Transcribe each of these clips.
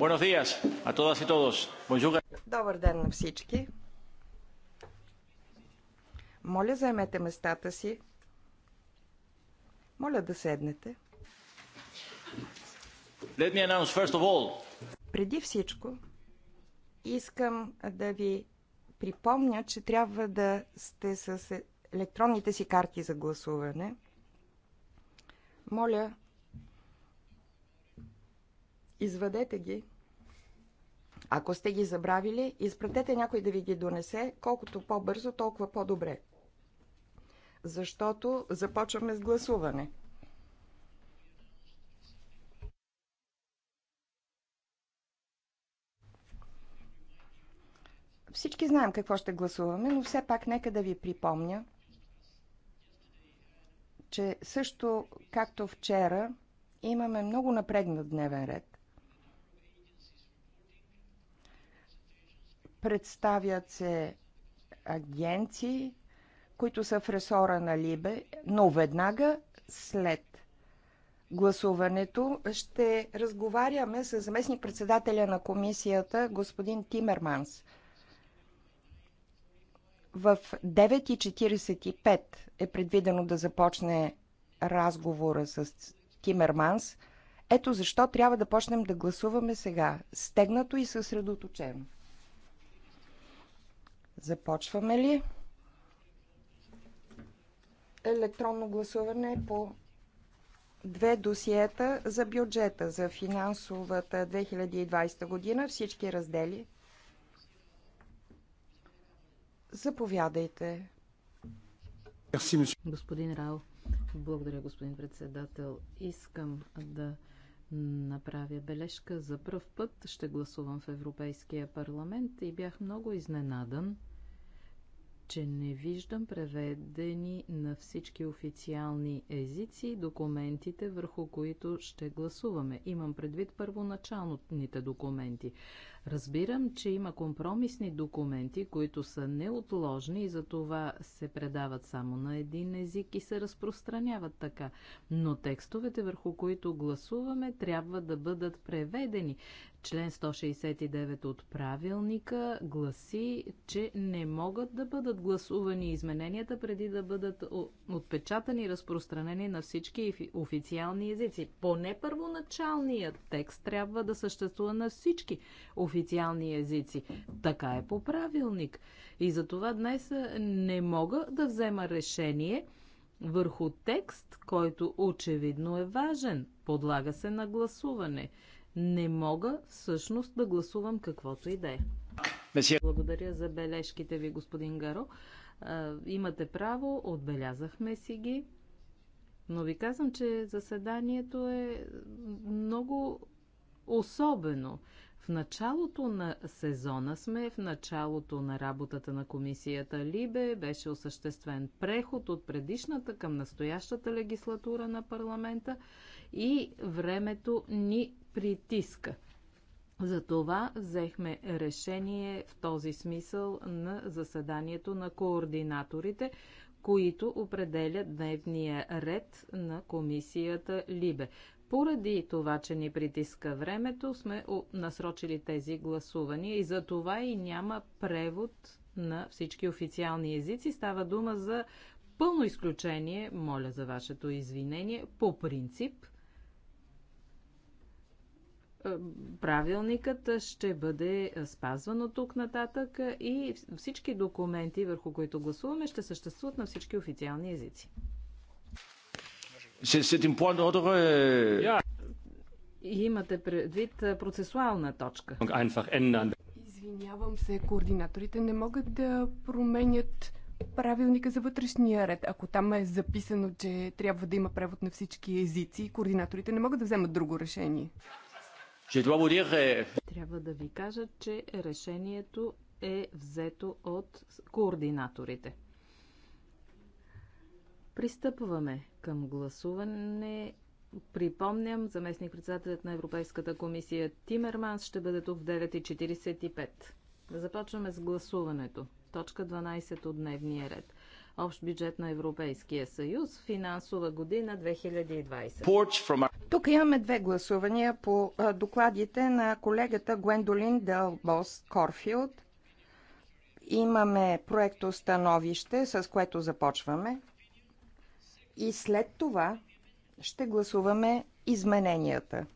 Buenos días a todas y todos. Bonjour. Добър ден на всички. Моля, заемете местата си. Моля да седнете. Let me announce first of all. Преди всичко, искам да ви припомня, че трябва да сте с електронните си карти за гласуване. Моля, Извадете ги. Ако сте ги забравили, изпратете някой да ви ги донесе. Колкото по-бързо, толкова по-добре. Защото започваме с гласуване. Всички знаем какво ще гласуваме, но все пак нека да ви припомня, че също както вчера имаме много напрегнат дневен ред. Представят се агенции, които са в ресора на Либе, но веднага след гласуването ще разговаряме с заместник-председателя на комисията, господин Тимерманс. В 9.45 е предвидено да започне разговора с Тимерманс. Ето защо трябва да почнем да гласуваме сега, стегнато и съсредоточено. Започваме ли? Електронно гласуване по две досиета за бюджета за финансовата 2020 година, всички раздели. Заповядайте. Господин Рао, благодаря, господин председател. Искам да направя бележка. За първ път ще гласувам в Европейския парламент и бях много изненадан че не виждам преведени на всички официални езици документите, върху които ще гласуваме. Имам предвид първоначалните документи. Разбирам, че има компромисни документи, които са неотложни и за това се предават само на един език и се разпространяват така. Но текстовете, върху които гласуваме, трябва да бъдат преведени. Член 169 от правилника гласи, че не могат да бъдат гласувани измененията преди да бъдат отпечатани и разпространени на всички официални езици. Поне първоначалният текст трябва да съществува на всички официални езици. Така е по правилник. И за това днес не мога да взема решение върху текст, който очевидно е важен. Подлага се на гласуване. Не мога всъщност да гласувам каквото и да е. Благодаря за бележките ви, господин Гаро. имате право, отбелязахме си ги. Но ви казвам, че заседанието е много особено. В началото на сезона сме, в началото на работата на комисията Либе беше осъществен преход от предишната към настоящата легислатура на парламента и времето ни притиска. Затова взехме решение в този смисъл на заседанието на координаторите, които определят дневния ред на комисията Либе. Поради това, че ни притиска времето, сме насрочили тези гласувания и за това и няма превод на всички официални езици. Става дума за пълно изключение, моля за вашето извинение, по принцип е, правилникът ще бъде спазван от тук нататък и всички документи, върху които гласуваме, ще съществуват на всички официални езици. C'est point d'ordre. Euh, Имате предвид процесуална точка. Извинявам се, координаторите не могат да променят правилника за вътрешния ред. Ако там е записано, че трябва да има превод на всички езици, координаторите не могат да вземат друго решение. Euh, трябва да ви кажа, че решението е взето от координаторите. Пристъпваме към гласуване. Припомням, заместник-председателят на Европейската комисия Тимерманс ще бъде тук в 9.45. Започваме с гласуването. Точка 12 от дневния ред. Общ бюджет на Европейския съюз, финансова година 2020. Тук имаме две гласувания по докладите на колегата Гвендолин Делбос Корфилд. Имаме проекто становище, с което започваме. И след това ще гласуваме измененията.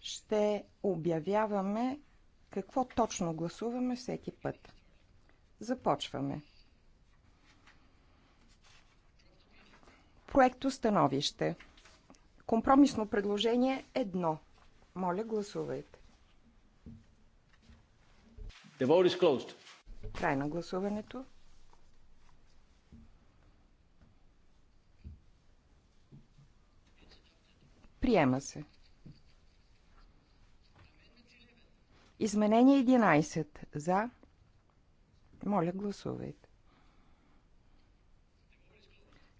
Ще обявяваме какво точно гласуваме всеки път. Започваме. Проекто становище. Компромисно предложение едно. Моля, гласувайте. The vote is closed. Край на гласуването. Приема се. Изменение 11. За. Моля, гласувайте.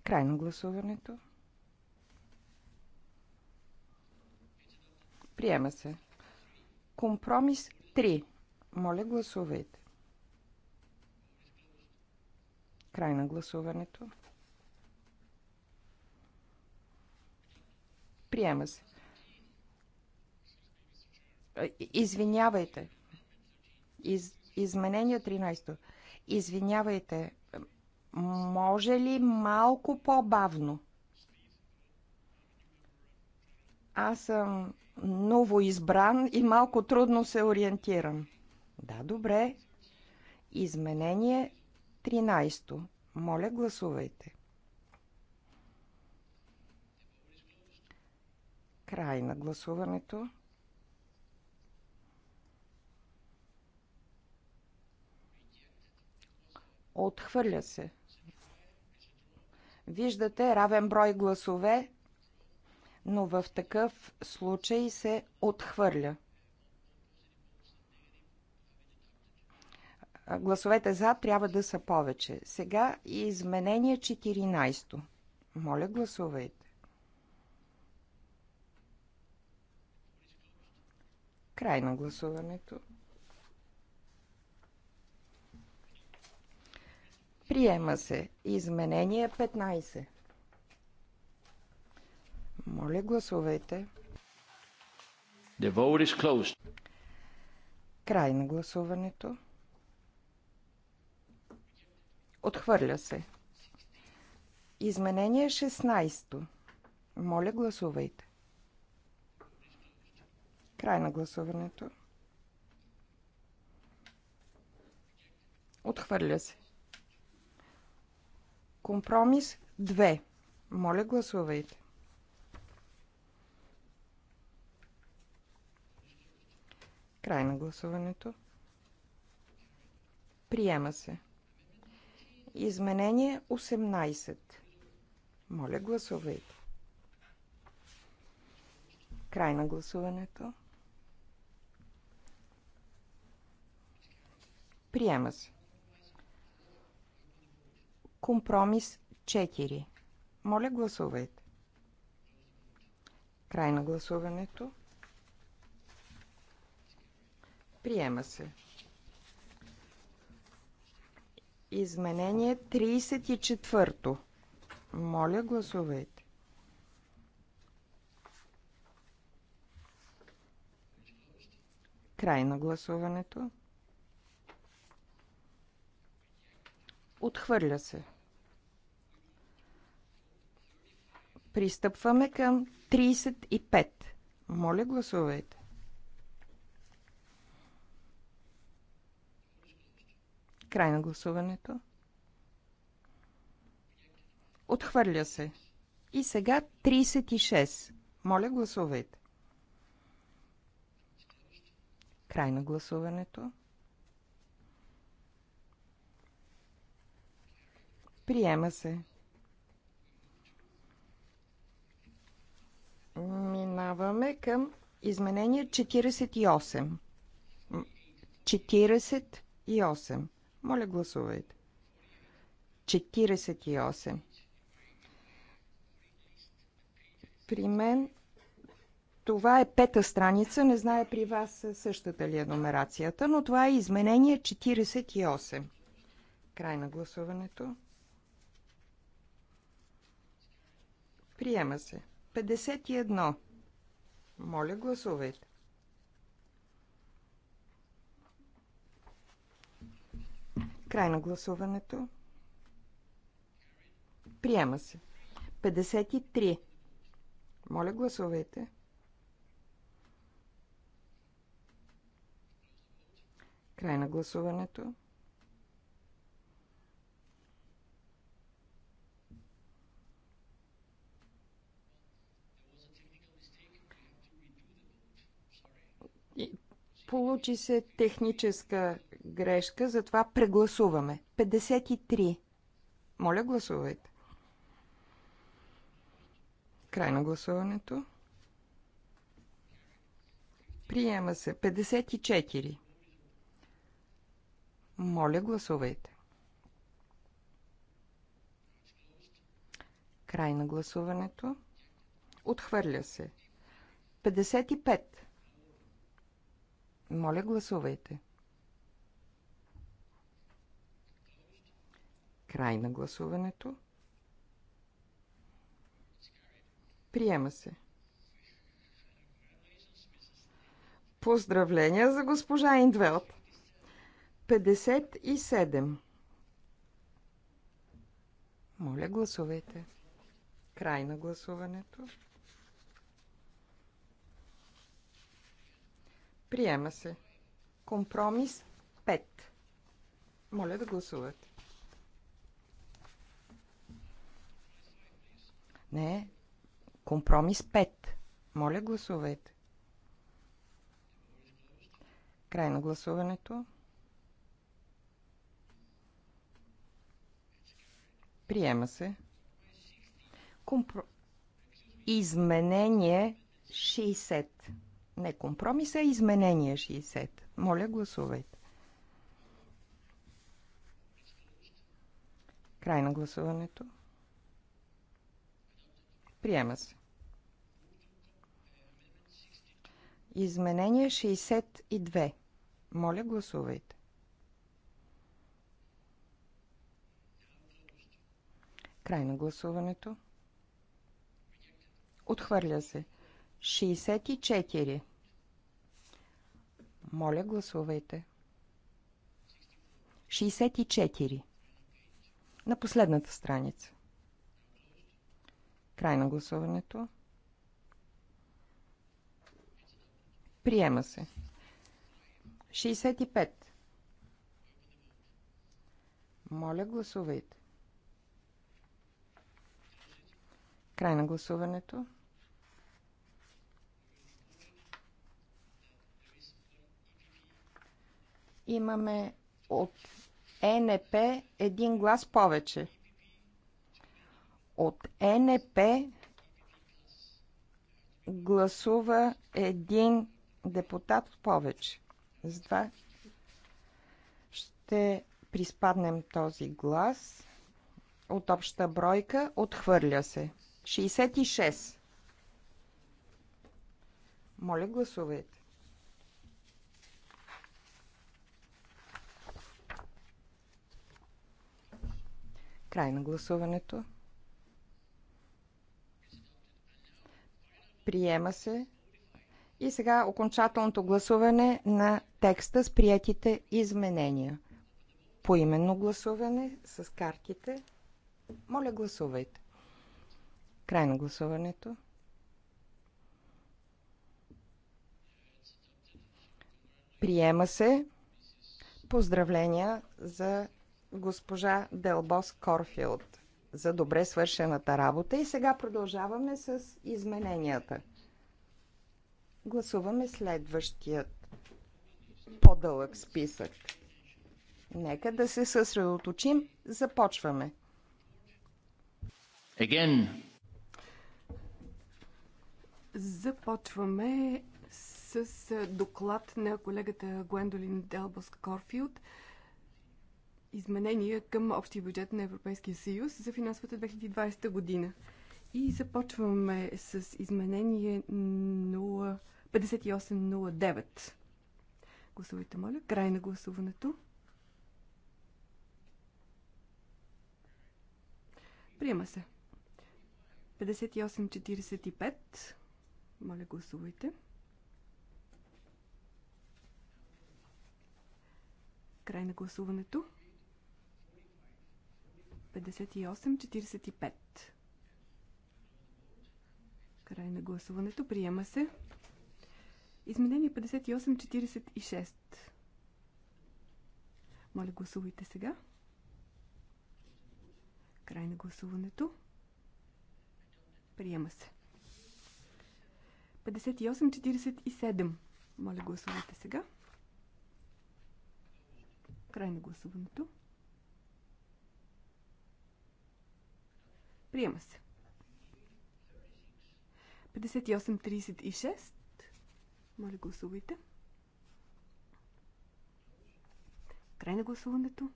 Край на гласуването. Приема се. Компромис 3. Моля, гласувайте. Край на гласуването. Приема се. Извинявайте. Из, изменение 13. Извинявайте. Може ли малко по-бавно? Аз съм ново избран и малко трудно се ориентирам. Да, добре. Изменение 13. Моля, гласувайте. Край на гласуването. Отхвърля се. Виждате равен брой гласове, но в такъв случай се отхвърля. Гласовете за трябва да са повече. Сега изменение 14. Моля, гласувайте. Край на гласуването. Приема се изменение 15. Моля, гласувайте. The vote is closed. Край на гласуването. Отхвърля се. Изменение 16. Моля, гласувайте. Край на гласуването. Отхвърля се. Компромис 2. Моля, гласувайте. Край на гласуването. Приема се. Изменение 18. Моля, гласувайте. Край на гласуването. Приема се. Компромис 4. Моля, гласувайте. Край на гласуването. Приема се. Изменение 34. Моля, гласувайте. Край на гласуването. Отхвърля се. Пристъпваме към 35. Моля, гласувайте. Край на гласуването. Отхвърля се. И сега 36. Моля, гласувайте. Край на гласуването. Приема се. Минаваме към изменение 48. 48. Моля, гласувайте. 48. При мен това е пета страница, не знае при вас същата ли е номерацията, но това е изменение 48. Край на гласуването. Приема се. 51. Моля, гласувайте. Край на гласуването. Приема се. 53. Моля, гласувайте. Край на гласуването. Получи се техническа грешка, затова прегласуваме. 53. Моля, гласувайте. Край на гласуването. Приема се 54. Моля, гласувайте. Край на гласуването. Отхвърля се. 55. Моля, гласувайте. Край на гласуването. Приема се. Поздравления за госпожа Индвелт. 57. Моля, гласувайте. Край на гласуването. Приема се. Компромис 5. Моля да гласувате. Не. Компромис 5. Моля гласувайте. Край на гласуването. Приема се. Компро... Изменение 60. Не компромис, а изменение 60. Моля, гласувайте. Край на гласуването. Приема се. Изменение 62. Моля, гласувайте. Край на гласуването. Отхвърля се. 64. Моля, гласувайте. 64. На последната страница. Край на гласуването. Приема се. 65. Моля, гласувайте. Край на гласуването. имаме от е НП един глас повече. От е НП гласува един депутат повече. два. ще приспаднем този глас от обща бройка. Отхвърля се. 66. Моля, гласувайте. Край на гласуването. Приема се. И сега окончателното гласуване на текста с приятите изменения. Поименно гласуване с картите. Моля, гласувайте. Край на гласуването. Приема се. Поздравления за госпожа Делбос Корфилд за добре свършената работа. И сега продължаваме с измененията. Гласуваме следващият по-дълъг списък. Нека да се съсредоточим. Започваме. Again. Започваме с доклад на колегата Гуендолин Делбос Корфилд – изменения към общия бюджет на Европейския съюз за финансовата 2020 година. И започваме с изменение 0... 5809. Гласувайте, моля. Край на гласуването. Приема се. 5845. Моля, гласувайте. Край на гласуването. 58-45. Край на гласуването. Приема се. Изменение 58-46. Моля, гласувайте сега. Край на гласуването. Приема се. 58-47. Моля, гласувайте сега. Край на гласуването. Приема се. 58.36. Моля, гласувайте. Край на гласуването.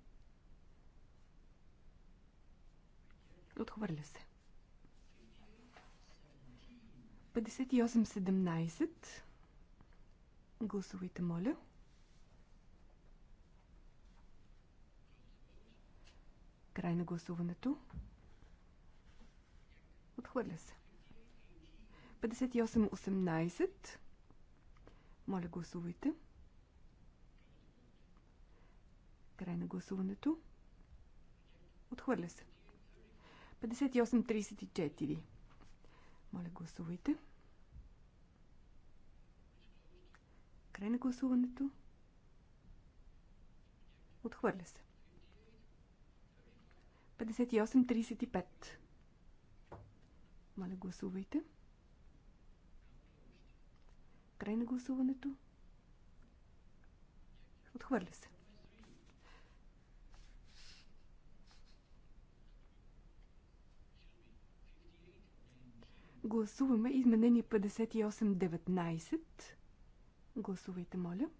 Отхвърля се. 58.17. Гласувайте, моля. Край на гласуването. Отхвърля се. 58-18. Моля, гласувайте. Край на гласуването. Отхвърля се. 58-34. Моля, гласувайте. Край на гласуването. Отхвърля се. 58-35. Моля, гласувайте. Край на гласуването. Отхвърля се. Гласуваме изменение 19 Гласувайте, моля.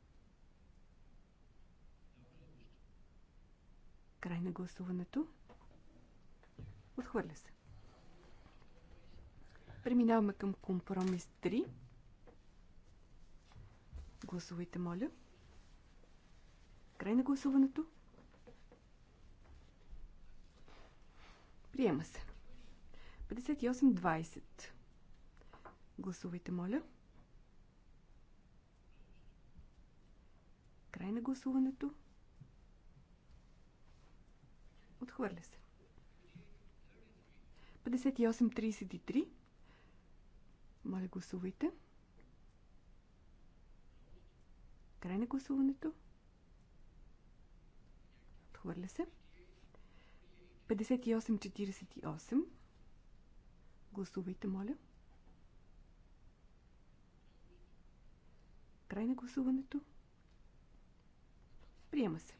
Край на гласуването. Отхвърля се. Преминаваме към компромис 3. Гласувайте, моля. Край на гласуването. Приема се. 58-20. Гласувайте, моля. Край на гласуването. Отхвърля се. 58-33. Моля, гласувайте. Край на гласуването. Отхвърля се. 58-48. Гласувайте, моля. Край на гласуването. Приема се.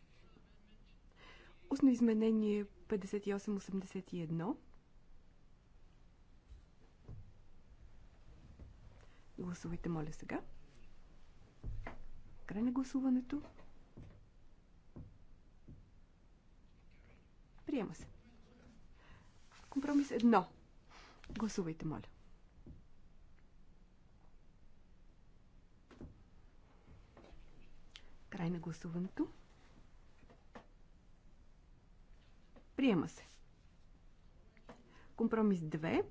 Устно изменение 58-81. Гласувайте, моля, сега. Край на гласуването. Приема се. Компромис едно. Гласувайте, моля. Край на гласуването. Приема се. Компромис 2.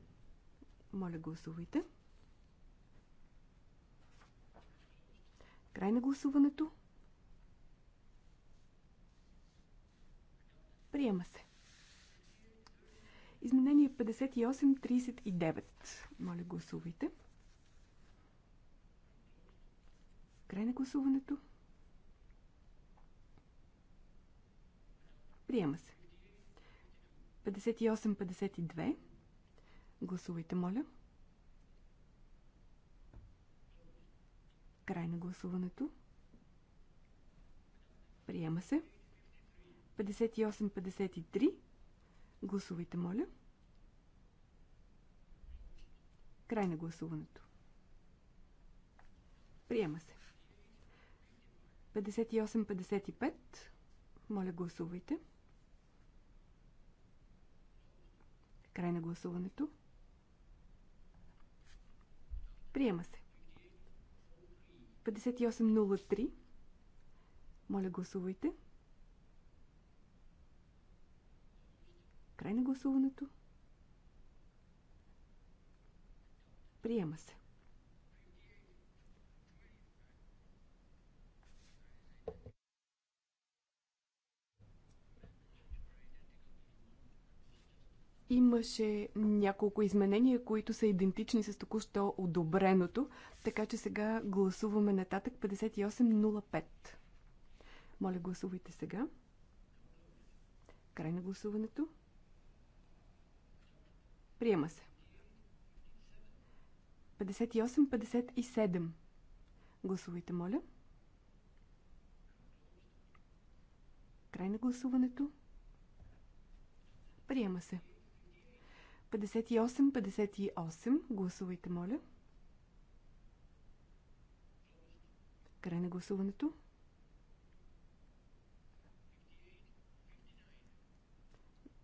Моля, гласувайте. Край на гласуването. Приема се. Изменение 5839. Моля, гласувайте. Край на гласуването. Приема се. 58-52. Гласувайте, моля. Край на гласуването. Приема се. 58-53. Гласувайте, моля. Край на гласуването. Приема се. 58-55. Моля, гласувайте. Край на гласуването. Приема се. 5803. Моля, гласувайте. Край на гласуването. Приема се. Имаше няколко изменения, които са идентични с току-що одобреното, така че сега гласуваме нататък 5805. Моля, гласувайте сега. Край на гласуването. Приема се. 58-57. Гласувайте, моля. Край на гласуването. Приема се. 58-57. 58-58. Гласувайте, моля. Край на гласуването.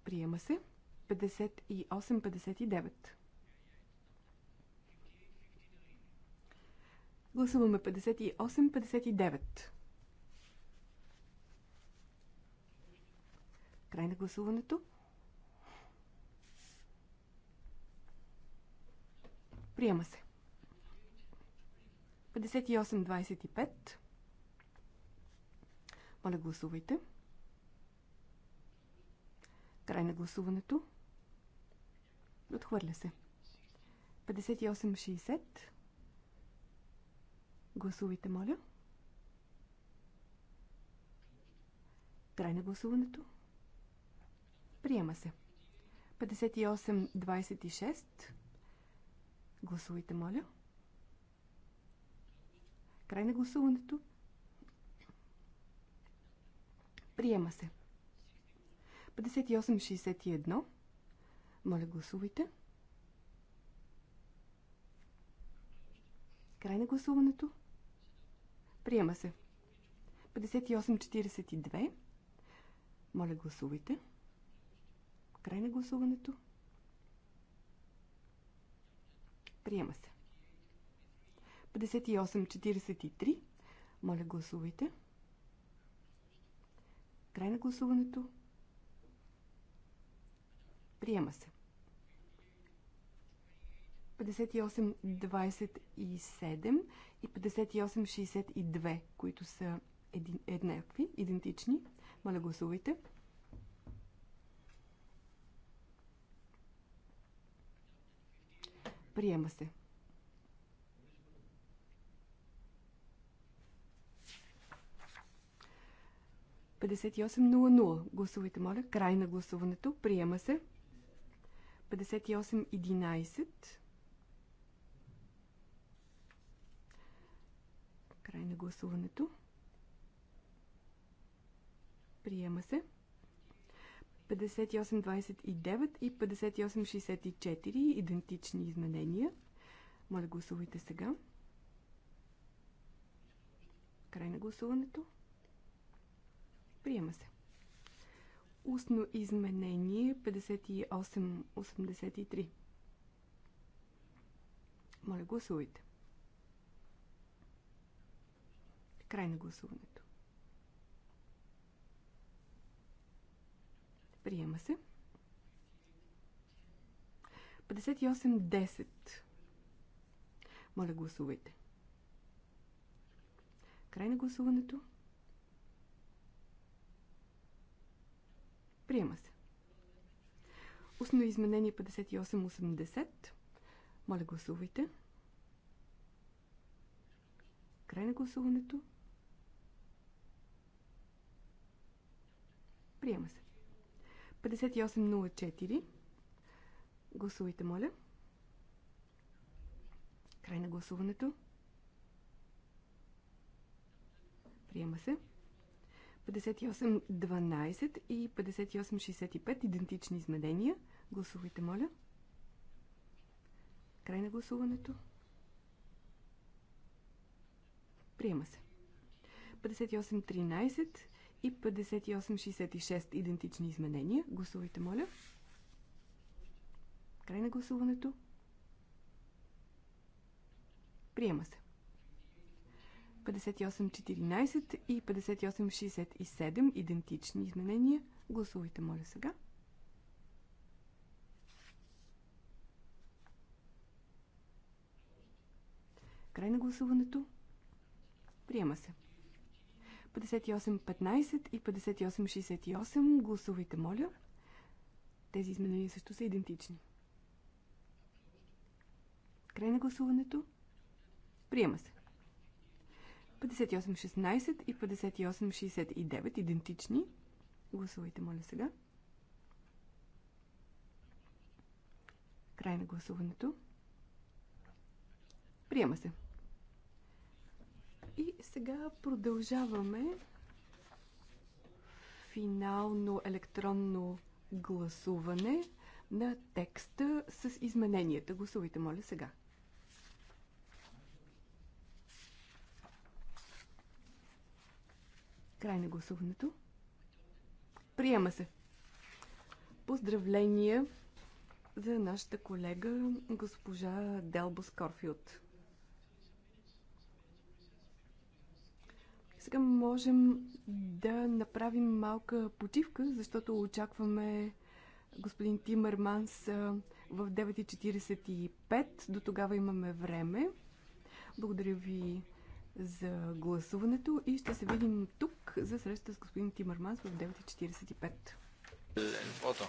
Приема се. 58-59. Гласуваме 58-59. Край на гласуването. Приема се. 58-25. Моля, гласувайте. Край на гласуването. Отхвърля се. 58-60. Гласувайте, моля. Край на гласуването. Приема се. 58-26. Гласувайте, моля. Край на гласуването. Приема се. 5861. Моля, гласувайте. Край на гласуването. Приема се. 5842. Моля, гласувайте. Край на гласуването. Приема се. 58.43. Моля, гласувайте. Край на гласуването. Приема се. 58-27 и 58-62, които са еднакви, идентични. Моля, гласувайте. Приема се. Гласувайте, моля. Край на гласуването. Приема се. 58.11. Край на гласуването. Приема се. 58.11. 5829 и 5864 идентични изменения. Моля гласувайте сега. Край на гласуването. Приема се. Устно изменение 5883. Моля гласувайте. Край на гласуването. Приема се. 58-10. Моля, гласувайте. Край на гласуването. Приема се. Устно изменение 58-80. Моля, гласувайте. Край на гласуването. Приема се. 5804. Гласувайте, моля. Край на гласуването. Приема се. 5812 и 5865 идентични изменения. Гласувайте, моля. Край на гласуването. Приема се. 5813 и 5866 идентични изменения. Гласувайте, моля. Край на гласуването. Приема се. 5814 и 5867 идентични изменения. Гласувайте, моля, сега. Край на гласуването. Приема се. 5816 58.15 и 58.68. Гласувайте, моля. Тези изменения също са идентични. Край на гласуването. Приема се. 58.16 и 58.69 идентични. Гласувайте, моля, сега. Край на гласуването. Приема се. И сега продължаваме финално електронно гласуване на текста с измененията. Гласувайте, моля, сега. Край на гласуването. Приема се. Поздравления за нашата колега госпожа Делбо Скорфилд. Сега можем да направим малка почивка, защото очакваме господин Тимерманс в 9.45. До тогава имаме време. Благодаря ви за гласуването и ще се видим тук за среща с господин Тимерманс в 9.45. Фото.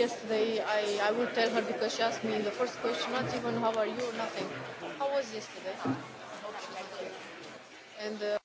yesterday. I, I would tell her because she asked me the first question, not even how are you, nothing. How was yesterday? And uh,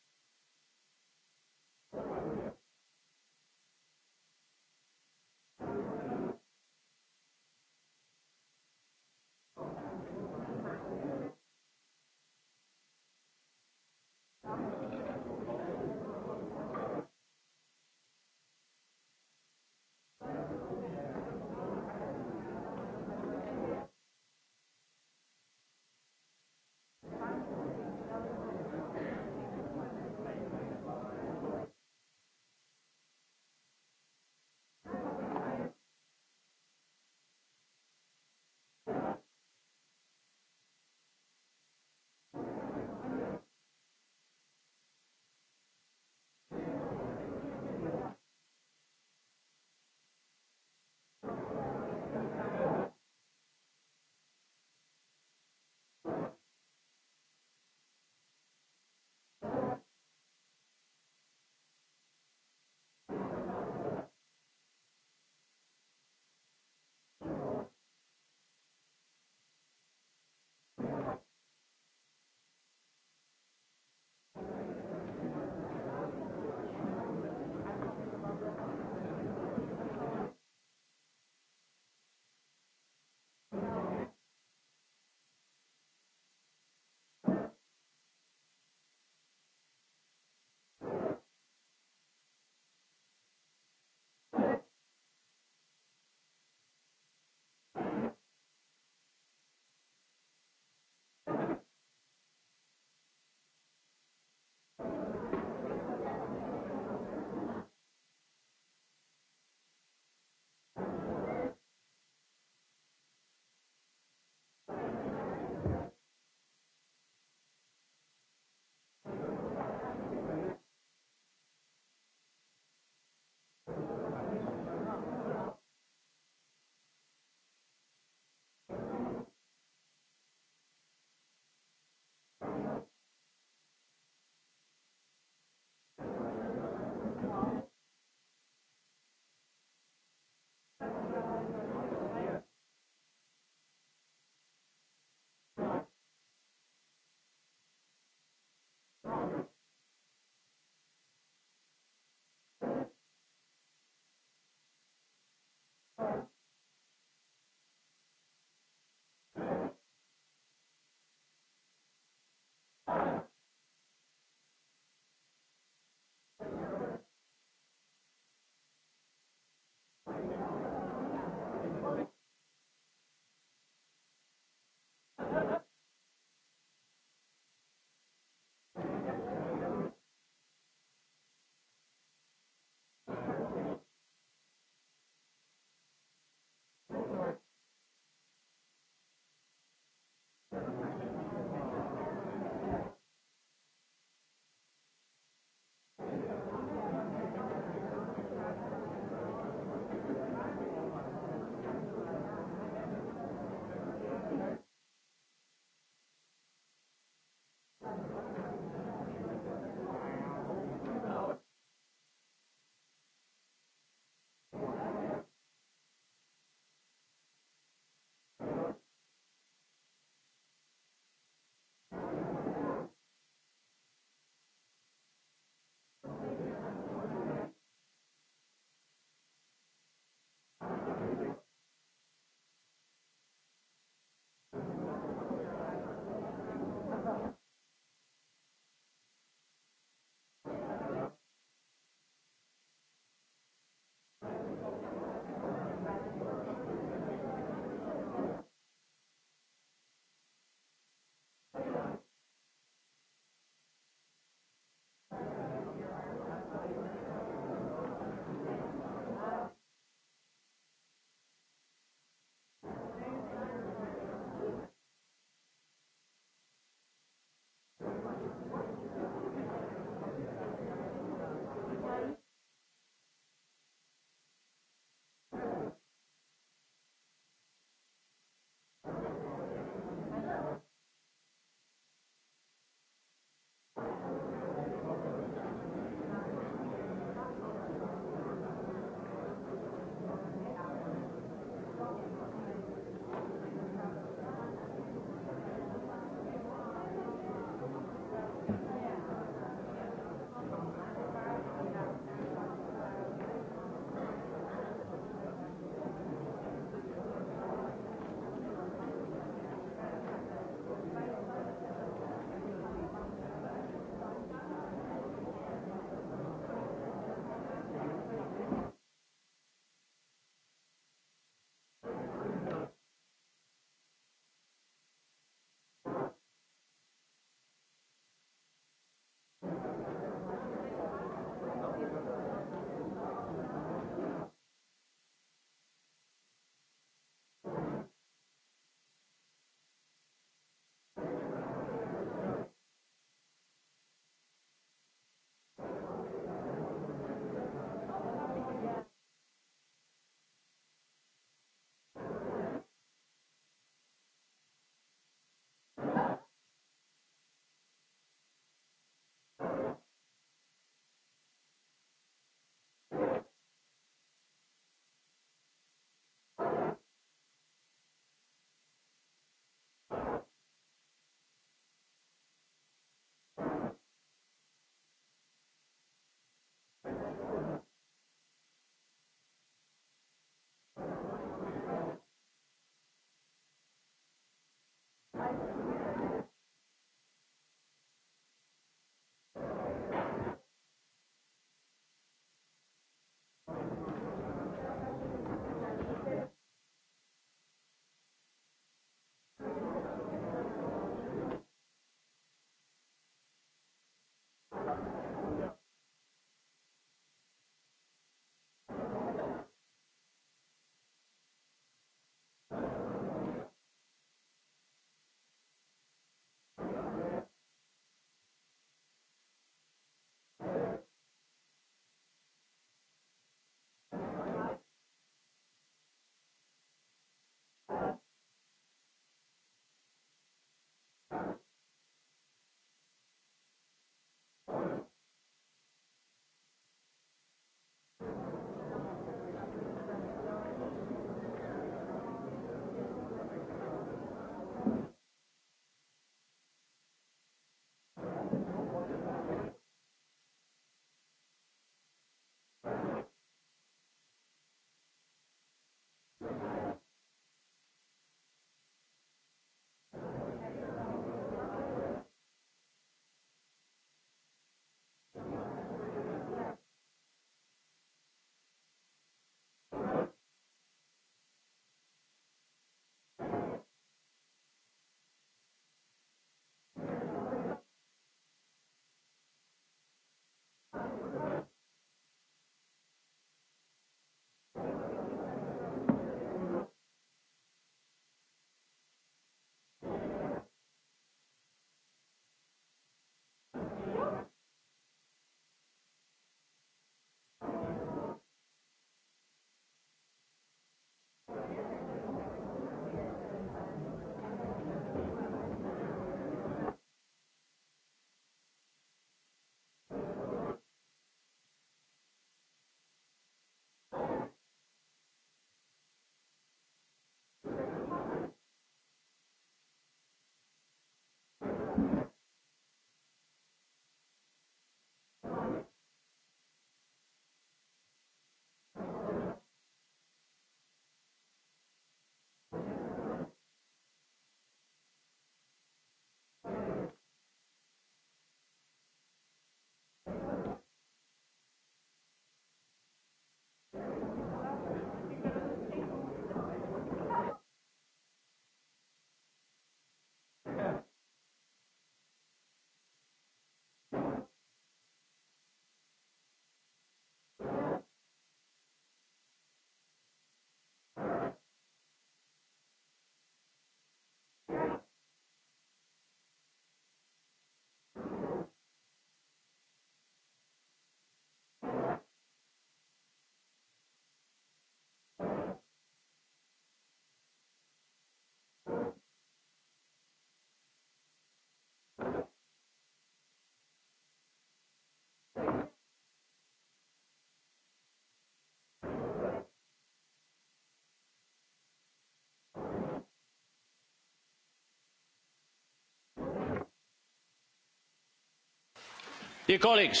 Dear colleagues,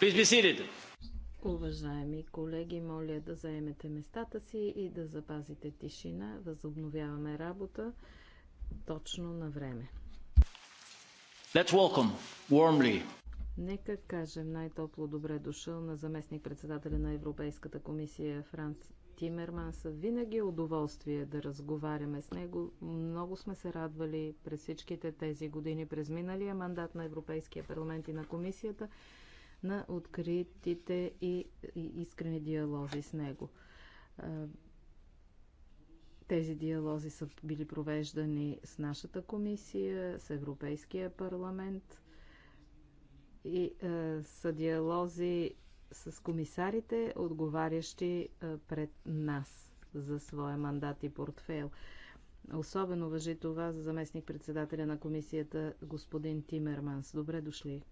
please be seated. Уважаеми колеги, моля да заемете местата си и да запазите тишина. Възобновяваме работа точно на време. Let's welcome warmly. Нека кажем най-топло добре дошъл на заместник председателя на Европейската комисия Франц Тимерманс. Винаги е удоволствие да разговаряме с него. Много сме се радвали през всичките тези години, през миналия мандат на Европейския парламент и на комисията, на откритите и искрени диалози с него. Тези диалози са били провеждани с нашата комисия, с Европейския парламент – и е, са диалози с комисарите, отговарящи пред нас за своя мандат и портфейл. Особено въжи това за заместник-председателя на комисията господин Тимерманс. Добре дошли!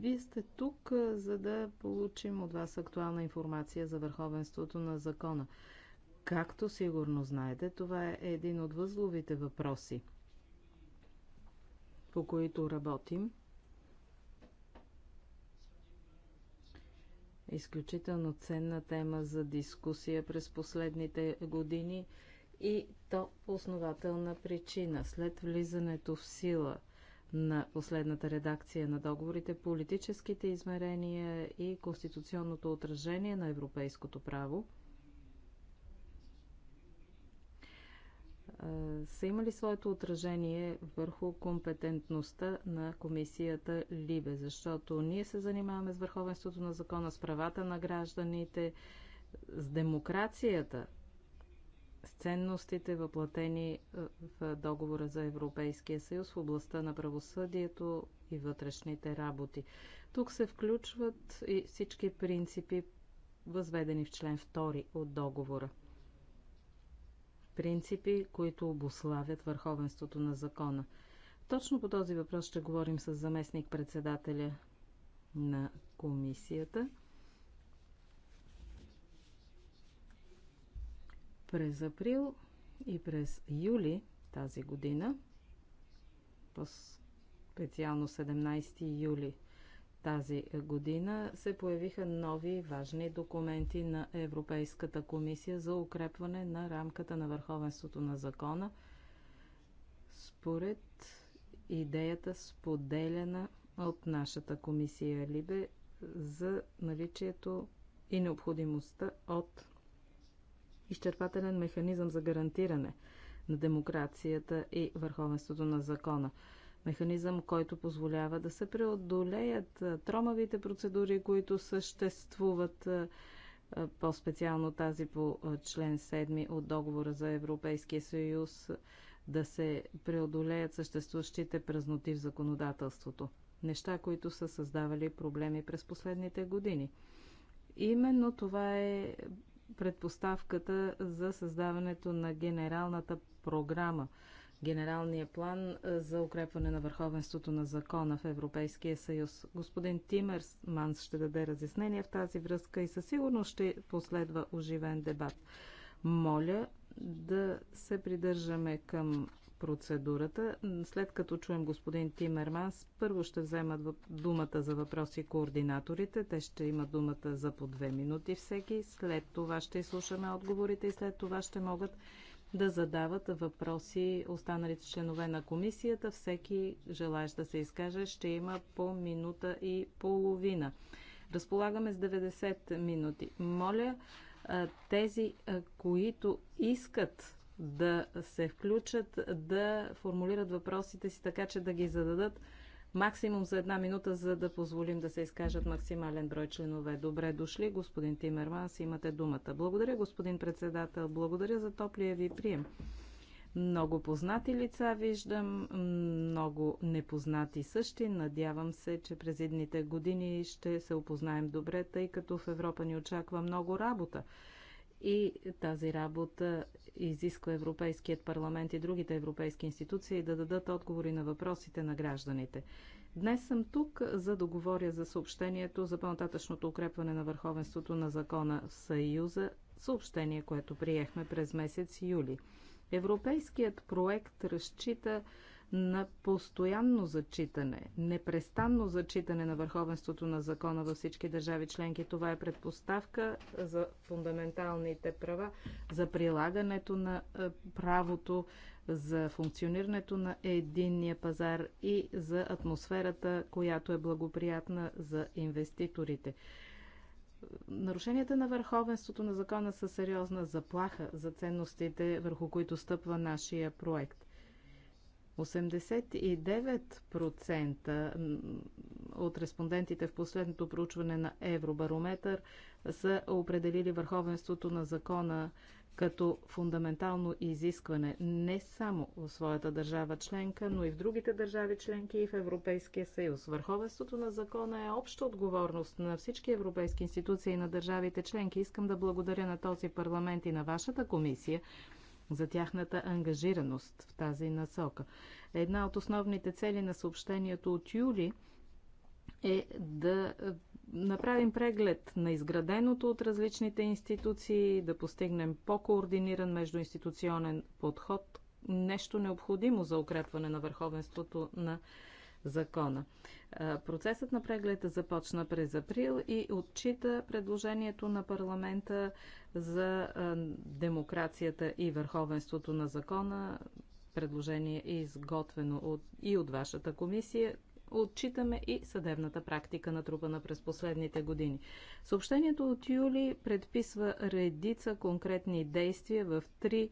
Вие сте тук, за да получим от вас актуална информация за върховенството на закона. Както сигурно знаете, това е един от възловите въпроси, по които работим – изключително ценна тема за дискусия през последните години и то по основателна причина. След влизането в сила на последната редакция на договорите, политическите измерения и конституционното отражение на европейското право – са имали своето отражение върху компетентността на комисията Либе, защото ние се занимаваме с върховенството на закона, с правата на гражданите, с демокрацията, с ценностите, въплатени в договора за Европейския съюз в областта на правосъдието и вътрешните работи. Тук се включват и всички принципи, възведени в член 2 от договора принципи, които обославят върховенството на закона. Точно по този въпрос ще говорим с заместник-председателя на комисията. През април и през юли тази година, по-специално 17 юли тази година се появиха нови важни документи на Европейската комисия за укрепване на рамката на върховенството на закона според идеята споделена от нашата комисия Либе за наличието и необходимостта от изчерпателен механизъм за гарантиране на демокрацията и върховенството на закона механизъм, който позволява да се преодолеят тромавите процедури, които съществуват по-специално тази по член 7 от договора за Европейския съюз, да се преодолеят съществуващите празноти в законодателството. Неща, които са създавали проблеми през последните години. Именно това е предпоставката за създаването на генералната програма генералния план е, за укрепване на върховенството на закона в Европейския съюз. Господин Манс ще даде разяснение в тази връзка и със сигурност ще последва оживен дебат. Моля да се придържаме към процедурата. След като чуем господин Тимерманс, първо ще вземат думата за въпроси координаторите. Те ще имат думата за по две минути всеки. След това ще изслушаме отговорите и след това ще могат да задават въпроси останалите членове на комисията. Всеки желаящ да се изкаже ще има по минута и половина. Разполагаме с 90 минути. Моля тези, които искат да се включат, да формулират въпросите си така, че да ги зададат максимум за една минута, за да позволим да се изкажат максимален брой членове. Добре дошли, господин Тимерманс, имате думата. Благодаря, господин председател, благодаря за топлия ви прием. Много познати лица виждам, много непознати същи. Надявам се, че през едните години ще се опознаем добре, тъй като в Европа ни очаква много работа. И тази работа изисква Европейският парламент и другите европейски институции да дадат отговори на въпросите на гражданите. Днес съм тук, за да говоря за съобщението за по-нататъчното укрепване на върховенството на закона в Съюза, съобщение, което приехме през месец юли. Европейският проект разчита на постоянно зачитане, непрестанно зачитане на върховенството на закона във всички държави членки. Това е предпоставка за фундаменталните права, за прилагането на е, правото, за функционирането на единния пазар и за атмосферата, която е благоприятна за инвеститорите. Нарушенията на върховенството на закона са сериозна заплаха за ценностите, върху които стъпва нашия проект. 89% от респондентите в последното проучване на Евробарометър са определили върховенството на закона като фундаментално изискване не само в своята държава членка, но и в другите държави членки и в Европейския съюз. Върховенството на закона е обща отговорност на всички европейски институции и на държавите членки. Искам да благодаря на този парламент и на вашата комисия за тяхната ангажираност в тази насока. Една от основните цели на съобщението от юли е да направим преглед на изграденото от различните институции, да постигнем по-координиран междуинституционен подход, нещо необходимо за укрепване на върховенството на закона. Процесът на преглед започна през април и отчита предложението на парламента за демокрацията и върховенството на закона. Предложение е изготвено от, и от вашата комисия, отчитаме и съдебната практика натрупана през последните години. Съобщението от юли предписва редица конкретни действия в три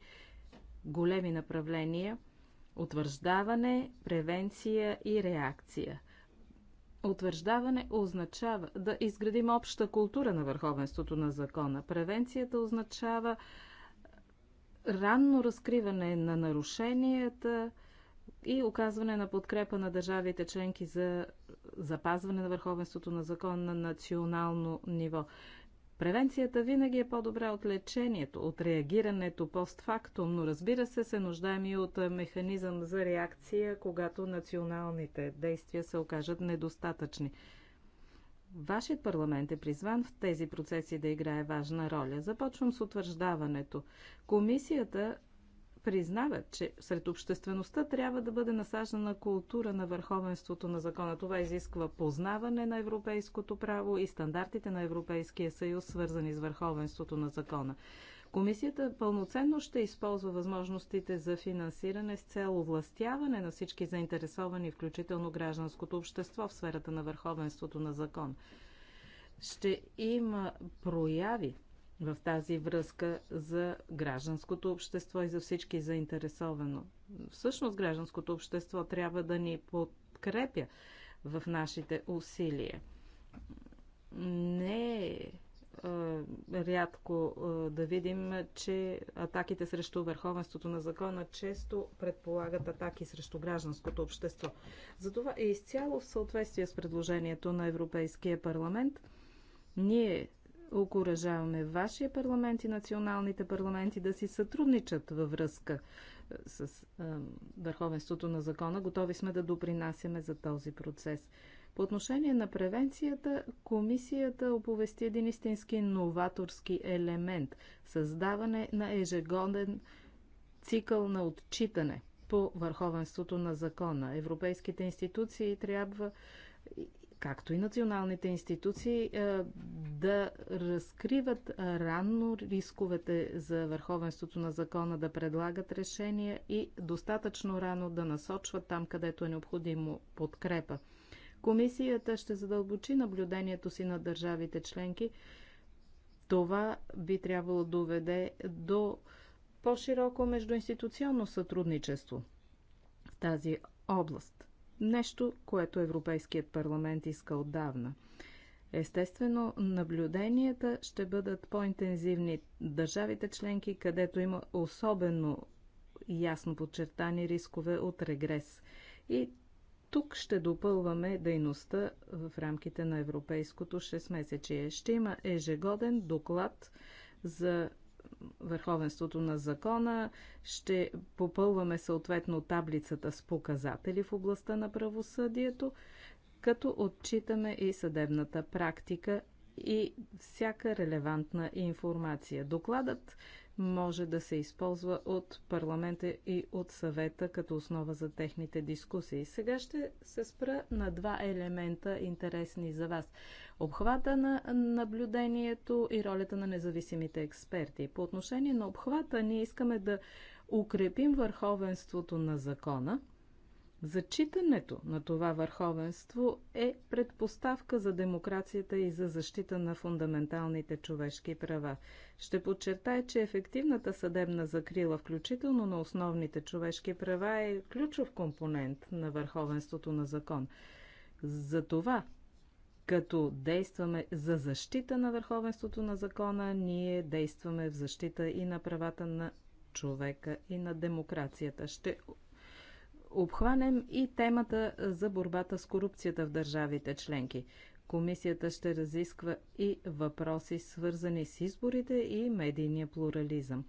големи направления – Утвърждаване, превенция и реакция. Утвърждаване означава да изградим обща култура на върховенството на закона. Превенцията означава ранно разкриване на нарушенията и оказване на подкрепа на държавите членки за запазване на върховенството на закон на национално ниво. Превенцията винаги е по-добра от лечението, от реагирането постфактум, но разбира се, се нуждаем и от механизъм за реакция, когато националните действия се окажат недостатъчни. Вашият парламент е призван в тези процеси да играе важна роля. Започвам с утвърждаването. Комисията признава, че сред обществеността трябва да бъде насаждана култура на върховенството на закона. Това изисква познаване на европейското право и стандартите на Европейския съюз, свързани с върховенството на закона. Комисията пълноценно ще използва възможностите за финансиране с цел овластяване на всички заинтересовани, включително гражданското общество в сферата на върховенството на закон. Ще има прояви в тази връзка за гражданското общество и за всички заинтересовано. Всъщност гражданското общество трябва да ни подкрепя в нашите усилия. Не е рядко да видим, че атаките срещу върховенството на закона често предполагат атаки срещу гражданското общество. Затова е изцяло в съответствие с предложението на Европейския парламент. Ние окоръжаваме вашия парламент и националните парламенти да си сътрудничат във връзка е, с е, върховенството на закона. Готови сме да допринасяме за този процес. По отношение на превенцията, комисията оповести един истински новаторски елемент създаване на ежегоден цикъл на отчитане по върховенството на закона. Европейските институции трябва както и националните институции, е, да разкриват ранно рисковете за върховенството на закона, да предлагат решения и достатъчно рано да насочват там, където е необходимо подкрепа. Комисията ще задълбочи наблюдението си на държавите членки. Това би трябвало да доведе до по-широко междуинституционно сътрудничество в тази област нещо, което Европейският парламент иска отдавна. Естествено, наблюденията ще бъдат по-интензивни държавите членки, където има особено ясно подчертани рискове от регрес. И тук ще допълваме дейността в рамките на европейското 6 месечие. Ще има ежегоден доклад за върховенството на закона. Ще попълваме съответно таблицата с показатели в областта на правосъдието, като отчитаме и съдебната практика и всяка релевантна информация. Докладът може да се използва от парламента и от съвета като основа за техните дискусии. Сега ще се спра на два елемента интересни за вас. Обхвата на наблюдението и ролята на независимите експерти. По отношение на обхвата ние искаме да укрепим върховенството на закона – Зачитането на това върховенство е предпоставка за демокрацията и за защита на фундаменталните човешки права. Ще подчертая, че ефективната съдебна закрила, включително на основните човешки права, е ключов компонент на върховенството на закон. Затова, като действаме за защита на върховенството на закона, ние действаме в защита и на правата на човека и на демокрацията. Ще обхванем и темата за борбата с корупцията в държавите членки. Комисията ще разисква и въпроси, свързани с изборите и медийния плурализъм.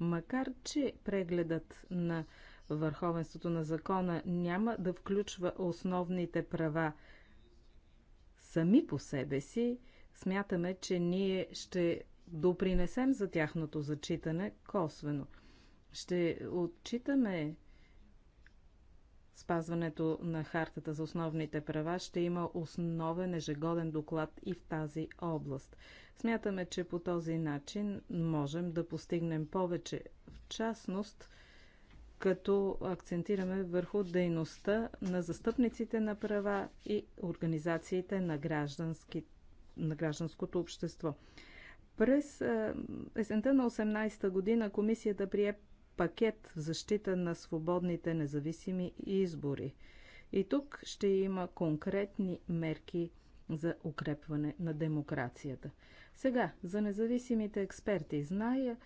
Макар, че прегледът на върховенството на закона няма да включва основните права сами по себе си, смятаме, че ние ще допринесем за тяхното зачитане косвено. Ще отчитаме спазването на Хартата за основните права ще има основен ежегоден доклад и в тази област. Смятаме, че по този начин можем да постигнем повече, в частност, като акцентираме върху дейността на застъпниците на права и организациите на, граждански, на гражданското общество. През есента на 18-та година комисията прие пакет в защита на свободните независими избори. И тук ще има конкретни мерки за укрепване на демокрацията. Сега, за независимите експерти. Зная,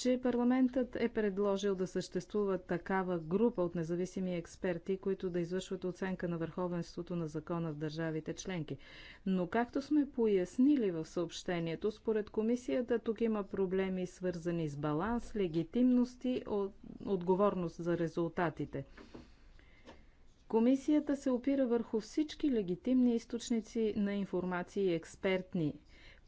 че парламентът е предложил да съществува такава група от независими експерти, които да извършват оценка на върховенството на закона в държавите членки. Но както сме пояснили в съобщението, според комисията тук има проблеми свързани с баланс, легитимност и отговорност за резултатите. Комисията се опира върху всички легитимни източници на информация и експертни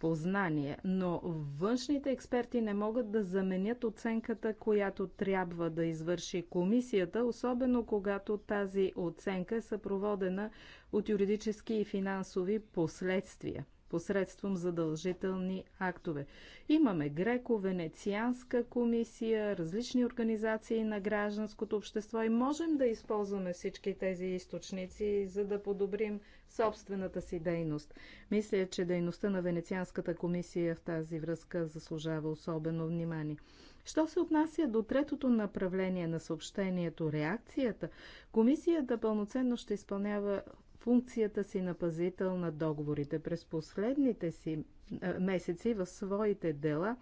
познание, но външните експерти не могат да заменят оценката, която трябва да извърши комисията, особено когато тази оценка е съпроводена от юридически и финансови последствия посредством задължителни актове. Имаме Греко, Венецианска комисия, различни организации на гражданското общество и можем да използваме всички тези източници, за да подобрим собствената си дейност. Мисля, че дейността на Венецианската комисия в тази връзка заслужава особено внимание. Що се отнася до третото направление на съобщението реакцията, комисията пълноценно ще изпълнява функцията си на пазител на договорите. През последните си е, месеци в своите дела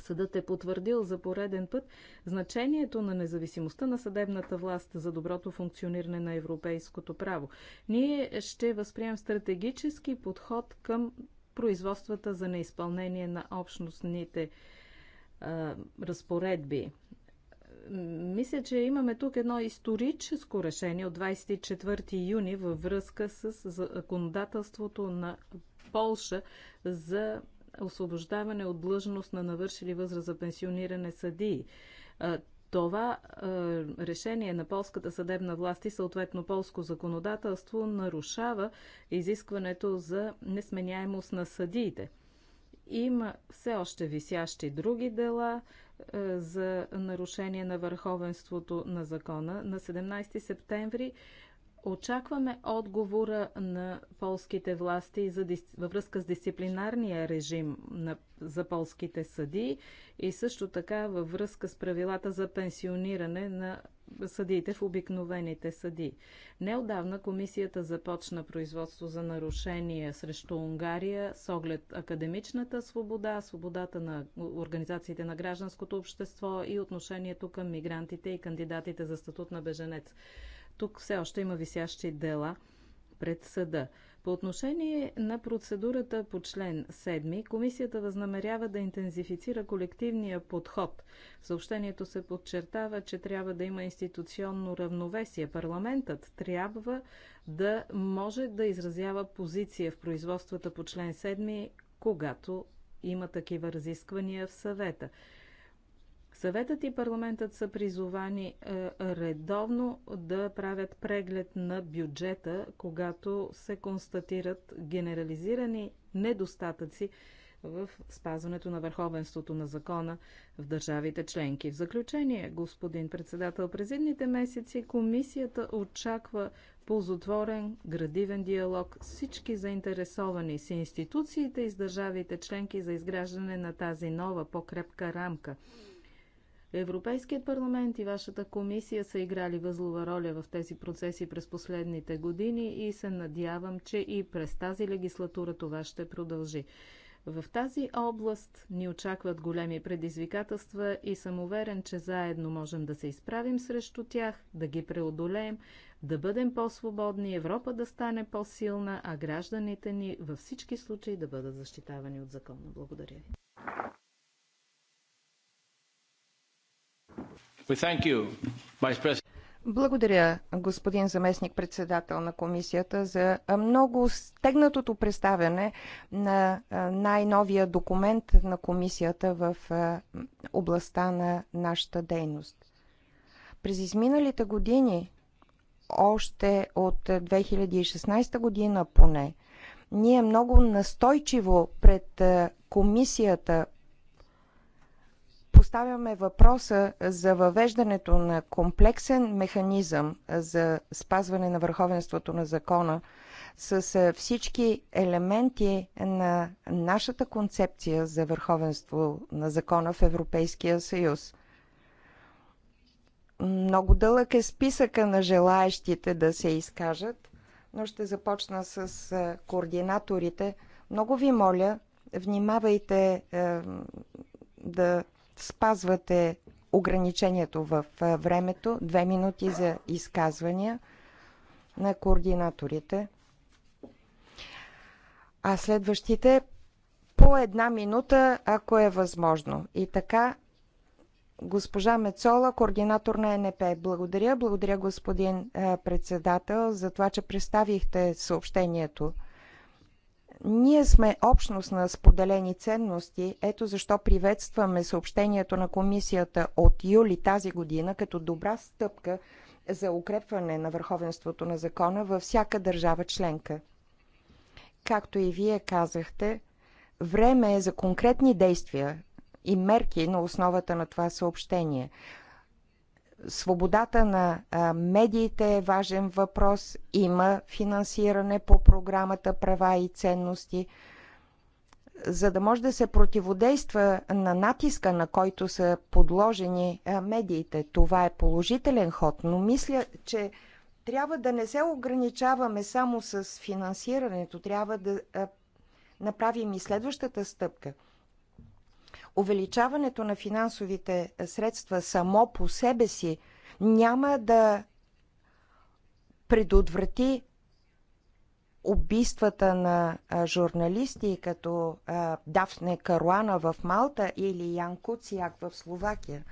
Съдът е потвърдил за пореден път значението на независимостта на съдебната власт за доброто функциониране на европейското право. Ние ще възприем стратегически подход към производствата за неизпълнение на общностните а, е, разпоредби мисля, че имаме тук едно историческо решение от 24 юни във връзка с законодателството на Полша за освобождаване от длъжност на навършили възраст за пенсиониране съдии. Това е, решение на полската съдебна власт и съответно полско законодателство нарушава изискването за несменяемост на съдиите. Има все още висящи други дела, е, за нарушение на върховенството на закона на 17 септември. Очакваме отговора на полските власти за, във връзка с дисциплинарния режим на, за полските съди и също така във връзка с правилата за пенсиониране на съдиите в обикновените съди. Неодавна комисията започна производство за нарушение срещу Унгария с оглед академичната свобода, свободата на организациите на гражданското общество и отношението към мигрантите и кандидатите за статут на беженец. Тук все още има висящи дела пред съда. По отношение на процедурата по член 7, комисията възнамерява да интензифицира колективния подход. В съобщението се подчертава, че трябва да има институционно равновесие. Парламентът трябва да може да изразява позиция в производствата по член 7, когато има такива разисквания в съвета. Съветът и парламентът са призовани е, редовно да правят преглед на бюджета, когато се констатират генерализирани недостатъци в спазването на върховенството на закона в държавите членки. В заключение, господин председател, през едните месеци комисията очаква ползотворен градивен диалог с всички заинтересовани с институциите и с държавите членки за изграждане на тази нова, по-крепка рамка Европейският парламент и вашата комисия са играли възлова роля в тези процеси през последните години и се надявам, че и през тази легислатура това ще продължи. В тази област ни очакват големи предизвикателства и съм уверен, че заедно можем да се изправим срещу тях, да ги преодолеем, да бъдем по-свободни, Европа да стане по-силна, а гражданите ни във всички случаи да бъдат защитавани от закона. Благодаря ви. Благодаря, господин заместник председател на комисията, за много стегнатото представяне на най-новия документ на комисията в областта на нашата дейност. През изминалите години, още от 2016 година поне, ние много настойчиво пред комисията поставяме въпроса за въвеждането на комплексен механизъм за спазване на върховенството на закона с е, всички елементи на нашата концепция за върховенство на закона в Европейския съюз. Много дълъг е списъка на желаящите да се изкажат, но ще започна с е, координаторите. Много ви моля, внимавайте е, да спазвате ограничението в времето – две минути за изказвания на координаторите, а следващите по една минута, ако е възможно. И така, госпожа Мецола, координатор на НП. Благодаря, благодаря господин председател за това, че представихте съобщението ние сме общност на споделени ценности. Ето защо приветстваме съобщението на комисията от юли тази година като добра стъпка за укрепване на върховенството на закона във всяка държава членка. Както и вие казахте, време е за конкретни действия и мерки на основата на това съобщение. Свободата на медиите е важен въпрос. Има финансиране по програмата Права и ценности. За да може да се противодейства на натиска, на който са подложени медиите, това е положителен ход, но мисля, че трябва да не се ограничаваме само с финансирането, трябва да направим и следващата стъпка – увеличаването на финансовите средства само по себе си няма да предотврати убийствата на журналисти като Дафне Каруана в Малта или Ян Куцияк в Словакия.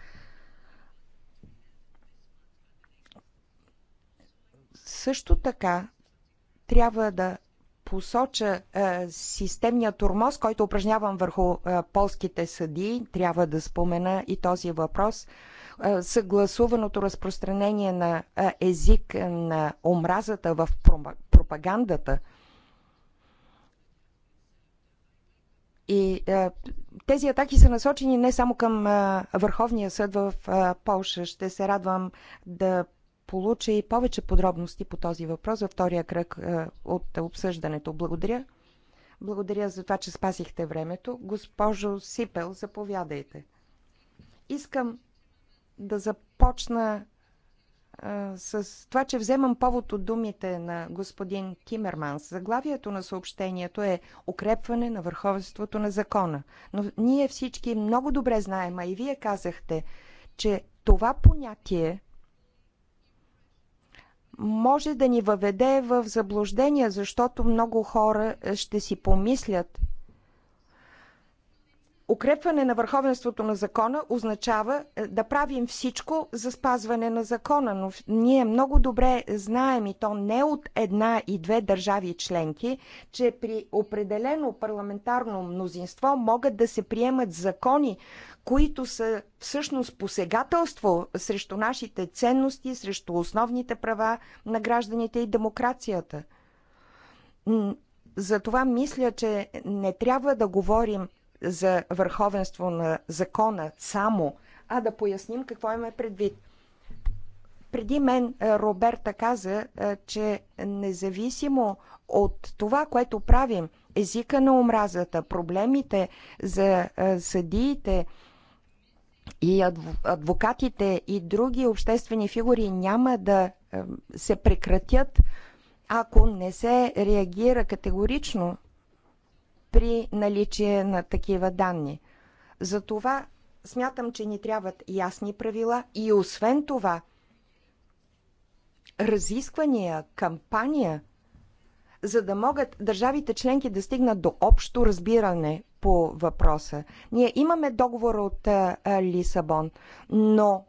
Също така трябва да посоча е, системния тормоз, който упражнявам върху е, полските съди, Трябва да спомена и този въпрос. Е, съгласуваното разпространение на е, език на омразата в пропагандата. И е, тези атаки са насочени не само към е, Върховния съд в е, Полша. Ще се радвам да получа и повече подробности по този въпрос във втория кръг е, от обсъждането. Благодаря. Благодаря за това, че спасихте времето. Госпожо Сипел, заповядайте. Искам да започна а, е, с това, че вземам повод от думите на господин Кимерманс. Заглавието на съобщението е Укрепване на върховенството на закона. Но ние всички много добре знаем, а и вие казахте, че това понятие може да ни въведе в заблуждение, защото много хора е, ще си помислят. Укрепване на върховенството на закона означава е, да правим всичко за спазване на закона, но ние много добре знаем и то не от една и две държави членки, че при определено парламентарно мнозинство могат да се приемат закони, които са всъщност посегателство срещу нашите ценности, срещу основните права на гражданите и демокрацията. Затова мисля, че не трябва да говорим за върховенство на закона само, а да поясним какво имаме предвид. Преди мен е, Роберта каза, е, че независимо от това, което правим, езика на омразата, проблемите за е, съдиите, и адвокатите и други обществени фигури няма да се прекратят, ако не се реагира категорично при наличие на такива данни. Затова смятам, че ни трябват ясни правила и освен това разисквания, кампания, за да могат държавите членки да стигнат до общо разбиране по въпроса. Ние имаме договор от Лисабон, но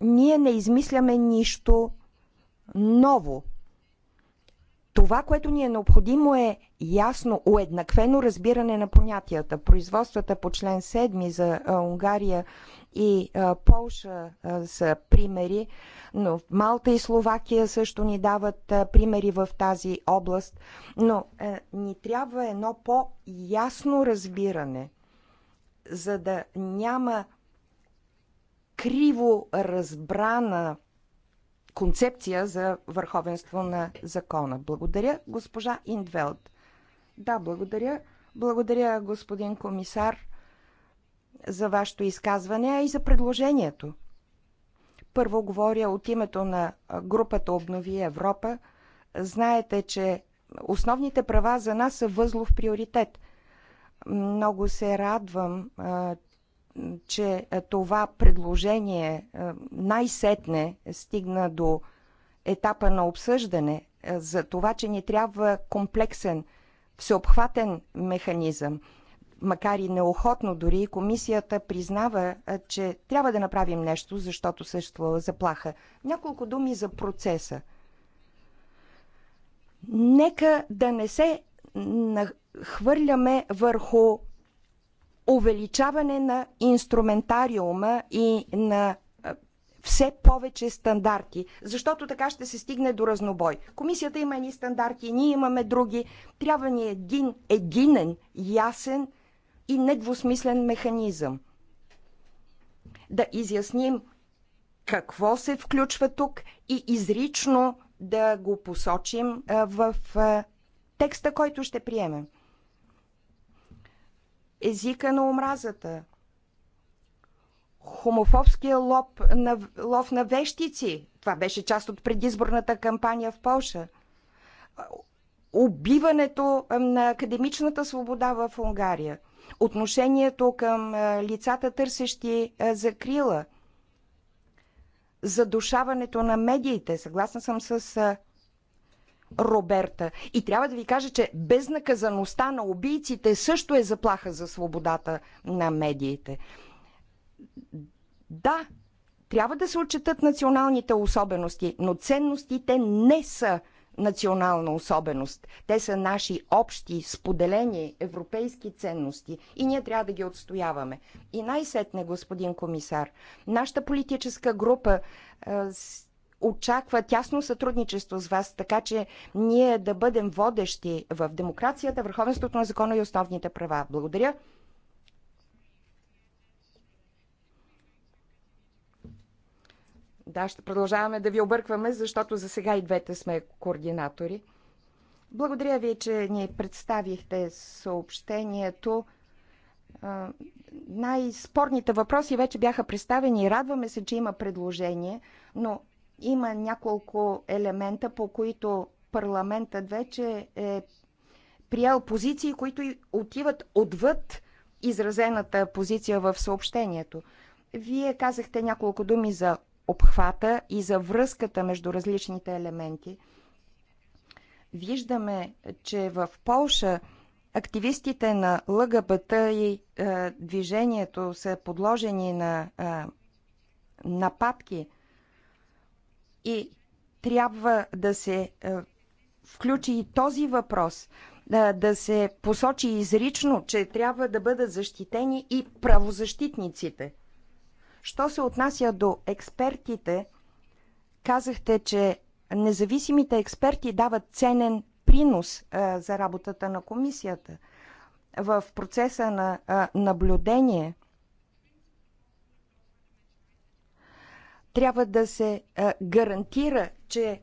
ние не измисляме нищо ново. Това, което ни е необходимо е ясно, уеднаквено разбиране на понятията. Производствата по член 7 за Унгария и а, Полша а, са примери, но Малта и Словакия също ни дават а, примери в тази област. Но а, ни трябва едно по-ясно разбиране, за да няма криво разбрана концепция за върховенство на закона. Благодаря, госпожа Индвелд. Да, благодаря. Благодаря, господин комисар за вашето изказване, а и за предложението. Първо говоря от името на групата Обнови Европа. Знаете, че основните права за нас са възлов приоритет. Много се радвам, че това предложение най-сетне стигна до етапа на обсъждане за това, че ни трябва комплексен, всеобхватен механизъм – макар и неохотно дори, комисията признава, че трябва да направим нещо, защото съществува заплаха. Няколко думи за процеса. Нека да не се хвърляме върху увеличаване на инструментариума и на все повече стандарти, защото така ще се стигне до разнобой. Комисията има едни стандарти, ние имаме други. Трябва ни един единен, ясен и недвусмислен механизъм. Да изясним какво се включва тук и изрично да го посочим в текста, който ще приемем. Езика на омразата, хомофобския лоб на, лов на вещици, това беше част от предизборната кампания в Польша, убиването на академичната свобода в Унгария – отношението към лицата търсещи закрила, задушаването на медиите. Съгласна съм с Роберта. И трябва да ви кажа, че безнаказаността на убийците също е заплаха за свободата на медиите. Да, трябва да се отчитат националните особености, но ценностите не са национална особеност. Те са наши общи, споделени европейски ценности и ние трябва да ги отстояваме. И най-сетне, господин комисар, нашата политическа група е, очаква тясно сътрудничество с вас, така че ние да бъдем водещи в демокрацията, върховенството на закона и основните права. Благодаря. Да, ще продължаваме да ви объркваме, защото за сега и двете сме координатори. Благодаря ви, че ни представихте съобщението. Най-спорните въпроси вече бяха представени. Радваме се, че има предложение, но има няколко елемента, по които парламентът вече е приел позиции, които отиват отвъд изразената позиция в съобщението. Вие казахте няколко думи за обхвата и за връзката между различните елементи. Виждаме, че в Полша активистите на ЛГБТ и е, движението са подложени на е, нападки и трябва да се е, включи и този въпрос, да, е, да се посочи изрично, че трябва да бъдат защитени и правозащитниците. Що се отнася до експертите, казахте, че независимите експерти дават ценен принос а, за работата на комисията. В процеса на а, наблюдение трябва да се а, гарантира, че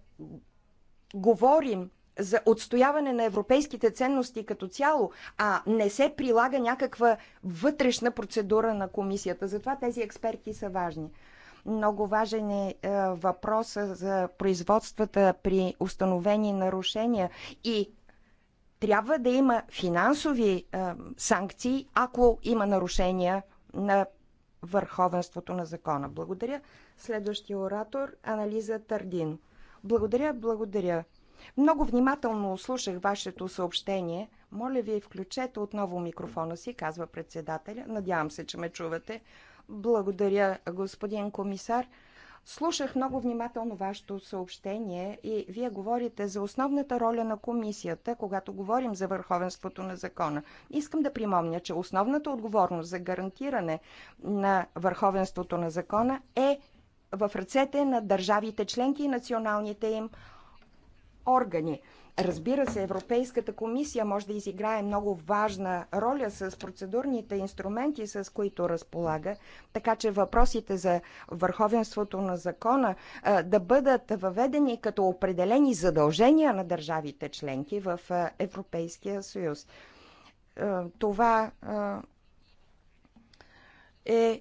говорим за отстояване на европейските ценности като цяло, а не се прилага някаква вътрешна процедура на комисията. Затова тези експерти са важни. Много важен е, е въпроса за производствата при установени нарушения и трябва да има финансови е, санкции, ако има нарушения на върховенството на закона. Благодаря. Следващия оратор Анализа Тардин. Благодаря, благодаря много внимателно слушах вашето съобщение. Моля ви, включете отново микрофона си, казва председателя. Надявам се, че ме чувате. Благодаря, господин комисар. Слушах много внимателно вашето съобщение и вие говорите за основната роля на комисията, когато говорим за върховенството на закона. Искам да примомня, че основната отговорност за гарантиране на върховенството на закона е в ръцете на държавите членки и националните им органи. Разбира се, Европейската комисия може да изиграе много важна роля с процедурните инструменти, с които разполага, така че въпросите за върховенството на закона да бъдат въведени като определени задължения на държавите членки в Европейския съюз. Това е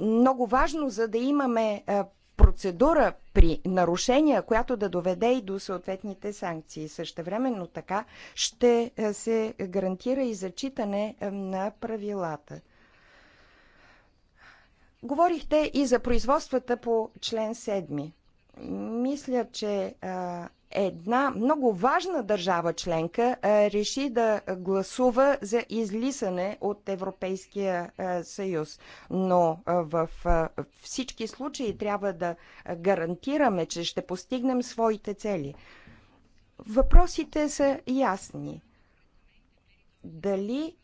много важно, за да имаме процедура при нарушения, която да доведе и до съответните санкции. Същевременно така ще е, се гарантира и зачитане е, на правилата. Говорихте и за производствата по член 7. Мисля, че а, една много важна държава членка реши да гласува за излисане от Европейския съюз. Но в всички случаи трябва да гарантираме, че ще постигнем своите цели. Въпросите са ясни. Дали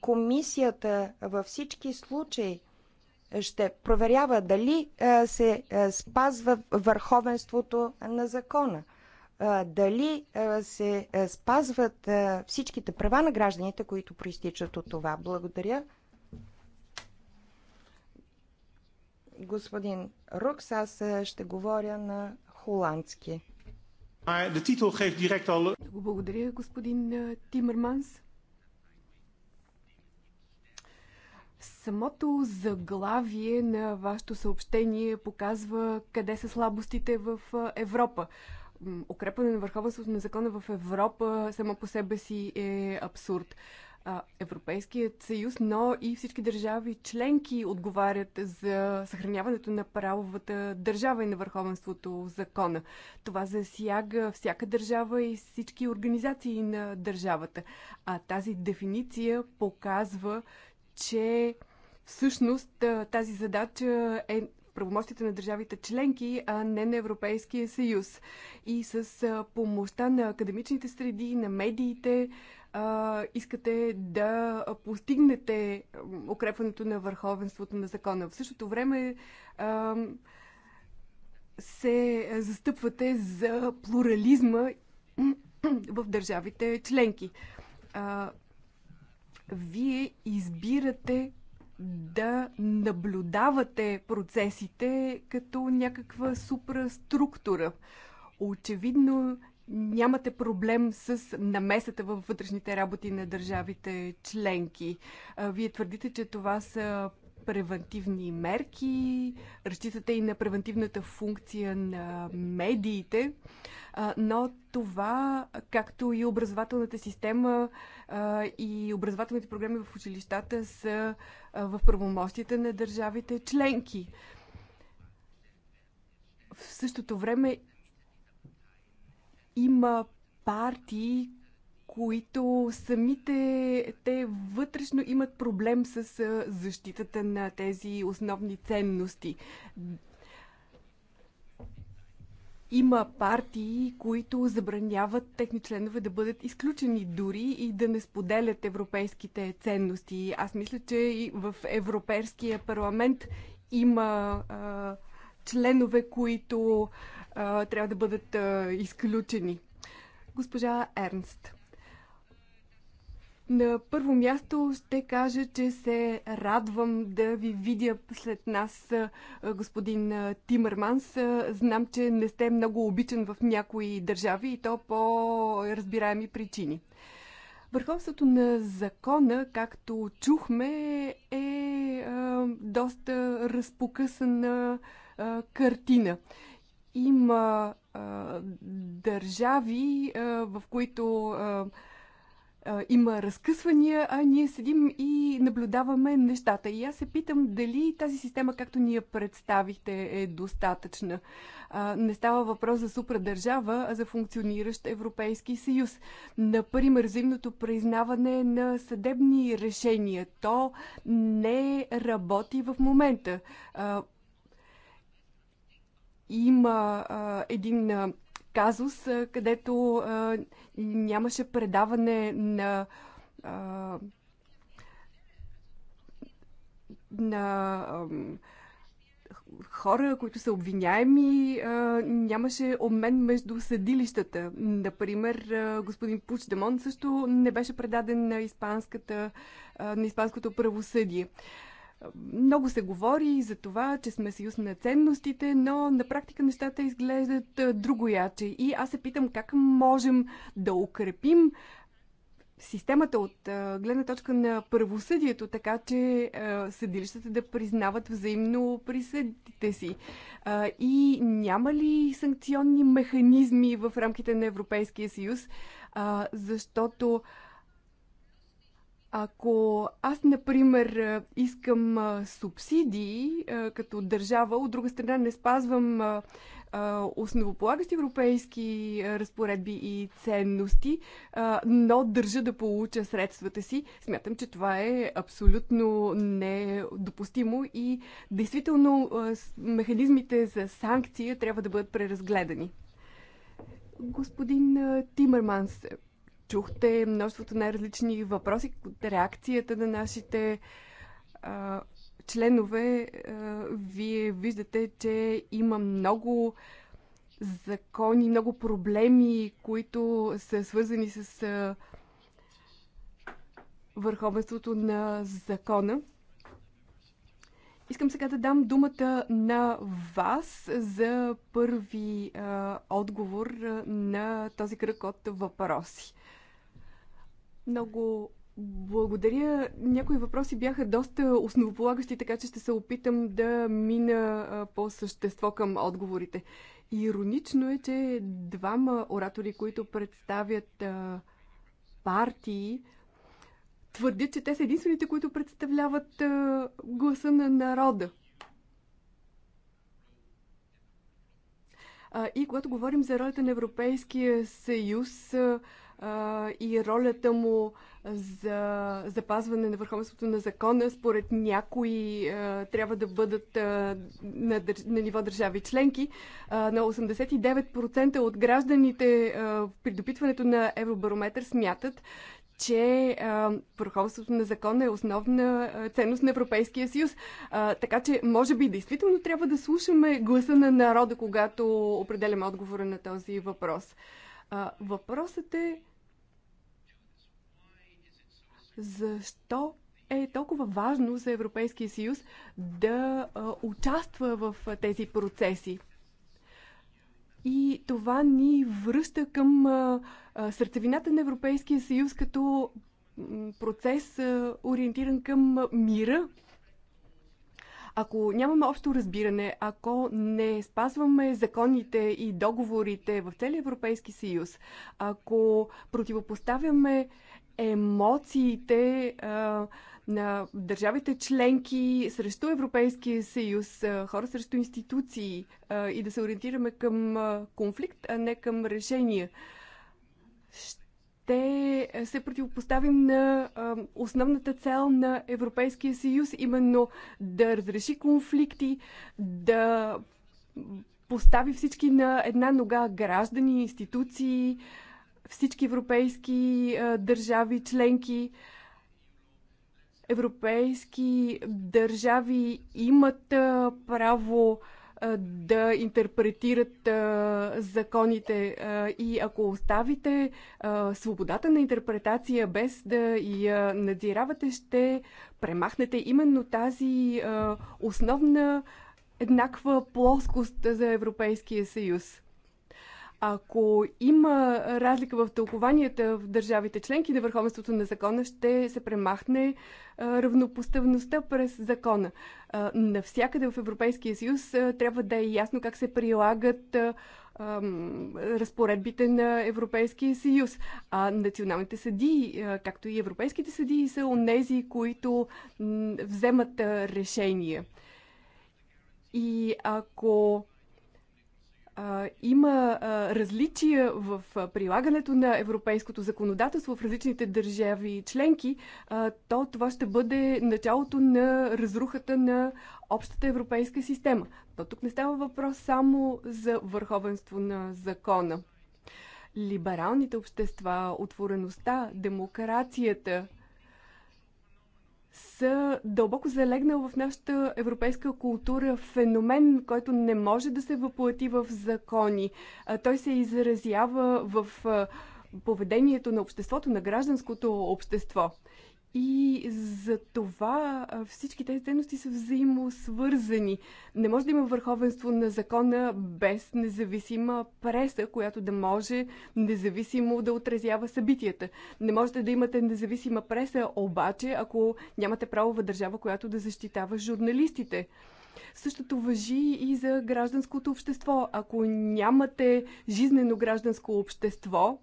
комисията във всички случаи ще проверява дали е, се е, спазва върховенството на закона, е, дали се спазват всичките права на гражданите, които проистичат от това. Благодаря. Господин Рукс, аз ще говоря на холандски. Благодаря, господин Тимерманс. Самото заглавие на вашето съобщение показва къде са слабостите в Европа. Укрепване на върховенството на закона в Европа само по себе си е абсурд. Европейският съюз, но и всички държави членки отговарят за съхраняването на правовата държава и на върховенството закона. Това засяга всяка държава и всички организации на държавата. А тази дефиниция показва, че всъщност тази задача е правомощите на държавите членки, а не на Европейския съюз. И с помощта на академичните среди, на медиите, искате да постигнете укрепването на върховенството на закона. В същото време се застъпвате за плурализма в държавите членки вие избирате да наблюдавате процесите като някаква супраструктура. Очевидно нямате проблем с намесата във вътрешните работи на държавите членки. Вие твърдите, че това са превентивни мерки, разчитате и на превентивната функция на медиите, но това, както и образователната система и образователните програми в училищата са в правомощите на държавите членки. В същото време има партии, които самите те вътрешно имат проблем с защитата на тези основни ценности. Има партии, които забраняват техни членове да бъдат изключени дори и да не споделят европейските ценности. Аз мисля, че и в Европейския парламент има а, членове, които а, трябва да бъдат а, изключени. Госпожа Ернст. На първо място ще кажа, че се радвам да ви видя след нас, господин Тимърманс. Знам, че не сте много обичан в някои държави и то по разбираеми причини. Върховството на закона, както чухме, е доста разпокъсана картина. Има държави, в които има разкъсвания, а ние седим и наблюдаваме нещата. И аз се питам дали тази система, както ни я представихте, е достатъчна. Не става въпрос за супердържава, а за функциониращ Европейски съюз. Например, взаимното признаване на съдебни решения. То не работи в момента. Има един казус, където а, нямаше предаване на а, на а, хора, които са обвиняеми, а, нямаше обмен между съдилищата. Например, а, господин Демон също не беше предаден на, испанската, а, на испанското правосъдие. А, много се говори за това, че сме съюз на ценностите, но на практика нещата изглеждат другояче. И аз се питам как можем да укрепим системата от гледна точка на правосъдието, така че съдилищата да признават взаимно присъдите си. И няма ли санкционни механизми в рамките на Европейския съюз, защото ако аз, например, искам субсидии като държава, от друга страна не спазвам основополагащи европейски разпоредби и ценности, но държа да получа средствата си, смятам, че това е абсолютно недопустимо и действително механизмите за санкция трябва да бъдат преразгледани. Господин Тимерманс, чухте множеството най-различни въпроси. Реакцията на нашите а, членове, а, вие виждате, че има много закони, много проблеми, които са свързани с а, върховенството на закона. Искам сега да дам думата на вас за първи а, отговор на този кръг от въпроси. Много благодаря. Някои въпроси бяха доста основополагащи, така че ще се опитам да мина по същество към отговорите. Иронично е, че двама оратори, които представят партии, твърдят, че те са единствените, които представляват гласа на народа. и когато говорим за ролята на Европейския съюз, а, и ролята му за запазване на върховенството на закона, според някои трябва да бъдат на, на ниво държави членки. На 89% от гражданите при допитването на Евробарометър смятат, че върховството на закона е основна ценност на Европейския съюз. А, така че, може би, действително трябва да слушаме гласа на народа, когато определяме отговора на този въпрос. А, въпросът е защо е толкова важно за Европейския съюз да участва в тези процеси? И това ни връща към сърцевината на Европейския съюз като процес ориентиран към мира. Ако нямаме общо разбиране, ако не спазваме законите и договорите в целия Европейски съюз, ако противопоставяме емоциите а, на държавите членки срещу Европейския съюз, а, хора срещу институции а, и да се ориентираме към а, конфликт, а не към решения. Ще се противопоставим на а, основната цел на Европейския съюз, именно да разреши конфликти, да постави всички на една нога граждани, институции, всички европейски държави членки. Европейски държави имат право да интерпретират законите и ако оставите свободата на интерпретация без да я надзиравате, ще премахнете именно тази основна еднаква плоскост за Европейския съюз. Ако има разлика в тълкованията в държавите членки на върховенството на закона, ще се премахне равнопоставността през закона. Навсякъде в Европейския съюз трябва да е ясно как се прилагат разпоредбите на Европейския съюз. А националните съдии, както и европейските съдии, са онези, които вземат решения. И ако а, има а, различия в а, прилагането на европейското законодателство в различните държави и членки, а, то това ще бъде началото на разрухата на общата европейска система. Но тук не става въпрос само за върховенство на закона. Либералните общества, отвореността, демокрацията – са дълбоко залегнал в нашата европейска култура феномен, който не може да се въплати в закони. Той се изразява в поведението на обществото, на гражданското общество. И за това всички тези ценности са взаимосвързани. Не може да има върховенство на закона без независима преса, която да може независимо да отразява събитията. Не можете да имате независима преса, обаче, ако нямате правова държава, която да защитава журналистите. Същото въжи и за гражданското общество. Ако нямате жизнено гражданско общество,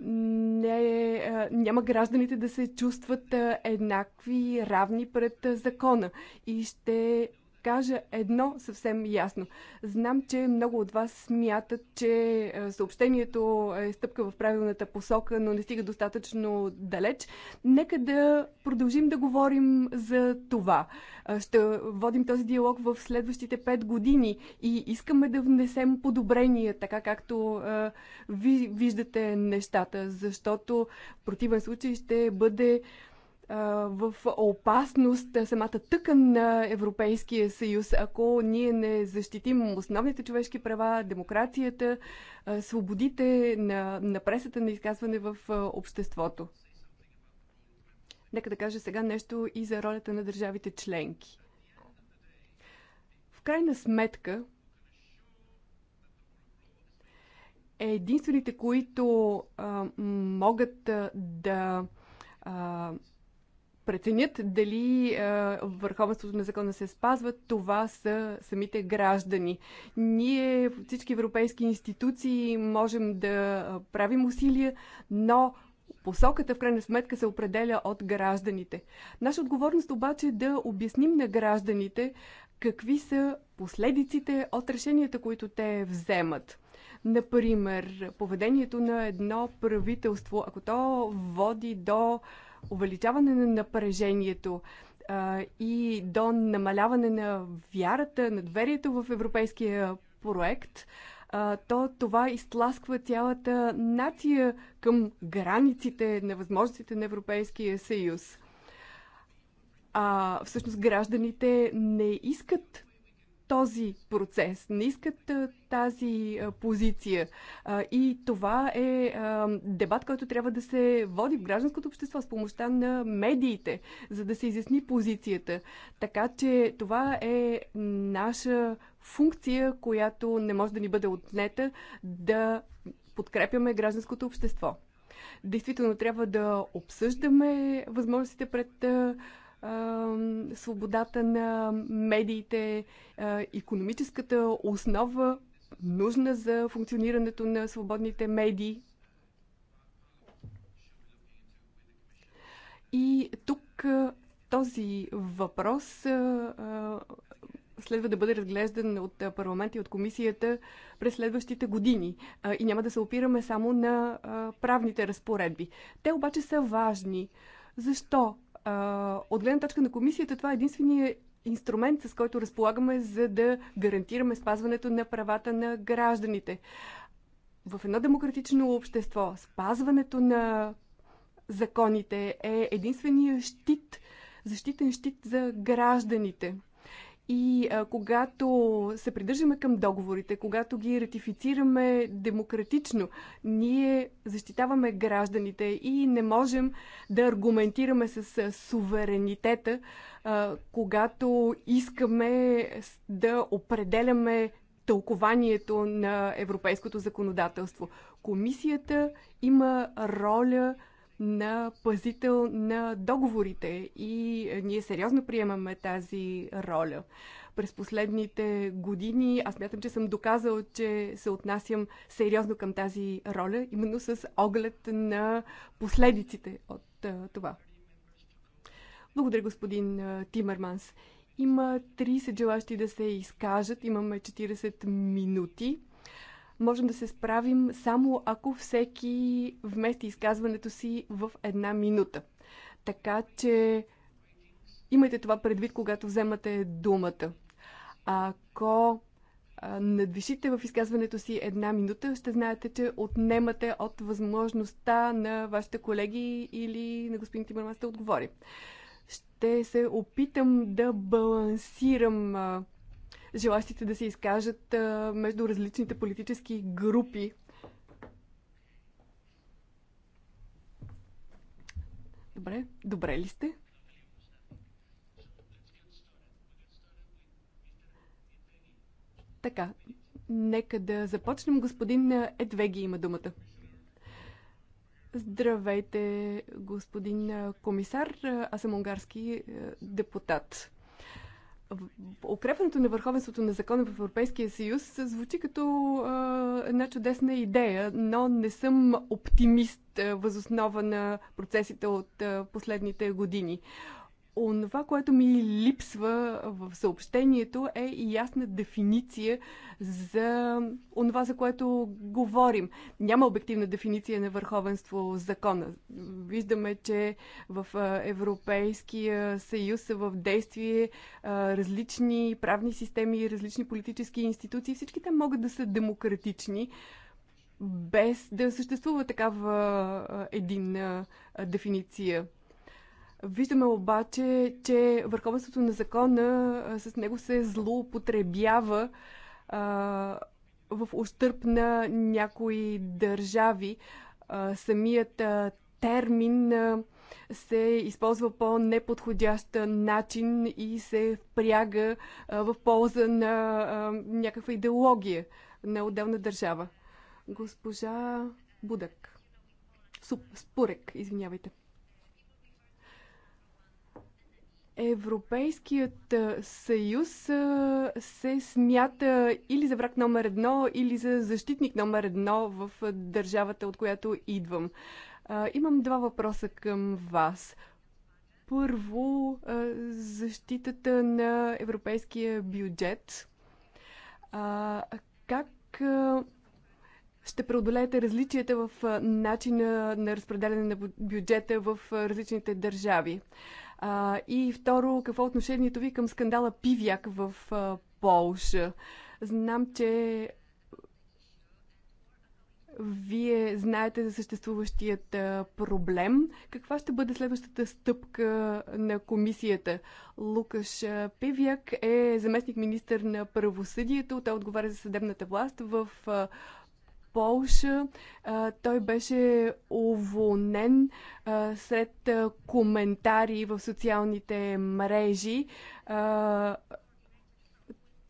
не, е, няма гражданите да се чувстват еднакви, равни пред закона и ще кажа едно съвсем ясно. Знам, че много от вас смятат, че е, съобщението е стъпка в правилната посока, но не стига достатъчно далеч. Нека да продължим да говорим за това. Е, ще водим този диалог в следващите пет години и искаме да внесем подобрения, така както е, ви виждате нещата, защото в противен случай ще бъде в опасност самата тъкан на Европейския съюз, ако ние не защитим основните човешки права, демокрацията, свободите на, на пресата на изказване в обществото. Нека да кажа сега нещо и за ролята на държавите членки. В крайна сметка, единствените, които а, могат да а, преценят дали а, върховенството на закона се спазва, това са самите граждани. Ние, всички европейски институции, можем да правим усилия, но Посоката в крайна сметка се определя от гражданите. Наша отговорност обаче е да обясним на гражданите какви са последиците от решенията, които те вземат. Например, поведението на едно правителство, ако то води до увеличаване на напрежението а, и до намаляване на вярата, на доверието в европейския проект, а, то това изтласква цялата нация към границите на възможностите на Европейския съюз. А всъщност гражданите не искат този процес, не искат тази позиция. И това е дебат, който трябва да се води в гражданското общество с помощта на медиите, за да се изясни позицията. Така че това е наша функция, която не може да ни бъде отнета да подкрепяме гражданското общество. Действително трябва да обсъждаме възможностите пред свободата на медиите, економическата основа, нужна за функционирането на свободните медии. И тук този въпрос следва да бъде разглеждан от парламента и от комисията през следващите години. И няма да се опираме само на правните разпоредби. Те обаче са важни. Защо? а, от гледна точка на комисията, това е единственият инструмент, с който разполагаме, за да гарантираме спазването на правата на гражданите. В едно демократично общество спазването на законите е единствения щит, защитен щит за гражданите. И а, когато се придържаме към договорите, когато ги ратифицираме демократично, ние защитаваме гражданите и не можем да аргументираме с суверенитета, а, когато искаме да определяме тълкованието на европейското законодателство. Комисията има роля на пазител на договорите и е, ние сериозно приемаме тази роля. През последните години аз мятам, че съм доказал, че се отнасям сериозно към тази роля, именно с оглед на последиците от е, това. Благодаря, господин е, Тимерманс. Има 30 желащи да се изкажат. Имаме 40 минути можем да се справим само ако всеки вмести изказването си в една минута. Така че имайте това предвид, когато вземате думата. Ако надвишите в изказването си една минута, ще знаете, че отнемате от възможността на вашите колеги или на господин Тимърмас да отговори. Ще се опитам да балансирам желащите да се изкажат между различните политически групи. Добре, добре ли сте? Така, нека да започнем. Господин Едвеги има думата. Здравейте, господин комисар. Аз съм унгарски е, депутат укрепването на върховенството на закона в Европейския съюз звучи като а, една чудесна идея, но не съм оптимист а, възоснова на процесите от а, последните години. Онова, което ми липсва в съобщението е и ясна дефиниция за онова, за което говорим. Няма обективна дефиниция на върховенство закона. Виждаме, че в Европейския съюз са в действие различни правни системи, различни политически институции. Всички те могат да са демократични без да съществува такава единна дефиниция Виждаме обаче, че върховенството на закона с него се злоупотребява в ущърп на някои държави. А, самият а, термин а, се използва по неподходящ начин и се впряга а, в полза на а, някаква идеология на отделна държава. Госпожа Будък. Суп, спорек, извинявайте. Европейският съюз се смята или за враг номер едно, или за защитник номер едно в държавата, от която идвам. Имам два въпроса към вас. Първо, защитата на европейския бюджет. Как ще преодолеете различията в начина на разпределяне на бюджета в различните държави? А, и второ, какво е отношението ви към скандала Пивяк в а, Полша? Знам, че вие знаете за съществуващият проблем. Каква ще бъде следващата стъпка на комисията? Лукаш Пивяк е заместник министр на правосъдието. Той отговаря за съдебната власт в Полша. Той беше уволнен след коментари в социалните мрежи.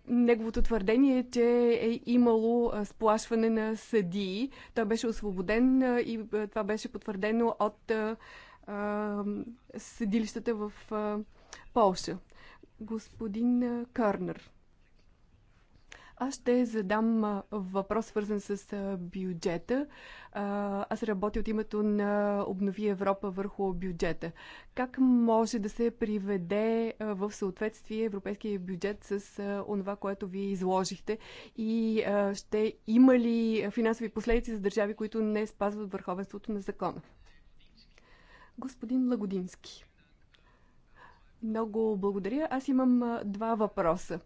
Неговото твърдение е, че е имало сплашване на съдии. Той беше освободен и това беше потвърдено от съдилищата в Полша. Господин Кърнер. Аз ще задам въпрос, свързан с бюджета. Аз работя от името на Обнови Европа върху бюджета. Как може да се приведе в съответствие европейския бюджет с онова, което вие изложихте? И ще има ли финансови последици за държави, които не спазват върховенството на закона? Господин Лагодински. Много благодаря. Аз имам два въпроса.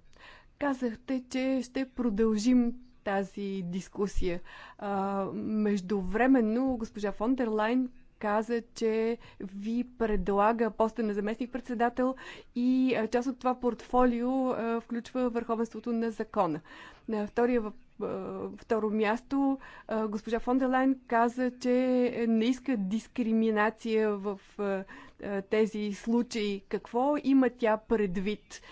Казахте, че ще продължим тази дискусия. А, междувременно госпожа Фондерлайн каза, че ви предлага поста на заместник-председател и част от това портфолио включва върховенството на закона. На втория въпрос второ място, госпожа Фондерлайн каза, че не иска дискриминация в тези случаи. Какво има тя предвид?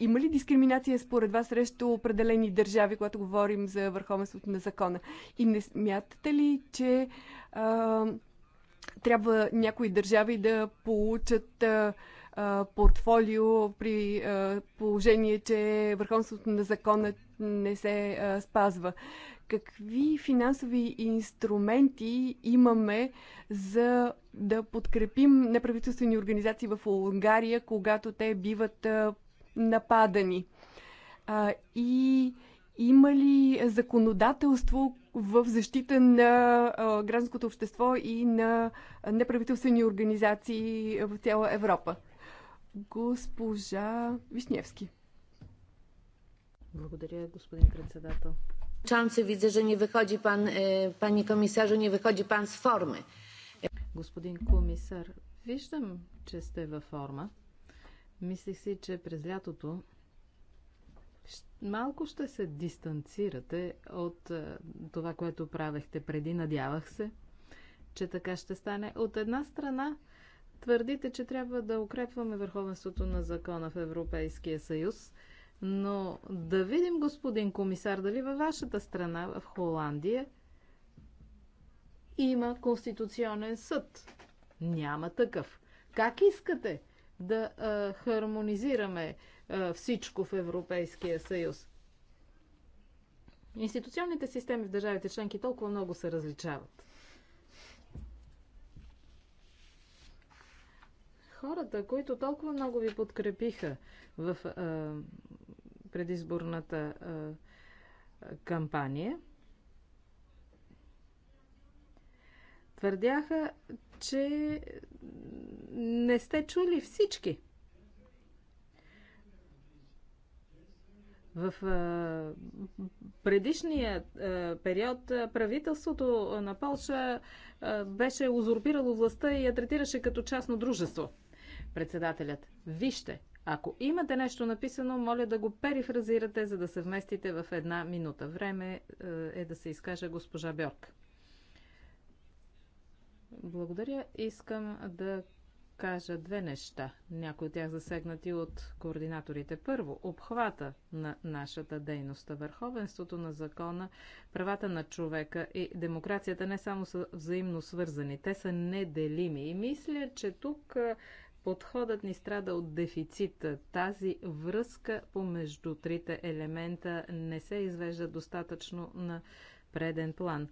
Има ли дискриминация според вас срещу определени държави, когато говорим за върховенството на закона? И не смятате ли, че трябва някои държави да получат а, а, портфолио при а, положение, че върховенството на закона не се а, спазва. Какви финансови инструменти имаме за да подкрепим неправителствени организации в Унгария, когато те биват а, нападани? А, и има ли законодателство, в защита на гражданското общество и на неправителствени организации в цяла Европа. Госпожа Вишневски. Благодаря, господин председател. че не że пан, е, пани panie не nie пан с форми. Е... Господин комисар, виждам, че сте във форма. Мислих си, че през лятото малко ще се дистанцирате от е, това, което правехте преди. Надявах се, че така ще стане. От една страна, твърдите, че трябва да укрепваме върховенството на закона в Европейския съюз, но да видим, господин комисар, дали във вашата страна, в Холандия, има Конституционен съд. Няма такъв. Как искате да а, е, хармонизираме всичко в Европейския съюз. Институционните системи в държавите членки толкова много се различават. Хората, които толкова много ви подкрепиха в а, предизборната а, кампания, твърдяха, че не сте чули всички. В предишния период правителството на Полша беше узурпирало властта и я третираше като частно дружество. Председателят, вижте, ако имате нещо написано, моля да го перифразирате, за да се вместите в една минута. Време е да се изкаже госпожа Бьорк. Благодаря. Искам да кажа две неща, някои от тях засегнати от координаторите. Първо, обхвата на нашата дейност, върховенството на закона, правата на човека и демокрацията не само са взаимно свързани, те са неделими. И мисля, че тук подходът ни страда от дефицита. Тази връзка помежду трите елемента не се извежда достатъчно на преден план.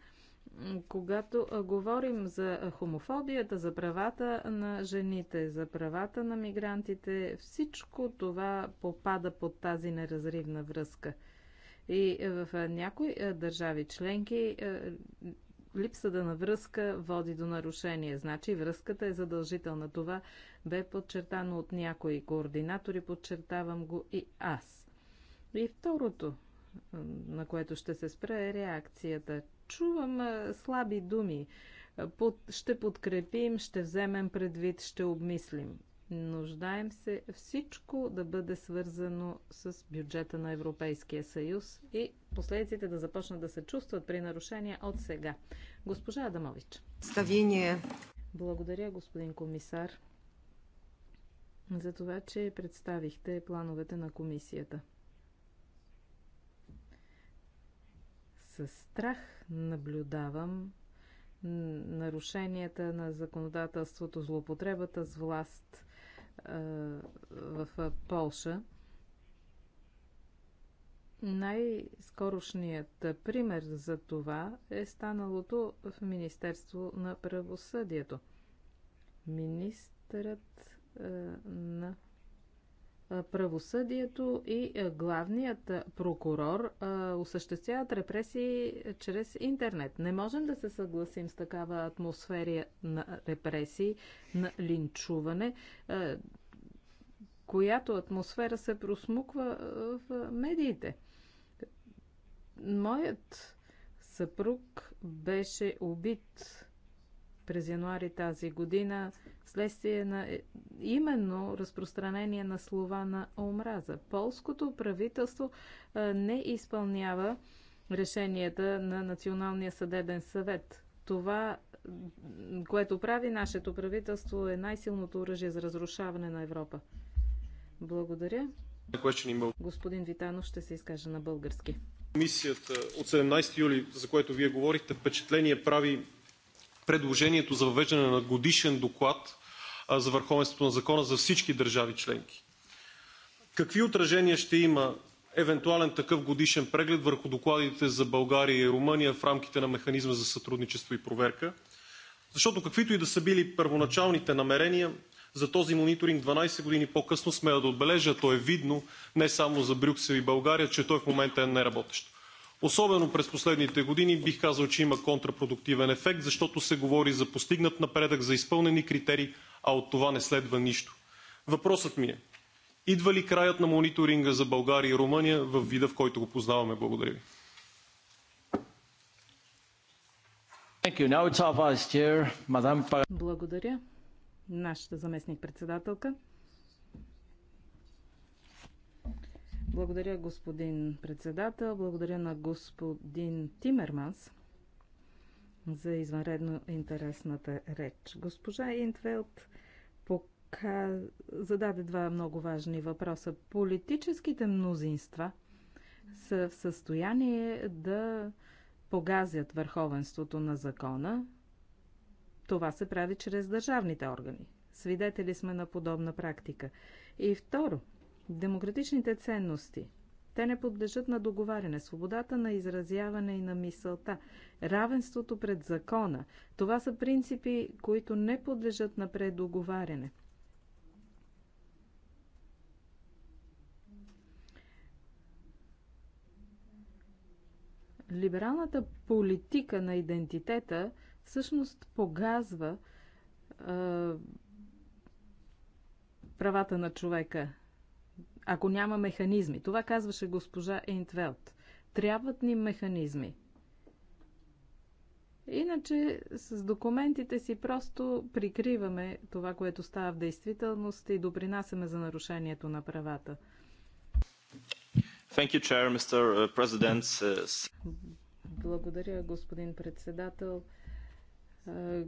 Когато говорим за хомофобията, за правата на жените, за правата на мигрантите, всичко това попада под тази неразривна връзка. И е, в някои е, държави членки е, липсата на връзка води до нарушение. Значи връзката е задължителна. Това бе подчертано от някои координатори, подчертавам го и аз. И второто, на което ще се спра е реакцията чувам слаби думи. Под, ще подкрепим, ще вземем предвид, ще обмислим. Нуждаем се всичко да бъде свързано с бюджета на Европейския съюз и последиците да започнат да се чувстват при нарушения от сега. Госпожа Адамович. Ставиние. Благодаря, господин комисар, за това, че представихте плановете на комисията. със страх наблюдавам нарушенията на законодателството, злоупотребата с власт в Полша. Най-скорошният пример за това е станалото в Министерство на правосъдието. Министърът на правосъдието и главният прокурор осъществяват репресии чрез интернет. Не можем да се съгласим с такава атмосфера на репресии, на линчуване, която атмосфера се просмуква в медиите. Моят съпруг беше убит през януари тази година, следствие на е, именно разпространение на слова на омраза. Полското правителство не изпълнява решенията на Националния съдебен съвет. Това, което прави нашето правителство, е най-силното оръжие за разрушаване на Европа. Благодаря. Господин Витанов ще се изкаже на български. Мисията от 17 юли, за което вие говорихте, впечатление прави предложението за въвеждане на годишен доклад за върховенството на закона за всички държави членки. Какви отражения ще има евентуален такъв годишен преглед върху докладите за България и Румъния в рамките на механизма за сътрудничество и проверка? Защото каквито и да са били първоначалните намерения за този мониторинг 12 години по-късно сме да отбележа, то е видно не само за Брюксел и България, че той в момента е неработещ. Особено през последните години бих казал, че има контрапродуктивен ефект, защото се говори за постигнат напредък, за изпълнени критерии, а от това не следва нищо. Въпросът ми е, идва ли краят на мониторинга за България и Румъния в вида, в който го познаваме? Благодаря ви. Благодаря. Нашата заместник председателка. Благодаря, господин председател. Благодаря на господин Тимерманс за извънредно интересната реч. Госпожа Интвелт пока зададе два много важни въпроса. Политическите мнозинства са в състояние да погазят върховенството на закона. Това се прави чрез държавните органи. Свидетели сме на подобна практика. И второ, Демократичните ценности. Те не подлежат на договаряне. Свободата на изразяване и на мисълта. Равенството пред закона. Това са принципи, които не подлежат на предоговаряне. либералната политика на идентитета всъщност погазва е, правата на човека ако няма механизми. Това казваше госпожа Ейнтвелт. Трябват ни механизми. Иначе с документите си просто прикриваме това, което става в действителност и допринасяме за нарушението на правата. Thank you, Chair, Mr. Uh, President. Uh, Благодаря, господин председател. Uh,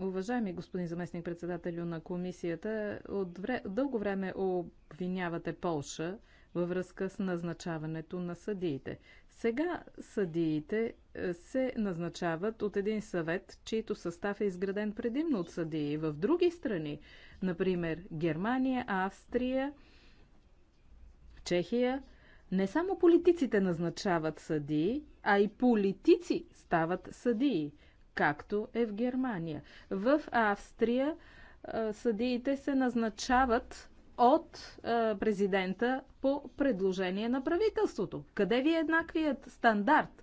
Уважаеми господин заместник председателю на комисията, от вре... дълго време обвинявате Полша във връзка с назначаването на съдиите. Сега съдиите е, се назначават от един съвет, чийто състав е изграден предимно от съдии в други страни, например Германия, Австрия, Чехия. Не само политиците назначават съдии, а и политици стават съдии – както е в Германия. В Австрия съдиите се назначават от президента по предложение на правителството. Къде ви е еднаквият стандарт?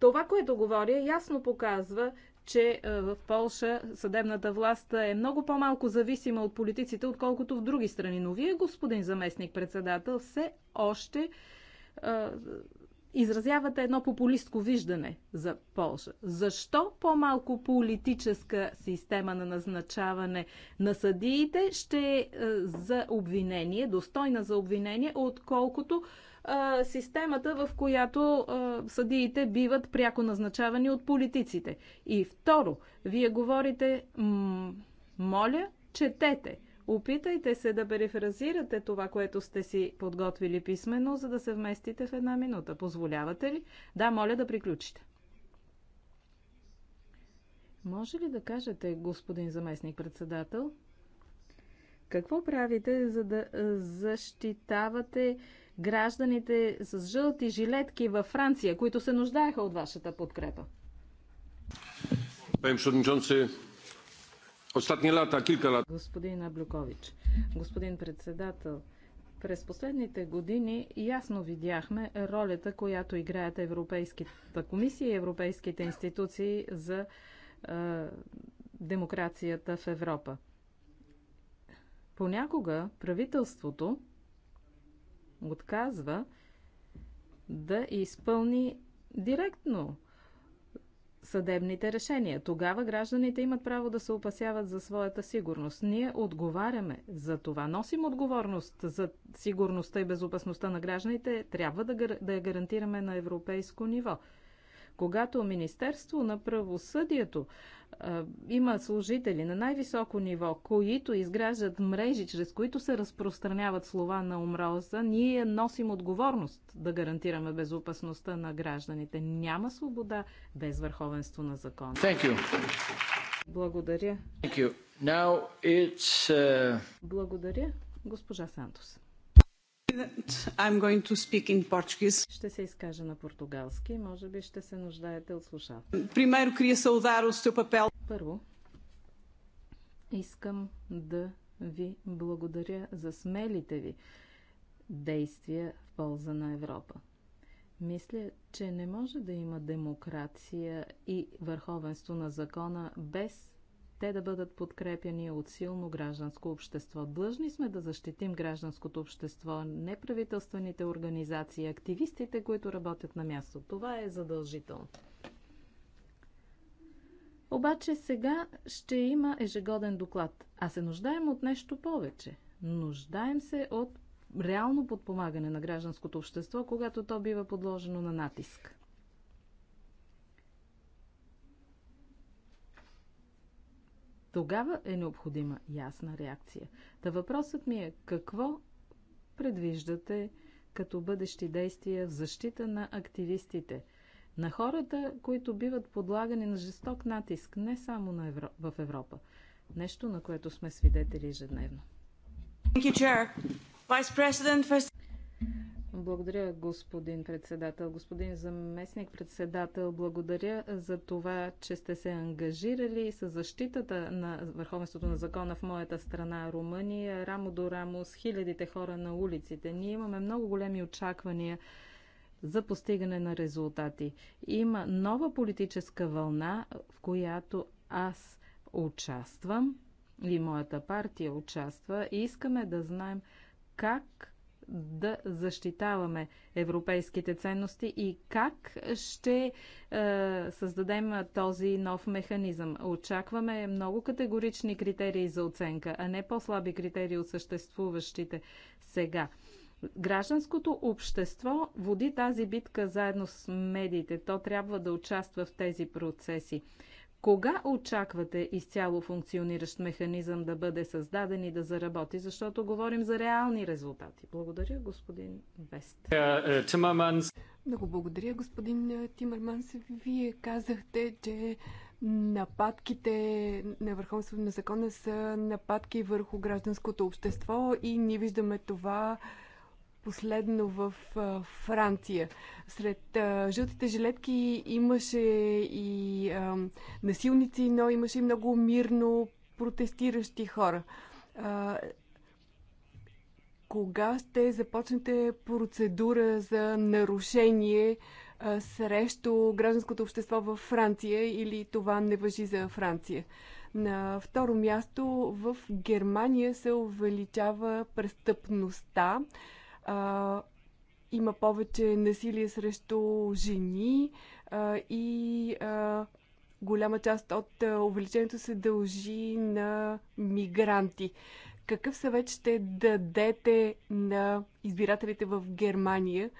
Това, което говоря, ясно показва, че в Полша съдебната власт е много по-малко зависима от политиците, отколкото в други страни. Но вие, господин заместник председател, все още изразявате едно популистко виждане за Полша. Защо по-малко политическа система на назначаване на съдиите ще е за обвинение, достойна за обвинение, отколкото е, системата, в която е, съдиите биват пряко назначавани от политиците? И второ, вие говорите, моля, четете. Опитайте се да перифразирате това, което сте си подготвили писменно, за да се вместите в една минута. Позволявате ли? Да, моля да приключите. Може ли да кажете, господин заместник-председател, какво правите, за да защитавате гражданите с жълти жилетки във Франция, които се нуждаеха от вашата подкрепа? Пане Ostatnie lata, kilka lat. Господин Аблюкович, господин председател, през последните години ясно видяхме ролята, която играят Европейската комисия и европейските институции за е, демокрацията в Европа. Понякога правителството отказва да изпълни директно съдебните решения. Тогава гражданите имат право да се опасяват за своята сигурност. Ние отговаряме за това. Носим отговорност за сигурността и безопасността на гражданите. Трябва да, да я гарантираме на европейско ниво. Когато Министерство на правосъдието а, има служители на най-високо ниво, които изграждат мрежи, чрез които се разпространяват слова на омраза, ние носим отговорност да гарантираме безопасността на гражданите. Няма свобода без върховенство на закона. Благодаря. Now it's, uh... Благодаря, госпожа Сантос. I'm going to speak in Portuguese. Ще се изкажа на португалски. Може би ще се нуждаете от слушалки. Primeiro Крия saudar o seu papel. Първо, искам да ви благодаря за смелите ви действия в полза на Европа. Мисля, че не може да има демокрация и върховенство на закона без те да бъдат подкрепяни от силно гражданско общество. Длъжни сме да защитим гражданското общество, неправителствените организации, активистите, които работят на място. Това е задължително. Обаче сега ще има ежегоден доклад, а се нуждаем от нещо повече. Нуждаем се от реално подпомагане на гражданското общество, когато то бива подложено на натиск. Тогава е необходима ясна реакция. Та въпросът ми е какво предвиждате като бъдещи действия в защита на активистите, на хората, които биват подлагани на жесток натиск не само на Евро... в Европа, нещо на което сме свидетели ежедневно. Благодаря, господин председател. Господин заместник председател, благодаря за това, че сте се ангажирали с защитата на върховенството на закона в моята страна, Румъния, рамо до рамо с хилядите хора на улиците. Ние имаме много големи очаквания за постигане на резултати. Има нова политическа вълна, в която аз участвам и моята партия участва и искаме да знаем как да защитаваме европейските ценности и как ще е, създадем този нов механизъм. Очакваме много категорични критерии за оценка, а не по-слаби критерии от съществуващите сега. Гражданското общество води тази битка заедно с медиите. То трябва да участва в тези процеси. Кога очаквате изцяло функциониращ механизъм да бъде създаден и да заработи, защото говорим за реални резултати? Благодаря, господин Вест. Е, е, Тимърманс. Много благодаря, господин е, Тимърманс. Вие казахте, че нападките на върховенството на закона са нападки върху гражданското общество и ние виждаме това последно в а, Франция. Сред а, жълтите жилетки имаше и а, насилници, но имаше и много мирно протестиращи хора. А, кога ще започнете процедура за нарушение а, срещу гражданското общество във Франция или това не въжи за Франция? На второ място в Германия се увеличава престъпността а, има повече насилие срещу жени а, и а, голяма част от увеличението се дължи на мигранти. Какъв съвет ще дадете на избирателите в Германия,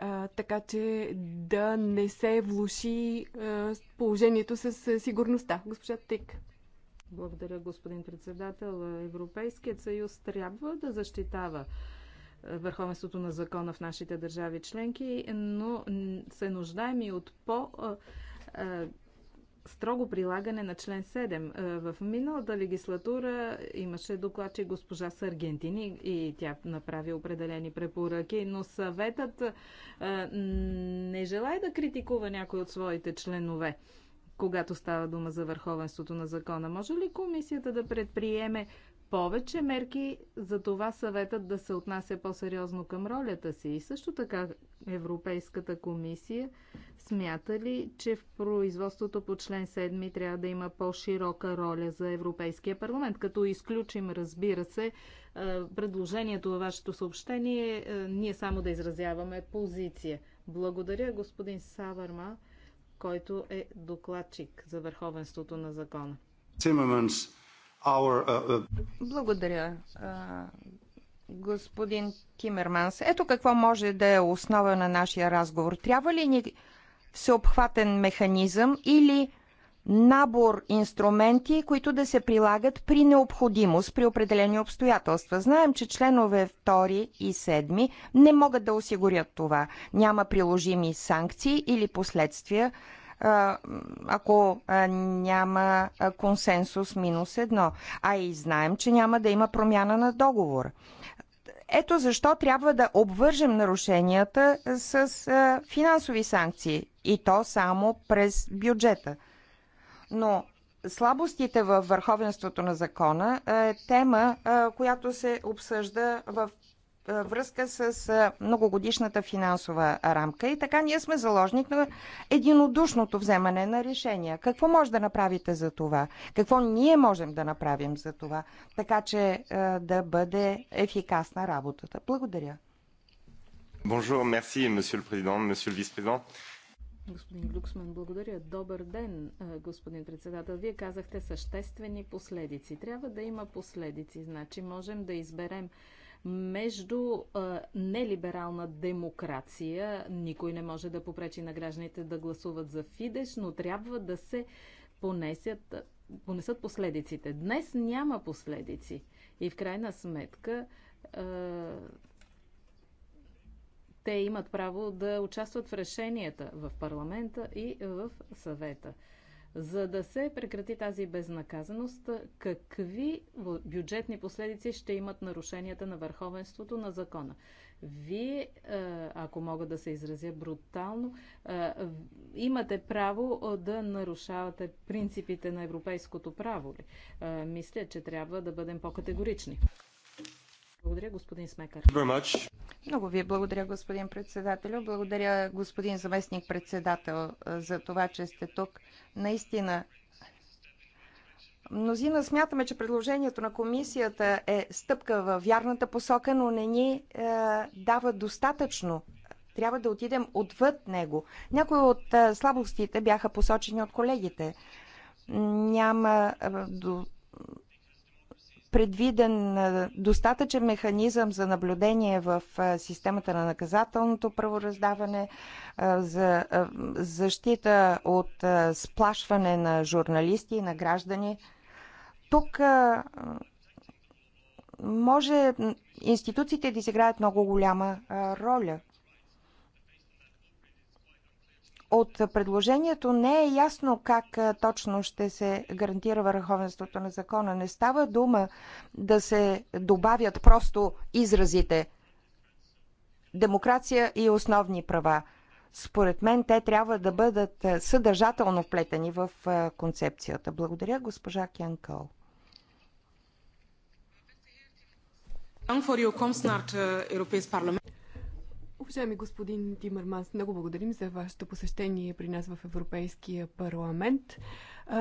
а, така че да не се влуши а, положението с сигурността? Госпожа Тик. Благодаря, господин председател. Европейският съюз трябва да защитава върховенството на закона в нашите държави членки, но се нуждаем и от по- строго прилагане на член 7. В миналата легислатура имаше доклад, че госпожа Саргентини и тя направи определени препоръки, но съветът не желая да критикува някой от своите членове когато става дума за върховенството на закона. Може ли комисията да предприеме повече мерки за това съветът да се отнася по-сериозно към ролята си. И също така Европейската комисия смята ли, че в производството по член 7 трябва да има по-широка роля за Европейския парламент, като изключим, разбира се, е, предложението във вашето съобщение, е, ние само да изразяваме позиция. Благодаря, господин Саварма, който е докладчик за върховенството на закона. Timmermans Uh, uh, Благодаря, господин Кимерманс. Ето какво може да е основа на нашия разговор. Трябва ли ни всеобхватен механизъм или набор инструменти, които да се прилагат при необходимост, при определени обстоятелства. Знаем, че членове 2 и 7 не могат да осигурят това. Няма приложими санкции или последствия ако няма консенсус минус едно. А и знаем, че няма да има промяна на договор. Ето защо трябва да обвържем нарушенията с финансови санкции и то само през бюджета. Но слабостите във върховенството на закона е тема, която се обсъжда в връзка с многогодишната финансова рамка и така ние сме заложник на единодушното вземане на решения. Какво може да направите за това? Какво ние можем да направим за това? Така че да бъде ефикасна работата. Благодаря. Bonjour, merci, monsieur le président, monsieur le vice-président. Господин Люксман, благодаря. Добър ден, господин председател. Вие казахте съществени последици. Трябва да има последици. Значи можем да изберем между нелиберална демокрация. Никой не може да попречи на гражданите да гласуват за Фидеш, но трябва да се понесят, понесат последиците. Днес няма последици. И в крайна сметка те имат право да участват в решенията в парламента и в съвета. За да се прекрати тази безнаказаност, какви бюджетни последици ще имат нарушенията на върховенството на закона? Вие, е, ако мога да се изразя брутално, е, имате право е, да нарушавате принципите на европейското право ли? Мисля, че трябва да бъдем по-категорични. Благодаря, господин Смекар. Много ви благодаря, господин председател. Благодаря, господин заместник председател, за това, че сте тук. Наистина, мнозина смятаме, че предложението на комисията е стъпка в вярната посока, но не ни е, дава достатъчно. Трябва да отидем отвъд него. Някои от е, слабостите бяха посочени от колегите. Няма е, до предвиден достатъчен механизъм за наблюдение в системата на наказателното правораздаване, за защита от сплашване на журналисти и на граждани. Тук може институциите да изиграят много голяма роля. От предложението не е ясно как точно ще се гарантира върховенството на закона. Не става дума да се добавят просто изразите демокрация и основни права. Според мен те трябва да бъдат съдържателно вплетени в концепцията. Благодаря, госпожа Кянкъл. Уважаеми господин Тимърманс, много благодарим за вашето посещение при нас в Европейския парламент.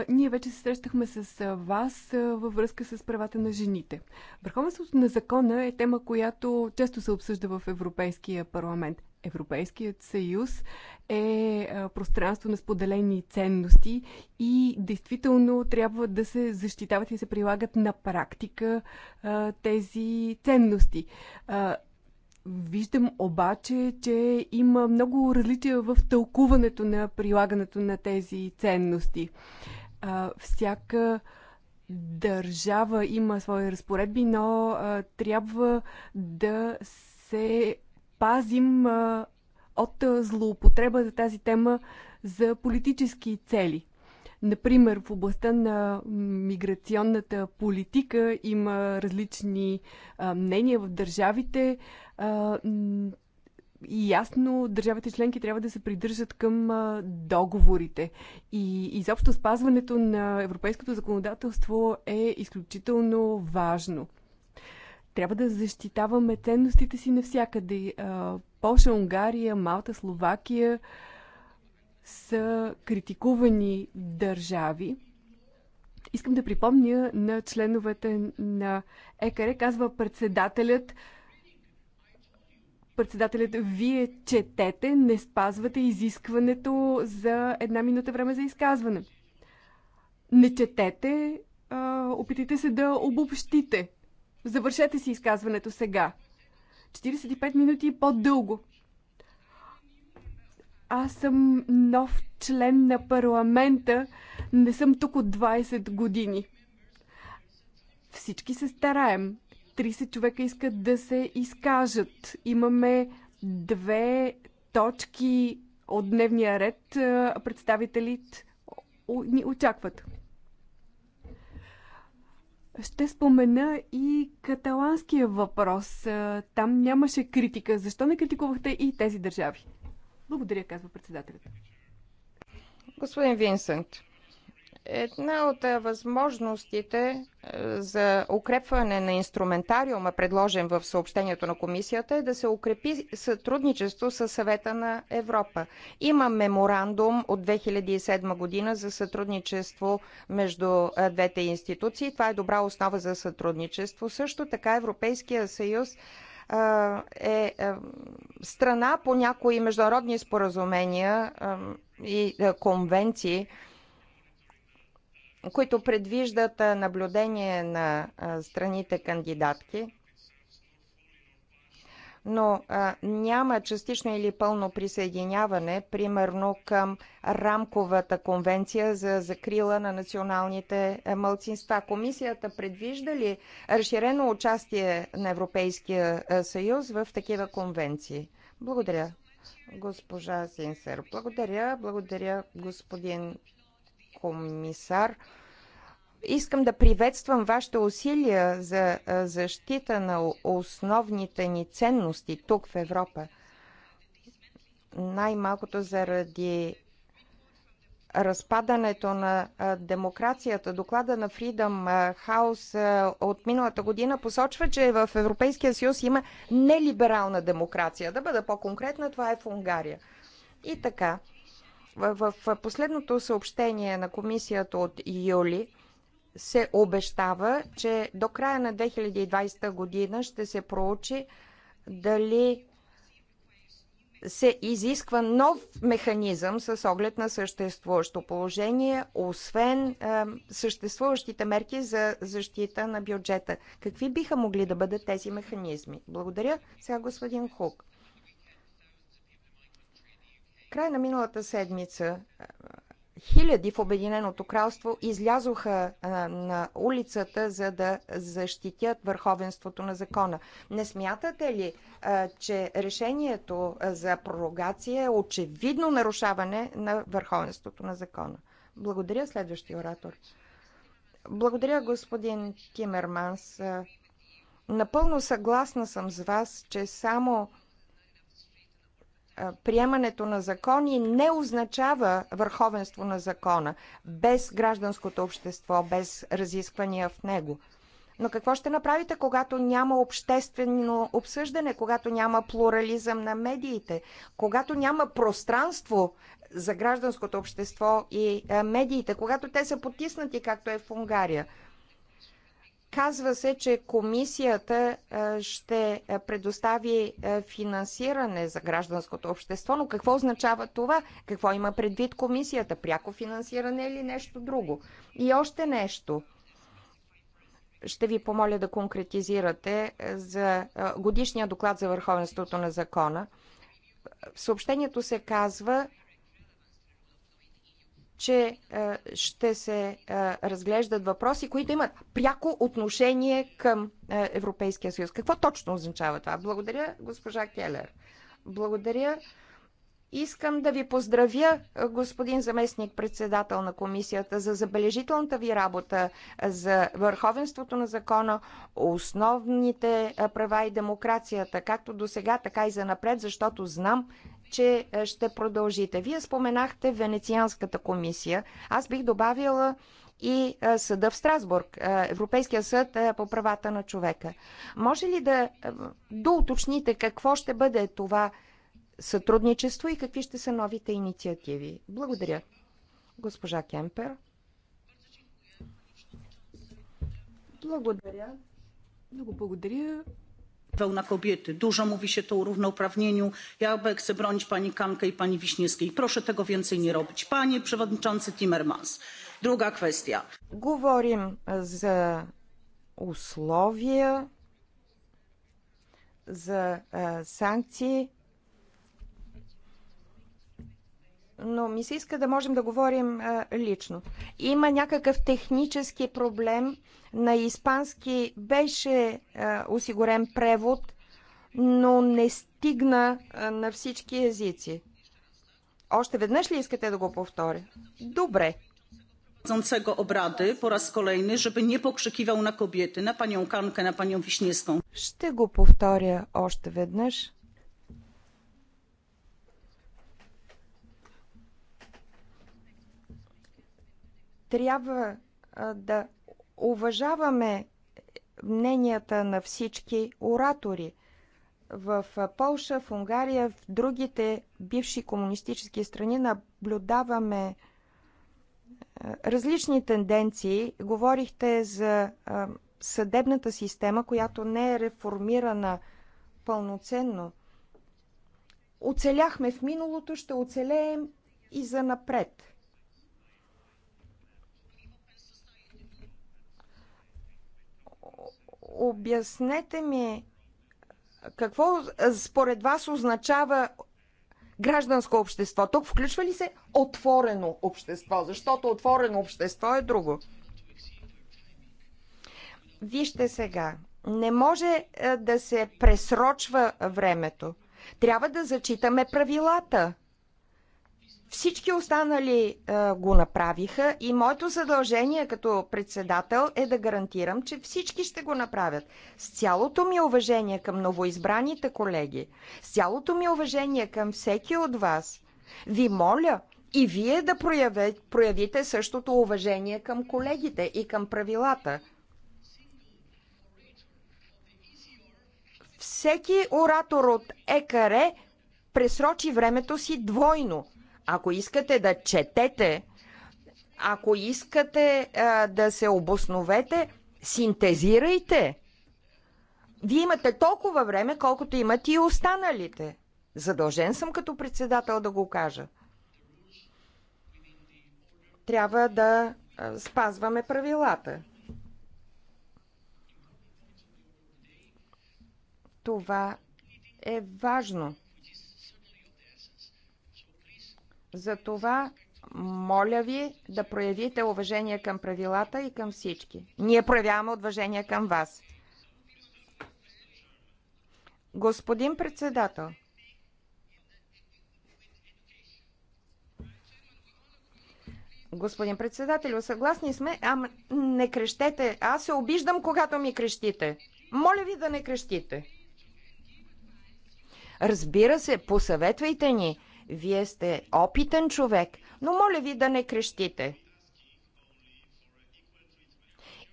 Ние вече се срещахме с вас във връзка с правата на жените. Върховенството на закона е тема, която често се обсъжда в Европейския парламент. Европейският съюз е пространство на споделени ценности и действително трябва да се защитават и се прилагат на практика тези ценности. Виждам обаче, че има много различия в тълкуването на прилагането на тези ценности. А, всяка държава има свои разпоредби, но а, трябва да се пазим а, от злоупотреба за тази тема за политически цели. Например, в областта на миграционната политика има различни мнения в държавите и ясно държавите членки трябва да се придържат към договорите. И изобщо спазването на европейското законодателство е изключително важно. Трябва да защитаваме ценностите си навсякъде. Польша, Унгария, Малта, Словакия са критикувани държави. Искам да припомня на членовете на ЕКР, казва председателят, председателят, вие четете, не спазвате изискването за една минута време за изказване. Не четете, опитайте се да обобщите. Завършете си изказването сега. 45 минути е по-дълго. Аз съм нов член на парламента. Не съм тук от 20 години. Всички се стараем. 30 човека искат да се изкажат. Имаме две точки от дневния ред. Представителите ни очакват. Ще спомена и каталанския въпрос. Там нямаше критика. Защо не критикувахте и тези държави? Благодаря, казва председателят. Господин Винсент, Една от възможностите за укрепване на инструментариума, предложен в съобщението на комисията, е да се укрепи сътрудничество с съвета на Европа. Има меморандум от 2007 година за сътрудничество между двете институции. Това е добра основа за сътрудничество. Също така Европейския съюз е страна по някои международни споразумения и конвенции, които предвиждат наблюдение на страните кандидатки но а, няма частично или пълно присъединяване, примерно към рамковата конвенция за закрила на националните е, мълцинства. Комисията предвижда ли разширено участие на Европейския е, съюз в такива конвенции? Благодаря, госпожа Синсер. Благодаря, благодаря, господин комисар. Искам да приветствам вашите усилия за защита на основните ни ценности тук в Европа. Най-малкото заради разпадането на демокрацията. Доклада на Freedom House от миналата година посочва, че в Европейския съюз има нелиберална демокрация. Да бъда по-конкретна, това е в Унгария. И така, в последното съобщение на комисията от юли се обещава, че до края на 2020 година ще се проучи дали се изисква нов механизъм с оглед на съществуващо положение, освен е, съществуващите мерки за защита на бюджета. Какви биха могли да бъдат тези механизми? Благодаря. Сега господин Хук. Край на миналата седмица е, хиляди в Обединеното кралство излязоха на улицата, за да защитят върховенството на закона. Не смятате ли, че решението за пророгация е очевидно нарушаване на върховенството на закона? Благодаря, следващия оратор. Благодаря, господин Тимерманс. Напълно съгласна съм с вас, че само приемането на закони не означава върховенство на закона без гражданското общество, без разисквания в него. Но какво ще направите, когато няма обществено обсъждане, когато няма плурализъм на медиите, когато няма пространство за гражданското общество и медиите, когато те са потиснати, както е в Унгария? Казва се, че комисията ще предостави финансиране за гражданското общество, но какво означава това? Какво има предвид комисията? Пряко финансиране или нещо друго? И още нещо. Ще ви помоля да конкретизирате за годишния доклад за върховенството на закона. В съобщението се казва, че е, ще се е, разглеждат въпроси, които имат пряко отношение към е, Европейския съюз. Какво точно означава това? Благодаря, госпожа Келер. Благодаря. Искам да ви поздравя, господин заместник председател на комисията, за забележителната ви работа за върховенството на закона, основните права и демокрацията, както до сега, така и за напред, защото знам, че е, ще продължите. Вие споменахте Венецианската комисия. Аз бих добавила и е, съда в Страсбург, е, Европейския съд по правата на човека. Може ли да доуточните какво ще бъде това сътрудничество и какви ще са новите инициативи? Благодаря. Госпожа Кемпер. Благодаря. Много благодаря na kobiety. Dużo mówi się tu o równouprawnieniu. Ja chcę bronić pani Kamkę i pani Wiśniewskiej. Proszę tego więcej nie robić. Panie przewodniczący Timmermans. druga kwestia. Говорим z usłowie, z санкции но ми се иска да можем да говорим а, лично. Има някакъв технически проблем. На испански беше а, осигурен превод, но не стигна а, на всички езици. Още веднъж ли искате да го повторя? Добре. Ще го повторя още веднъж. Трябва да уважаваме мненията на всички оратори. В Полша, в Унгария, в другите бивши комунистически страни наблюдаваме различни тенденции. Говорихте за съдебната система, която не е реформирана пълноценно. Оцеляхме в миналото, ще оцелеем и за напред. обяснете ми какво според вас означава гражданско общество? Тук включва ли се отворено общество? Защото отворено общество е друго. Вижте сега. Не може е, да се пресрочва времето. Трябва да зачитаме правилата. Всички останали а, го направиха и моето задължение като председател е да гарантирам, че всички ще го направят. С цялото ми уважение към новоизбраните колеги, с цялото ми уважение към всеки от вас, ви моля и вие да проявите, проявите същото уважение към колегите и към правилата. Всеки оратор от ЕКАРЕ пресрочи времето си двойно – ако искате да четете, ако искате а, да се обосновете, синтезирайте. Вие имате толкова време, колкото имат и останалите. Задължен съм като председател да го кажа. Трябва да спазваме правилата. Това е важно. Затова моля ви да проявите уважение към правилата и към всички. Ние проявяваме уважение към вас. Господин председател, Господин председател, съгласни сме, ама не крещете. Аз се обиждам, когато ми крещите. Моля ви да не крещите. Разбира се, посъветвайте ни вие сте опитен човек, но моля ви да не крещите.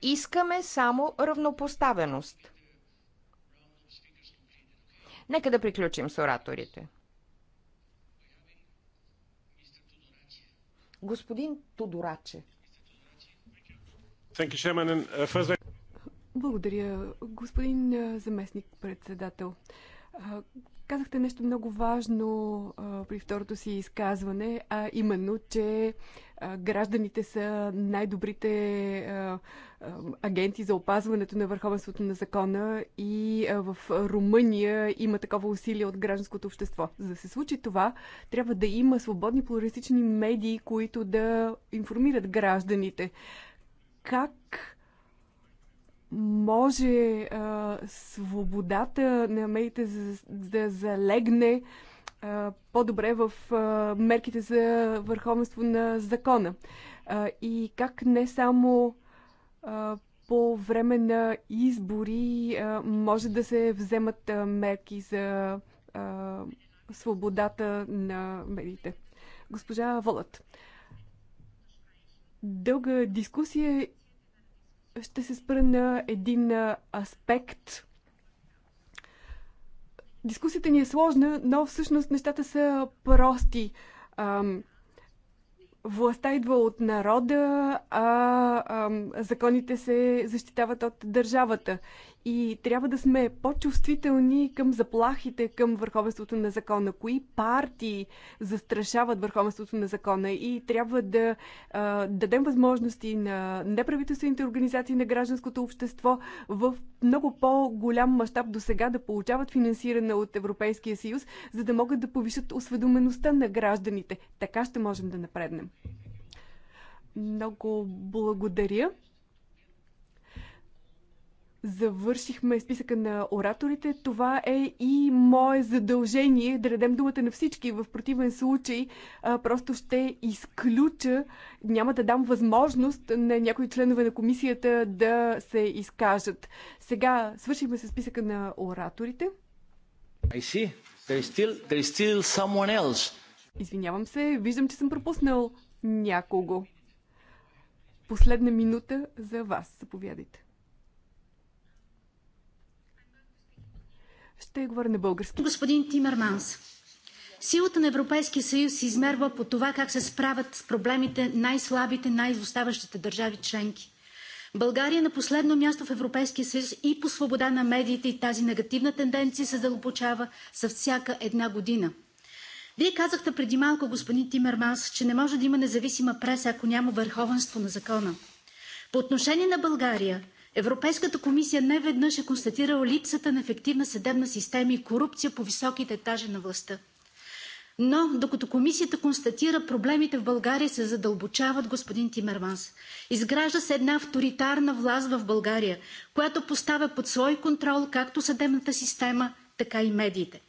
Искаме само равнопоставеност. Нека да приключим с ораторите. Господин Тодораче. Uh, Благодаря, господин uh, заместник председател. Uh, Казахте нещо много важно а, при второто си изказване, а именно, че а, гражданите са най-добрите а, а, агенти за опазването на върховенството на закона и а, в Румъния има такова усилие от гражданското общество. За да се случи това, трябва да има свободни плуралистични медии, които да информират гражданите. Как може а, свободата на медиите за, да залегне по-добре в а, мерките за върховенство на закона. А, и как не само а, по време на избори а, може да се вземат а, мерки за а, свободата на медиите. Госпожа Волът. Дълга дискусия ще се спра на един аспект. Дискусията ни е сложна, но всъщност нещата са прости. Ам, властта идва от народа, а ам, законите се защитават от държавата. И трябва да сме по-чувствителни към заплахите към върховенството на закона. Кои партии застрашават върховенството на закона? И трябва да а, дадем възможности на неправителствените организации на гражданското общество в много по-голям мащаб до сега да получават финансиране от Европейския съюз, за да могат да повишат осведомеността на гражданите. Така ще можем да напреднем. Много благодаря завършихме списъка на ораторите. Това е и мое задължение да дадем думата на всички. В противен случай а, просто ще изключа, няма да дам възможност на някои членове на комисията да се изкажат. Сега свършихме с списъка на ораторите. I see. There is still, there is still someone else. Извинявам се, виждам, че съм пропуснал някого. Последна минута за вас. Заповядайте. Ще говоря на български. Господин Тимерманс, силата на Европейския съюз се измерва по това как се справят с проблемите най-слабите, най-изоставащите държави членки. България е на последно място в Европейския съюз и по свобода на медиите и тази негативна тенденция се залопочава за всяка една година. Вие казахте преди малко, господин Тимерманс, че не може да има независима преса, ако няма върховенство на закона. По отношение на България, Европейската комисия не веднъж е констатирала липсата на ефективна съдебна система и корупция по високите етажи на властта. Но докато комисията констатира проблемите в България се задълбочават, господин Тимерманс. Изгражда се една авторитарна власт в България, която поставя под свой контрол както съдебната система, така и медиите.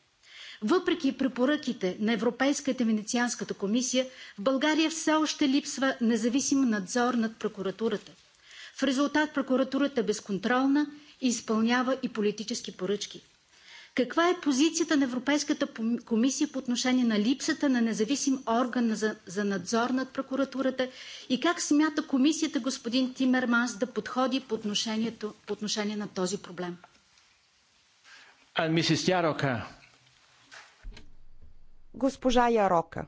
Въпреки препоръките на Европейската венецианската комисия, в България все още липсва независим надзор над прокуратурата – в резултат прокуратурата е безконтролна и изпълнява и политически поръчки. Каква е позицията на Европейската комисия по отношение на липсата на независим орган за, за надзор над прокуратурата и как смята комисията господин Тимерманс да подходи по, по отношение на този проблем? Госпожа Ярока.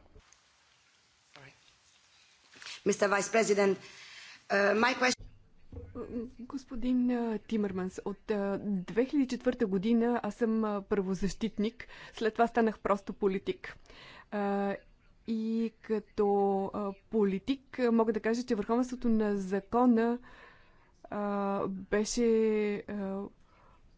Мистер Вайс-президент, uh, е, my question... Господин Тимърманс, от 2004 година аз съм правозащитник, след това станах просто политик. И като политик мога да кажа, че върховенството на закона беше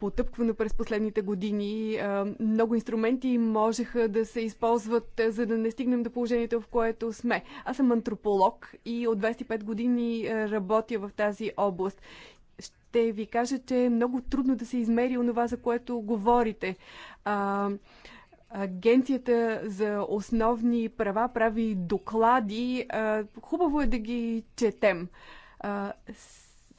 потъпквано през последните години. Много инструменти можеха да се използват, за да не стигнем до положението, в което сме. Аз съм антрополог и от 25 години работя в тази област. Ще ви кажа, че е много трудно да се измери онова, за което говорите. Агенцията за основни права прави доклади. Хубаво е да ги четем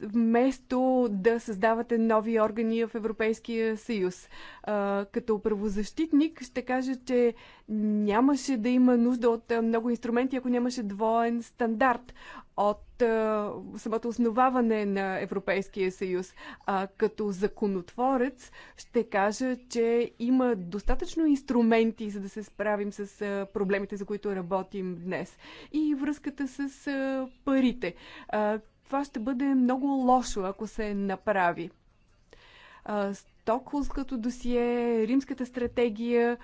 вместо да създавате нови органи в Европейския съюз. А, като правозащитник ще кажа, че нямаше да има нужда от много инструменти, ако нямаше двоен стандарт от а, самото основаване на Европейския съюз. А, като законотворец ще кажа, че има достатъчно инструменти, за да се справим с а, проблемите, за които работим днес. И връзката с а, парите. А, това ще бъде много лошо, ако се направи. Стокхолмското досие, Римската стратегия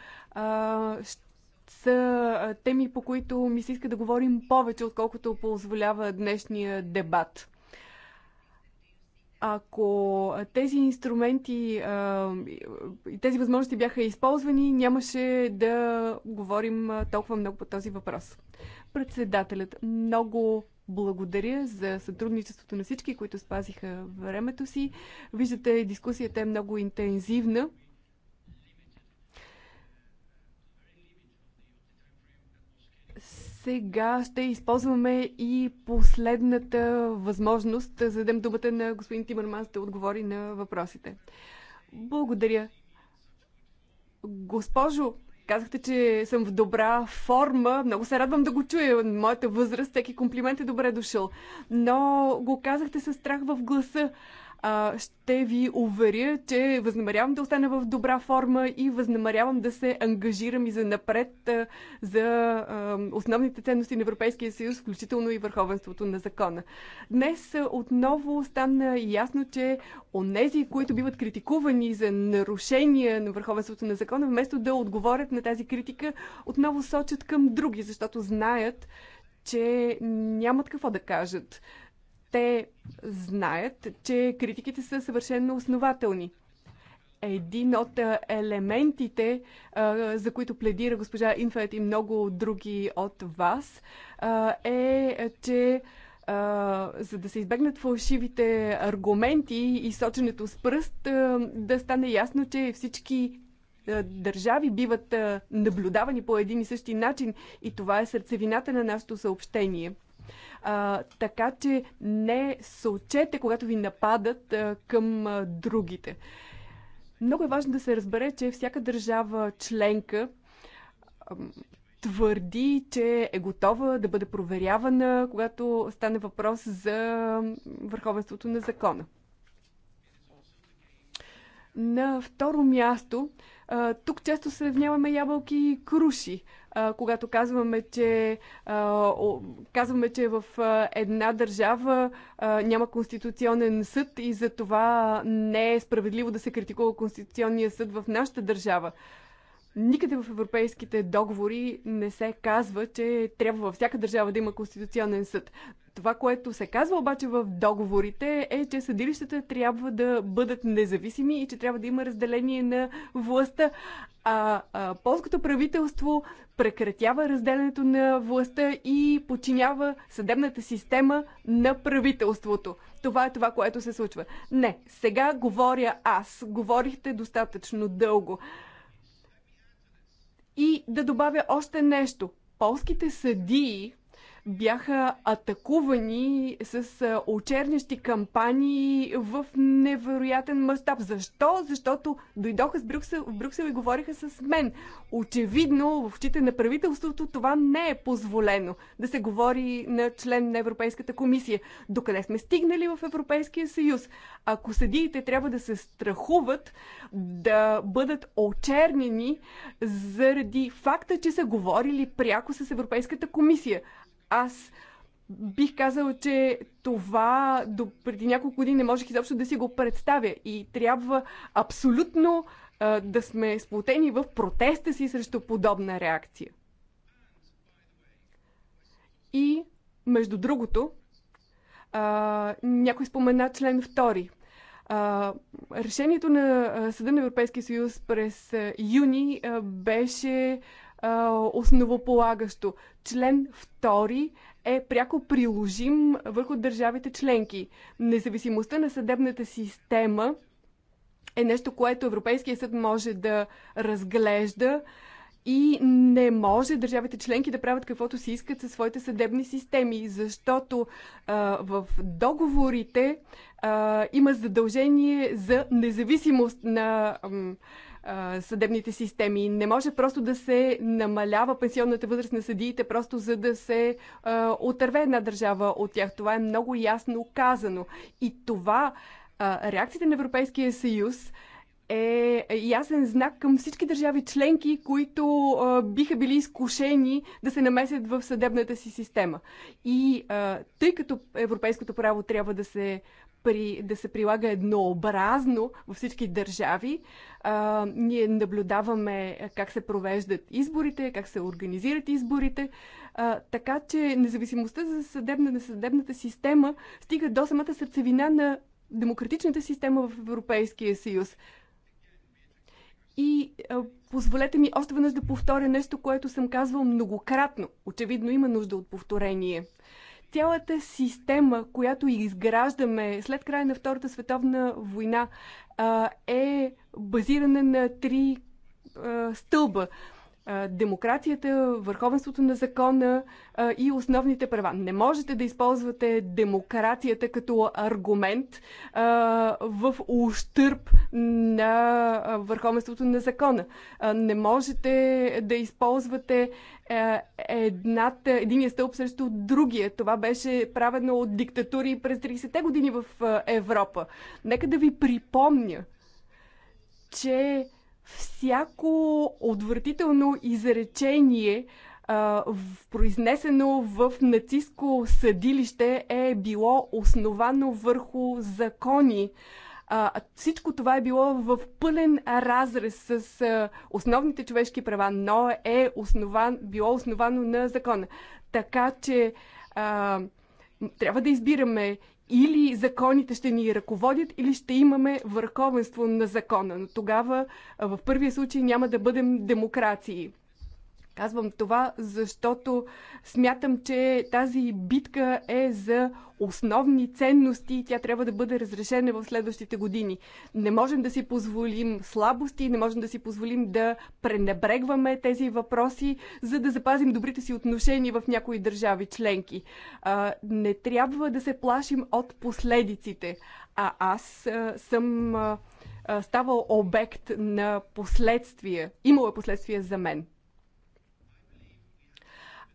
са теми, по които ми се иска да говорим повече, отколкото позволява днешния дебат. Ако тези инструменти и тези възможности бяха използвани, нямаше да говорим толкова много по този въпрос. Председателят, много благодаря за сътрудничеството на всички, които спазиха времето си. Виждате, дискусията е много интензивна. Сега ще използваме и последната възможност, за да дадем думата на господин Тимърманс да отговори на въпросите. Благодаря. Госпожо Казахте, че съм в добра форма. Много се радвам да го чуя. Моята възраст, всеки комплимент е добре дошъл. Но го казахте със страх в гласа а, ще ви уверя, че възнамерявам да остана в добра форма и възнамерявам да се ангажирам и за напред а, за а, основните ценности на Европейския съюз, включително и върховенството на закона. Днес отново стана ясно, че онези, които биват критикувани за нарушения на върховенството на закона, вместо да отговорят на тази критика, отново сочат към други, защото знаят, че нямат какво да кажат те знаят, че критиките са съвършенно основателни. Един от елементите, за които пледира госпожа Инфает и много други от вас, е, че за да се избегнат фалшивите аргументи и соченето с пръст, да стане ясно, че всички държави биват наблюдавани по един и същи начин и това е сърцевината на нашето съобщение – а, така че не сълчете, когато ви нападат а, към а, другите. Много е важно да се разбере, че всяка държава членка а, твърди, че е готова да бъде проверявана, когато стане въпрос за върховенството на закона. На второ място, а, тук често сравняваме ябълки и круши. А, когато казваме, че, а, казваме, че в една държава а, няма конституционен съд и за това не е справедливо да се критикува конституционния съд в нашата държава. Никъде в европейските договори не се казва, че трябва във всяка държава да има конституционен съд. Това, което се казва обаче в договорите е, че съдилищата трябва да бъдат независими и че трябва да има разделение на властта. А, а полското правителство прекратява разделянето на властта и подчинява съдебната система на правителството. Това е това, което се случва. Не, сега говоря аз. Говорихте достатъчно дълго. И да добавя още нещо. Полските съдии бяха атакувани с очернящи кампании в невероятен мащаб. Защо? Защото дойдоха с Брюксел, в Брюксел и говориха с мен. Очевидно, в очите на правителството това не е позволено да се говори на член на Европейската комисия. Докъде сме стигнали в Европейския съюз? Ако съдиите трябва да се страхуват да бъдат очернени заради факта, че са говорили пряко с Европейската комисия, аз бих казал, че това до преди няколко години не можех изобщо да си го представя. И трябва абсолютно а, да сме сплутени в протеста си срещу подобна реакция. И, между другото, а, някой спомена член 2. А, решението на Съда на Европейския съюз през юни а, беше основополагащо. Член 2 е пряко приложим върху държавите членки. Независимостта на съдебната система е нещо, което Европейския съд може да разглежда и не може държавите членки да правят каквото си искат със своите съдебни системи, защото а, в договорите а, има задължение за независимост на. А, съдебните системи. Не може просто да се намалява пенсионната възраст на съдиите, просто за да се а, отърве една държава от тях. Това е много ясно казано. И това, а, реакцията на Европейския съюз е ясен знак към всички държави членки, които а, биха били изкушени да се намесят в съдебната си система. И а, тъй като европейското право трябва да се при, да се прилага еднообразно във всички държави. А, ние наблюдаваме как се провеждат изборите, как се организират изборите. А, така че независимостта за съдебна, на съдебната система стига до самата сърцевина на демократичната система в Европейския съюз. И а, позволете ми още веднъж да повторя нещо, което съм казвал многократно. Очевидно има нужда от повторение. Цялата система, която изграждаме след края на Втората световна война, е базирана на три стълба демокрацията, върховенството на закона и основните права. Не можете да използвате демокрацията като аргумент в ущърп на върховенството на закона. Не можете да използвате едната, единия стълб срещу другия. Това беше правено от диктатури през 30-те години в Европа. Нека да ви припомня, че всяко отвратително изречение, произнесено в нацистско съдилище, е било основано върху закони. А, всичко това е било в пълен разрез с а, основните човешки права, но е основан, било основано на закона. Така че а, трябва да избираме или законите ще ни ръководят, или ще имаме върховенство на закона. Но тогава в първия случай няма да бъдем демокрации. Казвам това, защото смятам, че тази битка е за основни ценности и тя трябва да бъде разрешена в следващите години. Не можем да си позволим слабости, не можем да си позволим да пренебрегваме тези въпроси, за да запазим добрите си отношения в някои държави членки. А, не трябва да се плашим от последиците. А аз а, съм а, ставал обект на последствия. Имало е последствия за мен.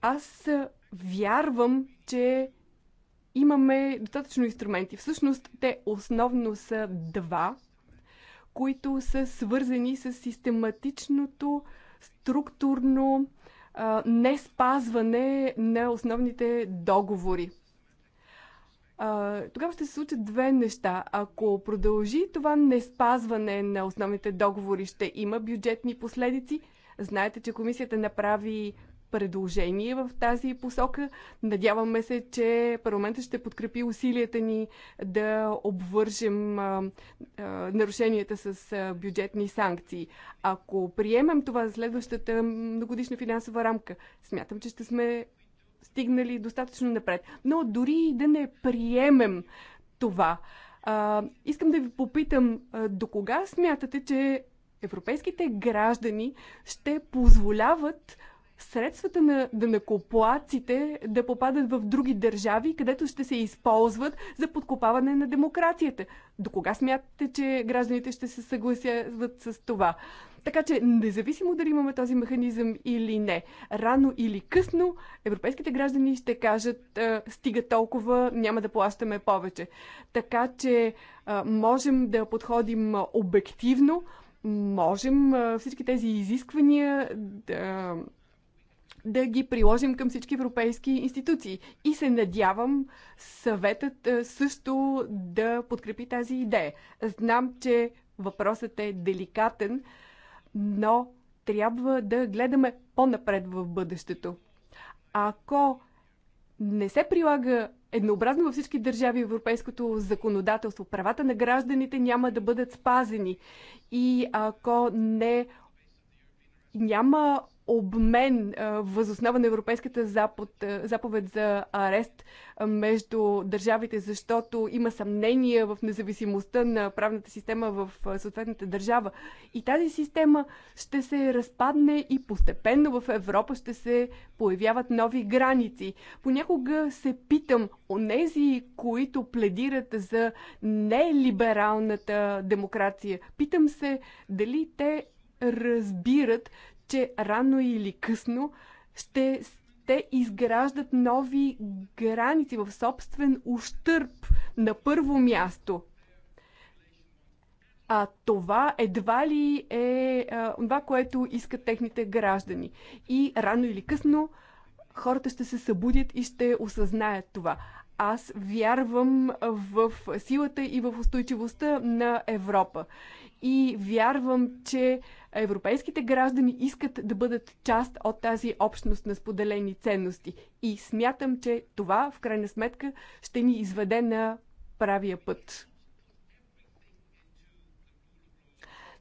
Аз вярвам, че имаме достатъчно инструменти. Всъщност те основно са два, които са свързани с систематичното, структурно а, не спазване на основните договори. А, тогава ще се случат две неща. Ако продължи това не спазване на основните договори, ще има бюджетни последици. Знаете, че комисията направи предложение в тази посока. Надяваме се, че парламентът ще подкрепи усилията ни да обвържем а, а, нарушенията с а, бюджетни санкции. Ако приемем това за следващата многодишна финансова рамка, смятам, че ще сме стигнали достатъчно напред. Но дори и да не приемем това, а, искам да ви попитам, а, до кога смятате, че европейските граждани ще позволяват средствата на дънакоплаците да попадат в други държави, където ще се използват за подкопаване на демокрацията. До кога смятате, че гражданите ще се съгласят с това? Така че, независимо дали имаме този механизъм или не, рано или късно, европейските граждани ще кажат, стига толкова, няма да плащаме повече. Така че, можем да подходим обективно, можем всички тези изисквания да да ги приложим към всички европейски институции. И се надявам съветът е, също да подкрепи тази идея. Знам, че въпросът е деликатен, но трябва да гледаме по-напред в бъдещето. Ако не се прилага еднообразно във всички държави европейското законодателство, правата на гражданите няма да бъдат спазени. И ако не няма обмен възоснова на Европейската запад, заповед за арест между държавите, защото има съмнение в независимостта на правната система в съответната държава. И тази система ще се разпадне и постепенно в Европа ще се появяват нови граници. Понякога се питам, онези, които пледират за нелибералната демокрация, питам се дали те разбират, че рано или късно ще те изграждат нови граници в собствен ущърп на първо място. А това едва ли е а, това, което искат техните граждани. И рано или късно хората ще се събудят и ще осъзнаят това. Аз вярвам в силата и в устойчивостта на Европа и вярвам, че европейските граждани искат да бъдат част от тази общност на споделени ценности. И смятам, че това в крайна сметка ще ни изведе на правия път.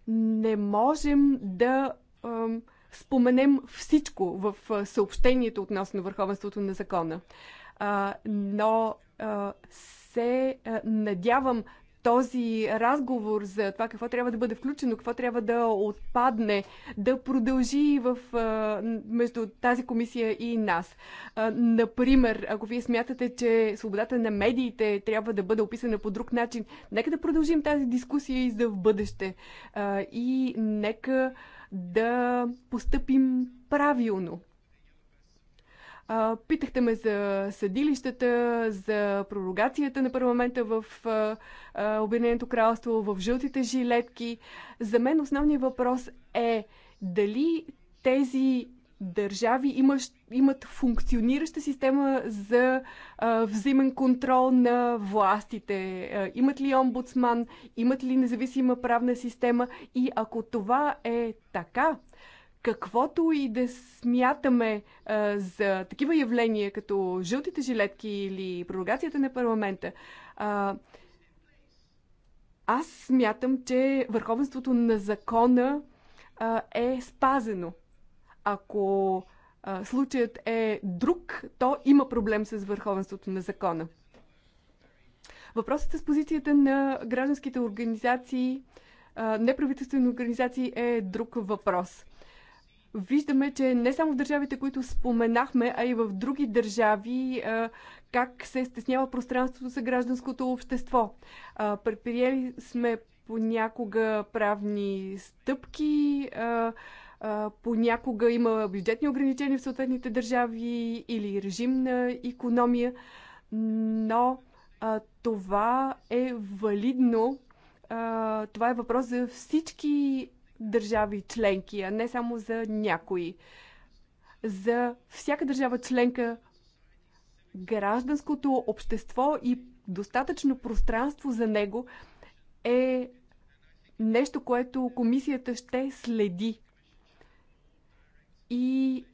Не можем да ем, споменем всичко в съобщението относно върховенството на закона. А, но а, се а, надявам този разговор за това какво трябва да бъде включено, какво трябва да отпадне, да продължи в, между тази комисия и нас. Например, ако вие смятате, че свободата на медиите трябва да бъде описана по друг начин, нека да продължим тази дискусия и за в бъдеще. И нека да постъпим правилно. Питахте ме за съдилищата, за пророгацията на парламента в Обединеното кралство, в жълтите жилетки. За мен основният въпрос е дали тези държави имаш, имат функционираща система за а, взаимен контрол на властите? А, имат ли омбудсман? Имат ли независима правна система? И ако това е така, каквото и да смятаме а, е, за такива явления, като жълтите жилетки или пророгацията на парламента, а, е, аз смятам, че върховенството на закона а, е, е спазено. Ако а, случаят е друг, то има проблем с върховенството на закона. Въпросът с позицията на гражданските организации, неправителствени организации е друг въпрос виждаме, че не само в държавите, които споменахме, а и в други държави, как се стеснява пространството за гражданското общество. Предприели сме понякога правни стъпки, понякога има бюджетни ограничения в съответните държави или режим на економия, но това е валидно. Това е въпрос за всички държави членки, а не само за някои. За всяка държава членка гражданското общество и достатъчно пространство за него е нещо, което комисията ще следи. И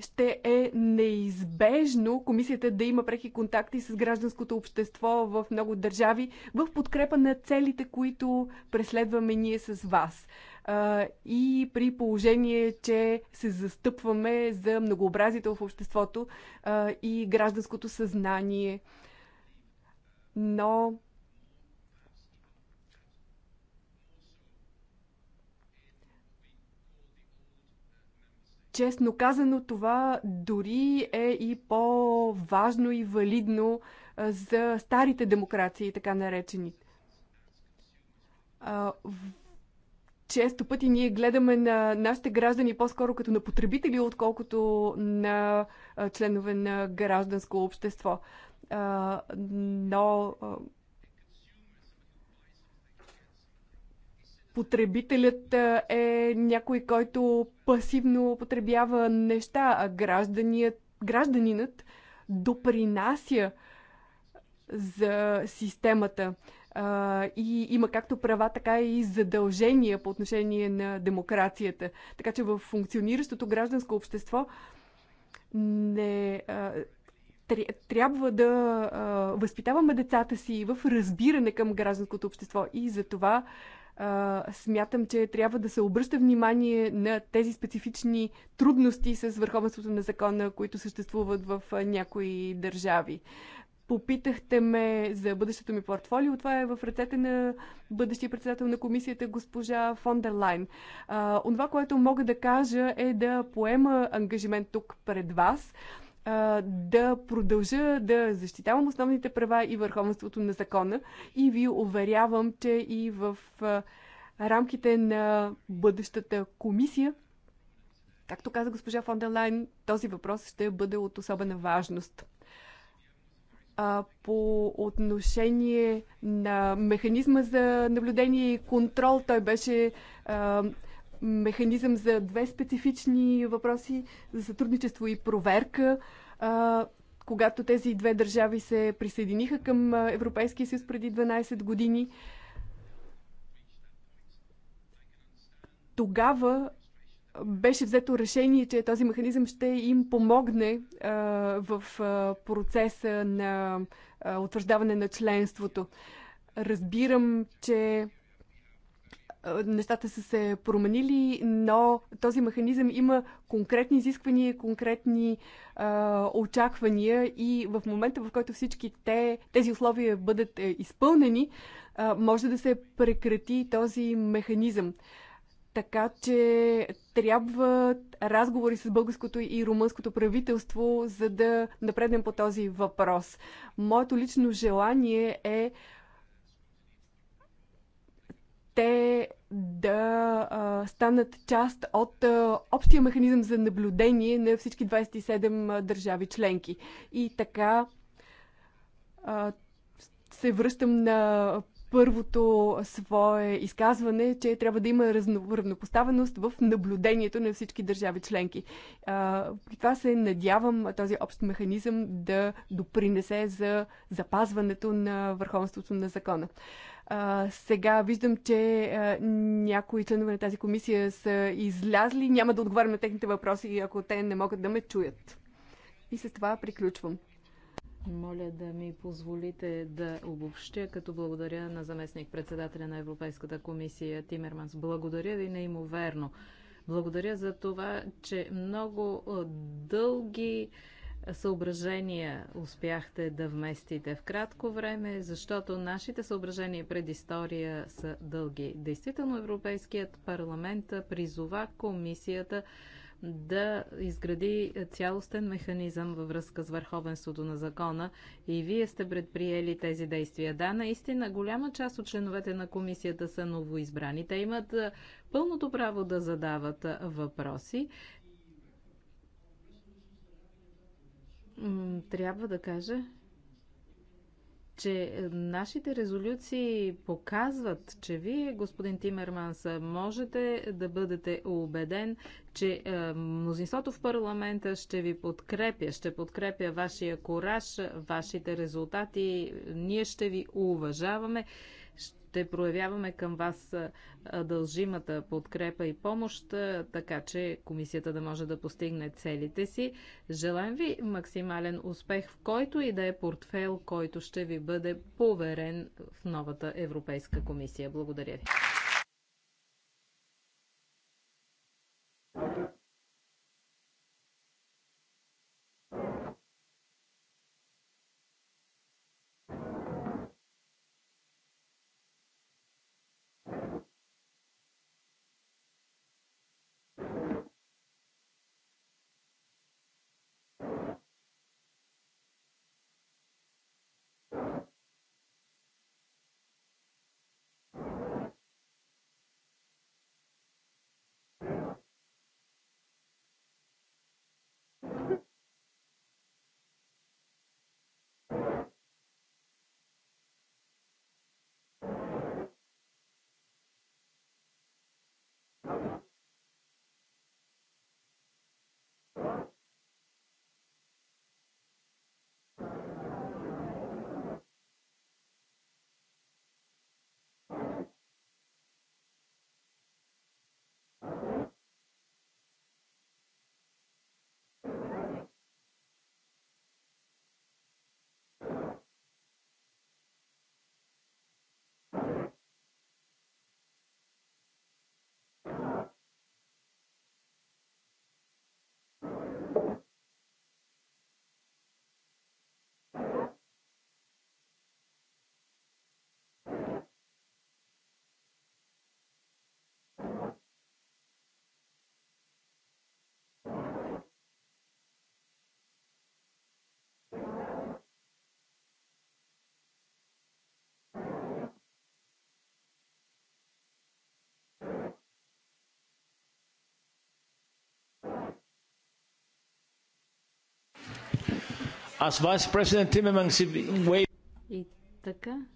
ще е неизбежно комисията да има преки контакти с гражданското общество в много държави в подкрепа на целите, които преследваме ние с вас. И при положение, че се застъпваме за многообразието в обществото и гражданското съзнание. Но Честно казано, това дори е и по-важно и валидно за старите демокрации, така наречени. Често пъти ние гледаме на нашите граждани по-скоро като на потребители, отколкото на членове на гражданско общество. Но потребителят е някой, който пасивно потребява неща, а гражданият, гражданинът допринася за системата. И има както права, така и задължения по отношение на демокрацията. Така че в функциониращото гражданско общество не трябва да възпитаваме децата си в разбиране към гражданското общество. И за това а, смятам, че трябва да се обръща внимание на тези специфични трудности с върховенството на закона, които съществуват в някои държави. Попитахте ме за бъдещето ми портфолио. Това е в ръцете на бъдещия председател на комисията госпожа Фондерлайн. А, онова, което мога да кажа е да поема ангажимент тук пред вас, да продължа да защитавам основните права и върховенството на закона и ви уверявам, че и в рамките на бъдещата комисия, както каза госпожа Фонделайн, този въпрос ще бъде от особена важност. А, по отношение на механизма за наблюдение и контрол, той беше а, механизъм за две специфични въпроси за сътрудничество и проверка. Когато тези две държави се присъединиха към Европейския съюз преди 12 години, тогава беше взето решение, че този механизъм ще им помогне а, в а, процеса на а, утвърждаване на членството. Разбирам, че нещата са се променили, но този механизъм има конкретни изисквания, конкретни а, очаквания и в момента, в който всички те, тези условия бъдат е, изпълнени, а, може да се прекрати този механизъм. Така че трябват разговори с българското и румънското правителство, за да напреднем по този въпрос. Моето лично желание е те да а, станат част от а, общия механизъм за наблюдение на всички 27 държави членки. И така а, се връщам на първото свое изказване, че трябва да има равнопоставеност в наблюдението на всички държави членки. При това се надявам този общ механизъм да допринесе за запазването на върховенството на закона. А, сега виждам, че а, някои членове на тази комисия са излязли. Няма да отговарям на техните въпроси, ако те не могат да ме чуят. И с това приключвам. Моля да ми позволите да обобщя, като благодаря на заместник председателя на Европейската комисия Тимерманс. Благодаря ви неимоверно. Благодаря за това, че много дълги съображения успяхте да вместите в кратко време, защото нашите съображения пред история са дълги. Действително Европейският парламент призова комисията да изгради цялостен механизъм във връзка с върховенството на закона и вие сте предприели тези действия. Да, наистина голяма част от членовете на комисията са новоизбрани. Те имат пълното право да задават въпроси трябва да кажа, че е, нашите резолюции показват, че вие, господин Тимерманс, можете да бъдете убеден, че е, мнозинството в парламента ще ви подкрепя, ще подкрепя вашия кораж, вашите резултати. Ние ще ви уважаваме ще проявяваме към вас дължимата подкрепа и помощ, така че комисията да може да постигне целите си. Желаем ви максимален успех в който и да е портфел, който ще ви бъде поверен в новата Европейска комисия. Благодаря ви. As Vice President Timmermans И така,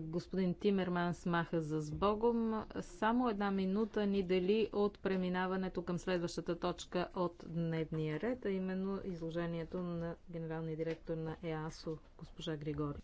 господин Тимерманс маха за сбогом. Само една минута ни дели от преминаването към следващата точка от дневния ред, а именно изложението на генералния директор на ЕАСО, госпожа Григори.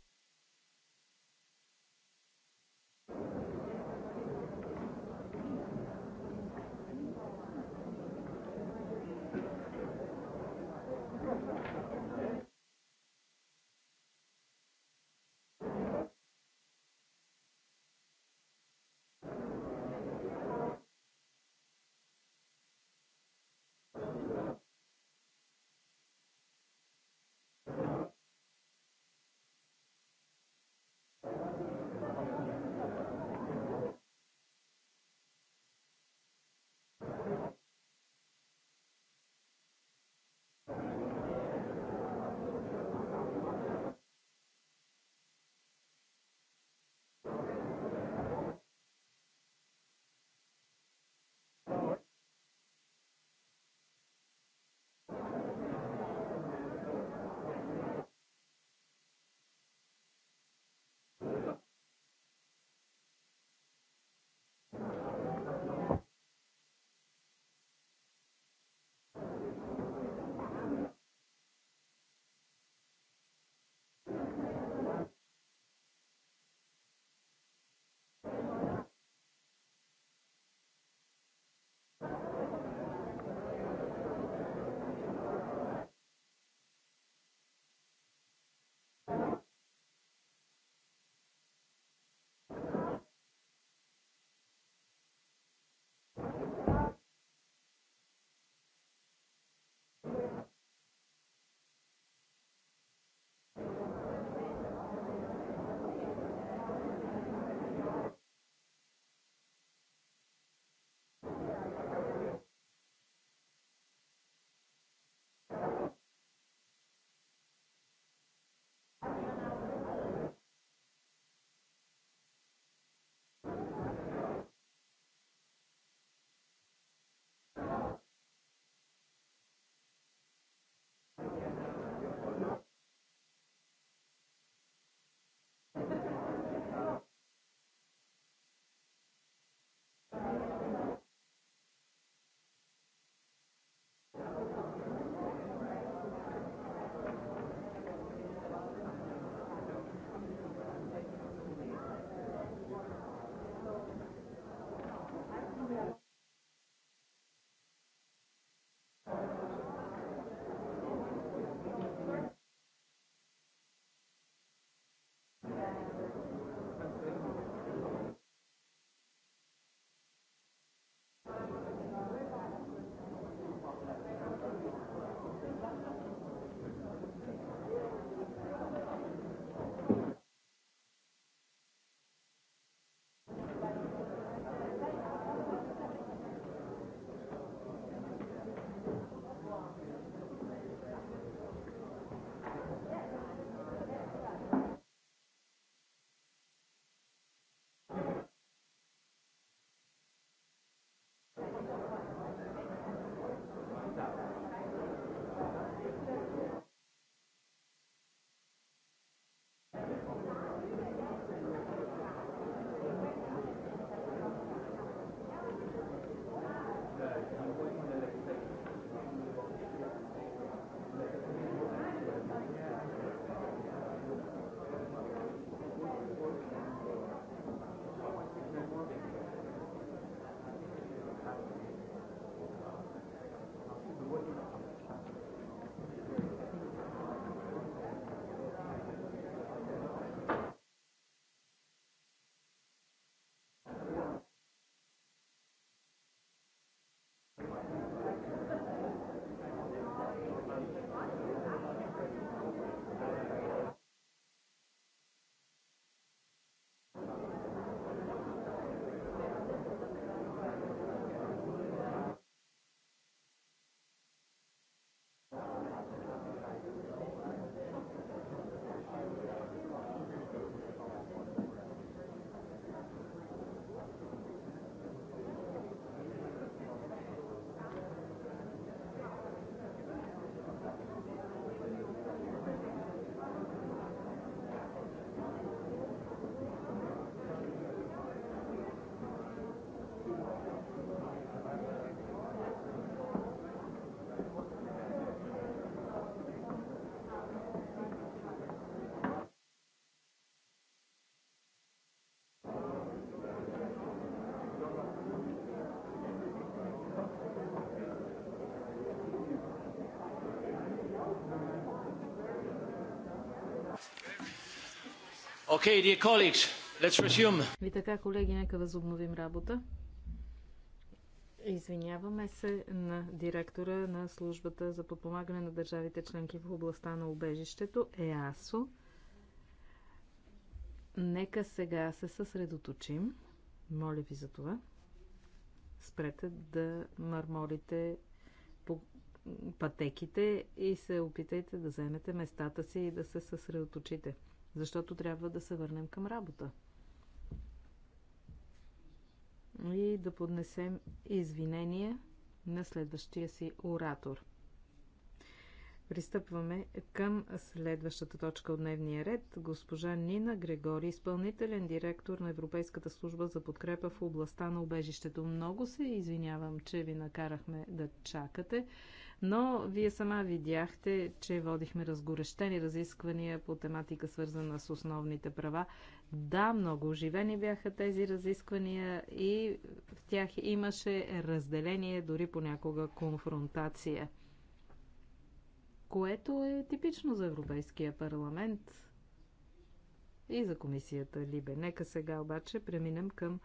Okay, dear colleagues, let's resume. И така, колеги, нека възобновим работа. Извиняваме се на директора на службата за подпомагане на държавите членки в областта на убежището ЕАСО. Нека сега се съсредоточим. Моля ви за това. Спрете да мърмолите по пътеките и се опитайте да вземете местата си и да се съсредоточите защото трябва да се върнем към работа. И да поднесем извинения на следващия си оратор. Пристъпваме към следващата точка от дневния ред. Госпожа Нина Грегори, изпълнителен директор на Европейската служба за подкрепа в областта на убежището. Много се извинявам, че ви накарахме да чакате. Но вие сама видяхте, че водихме разгорещени разисквания по тематика, свързана с основните права. Да, много оживени бяха тези разисквания и в тях имаше разделение, дори понякога конфронтация. Което е типично за Европейския парламент и за комисията Либе. Нека сега обаче преминем към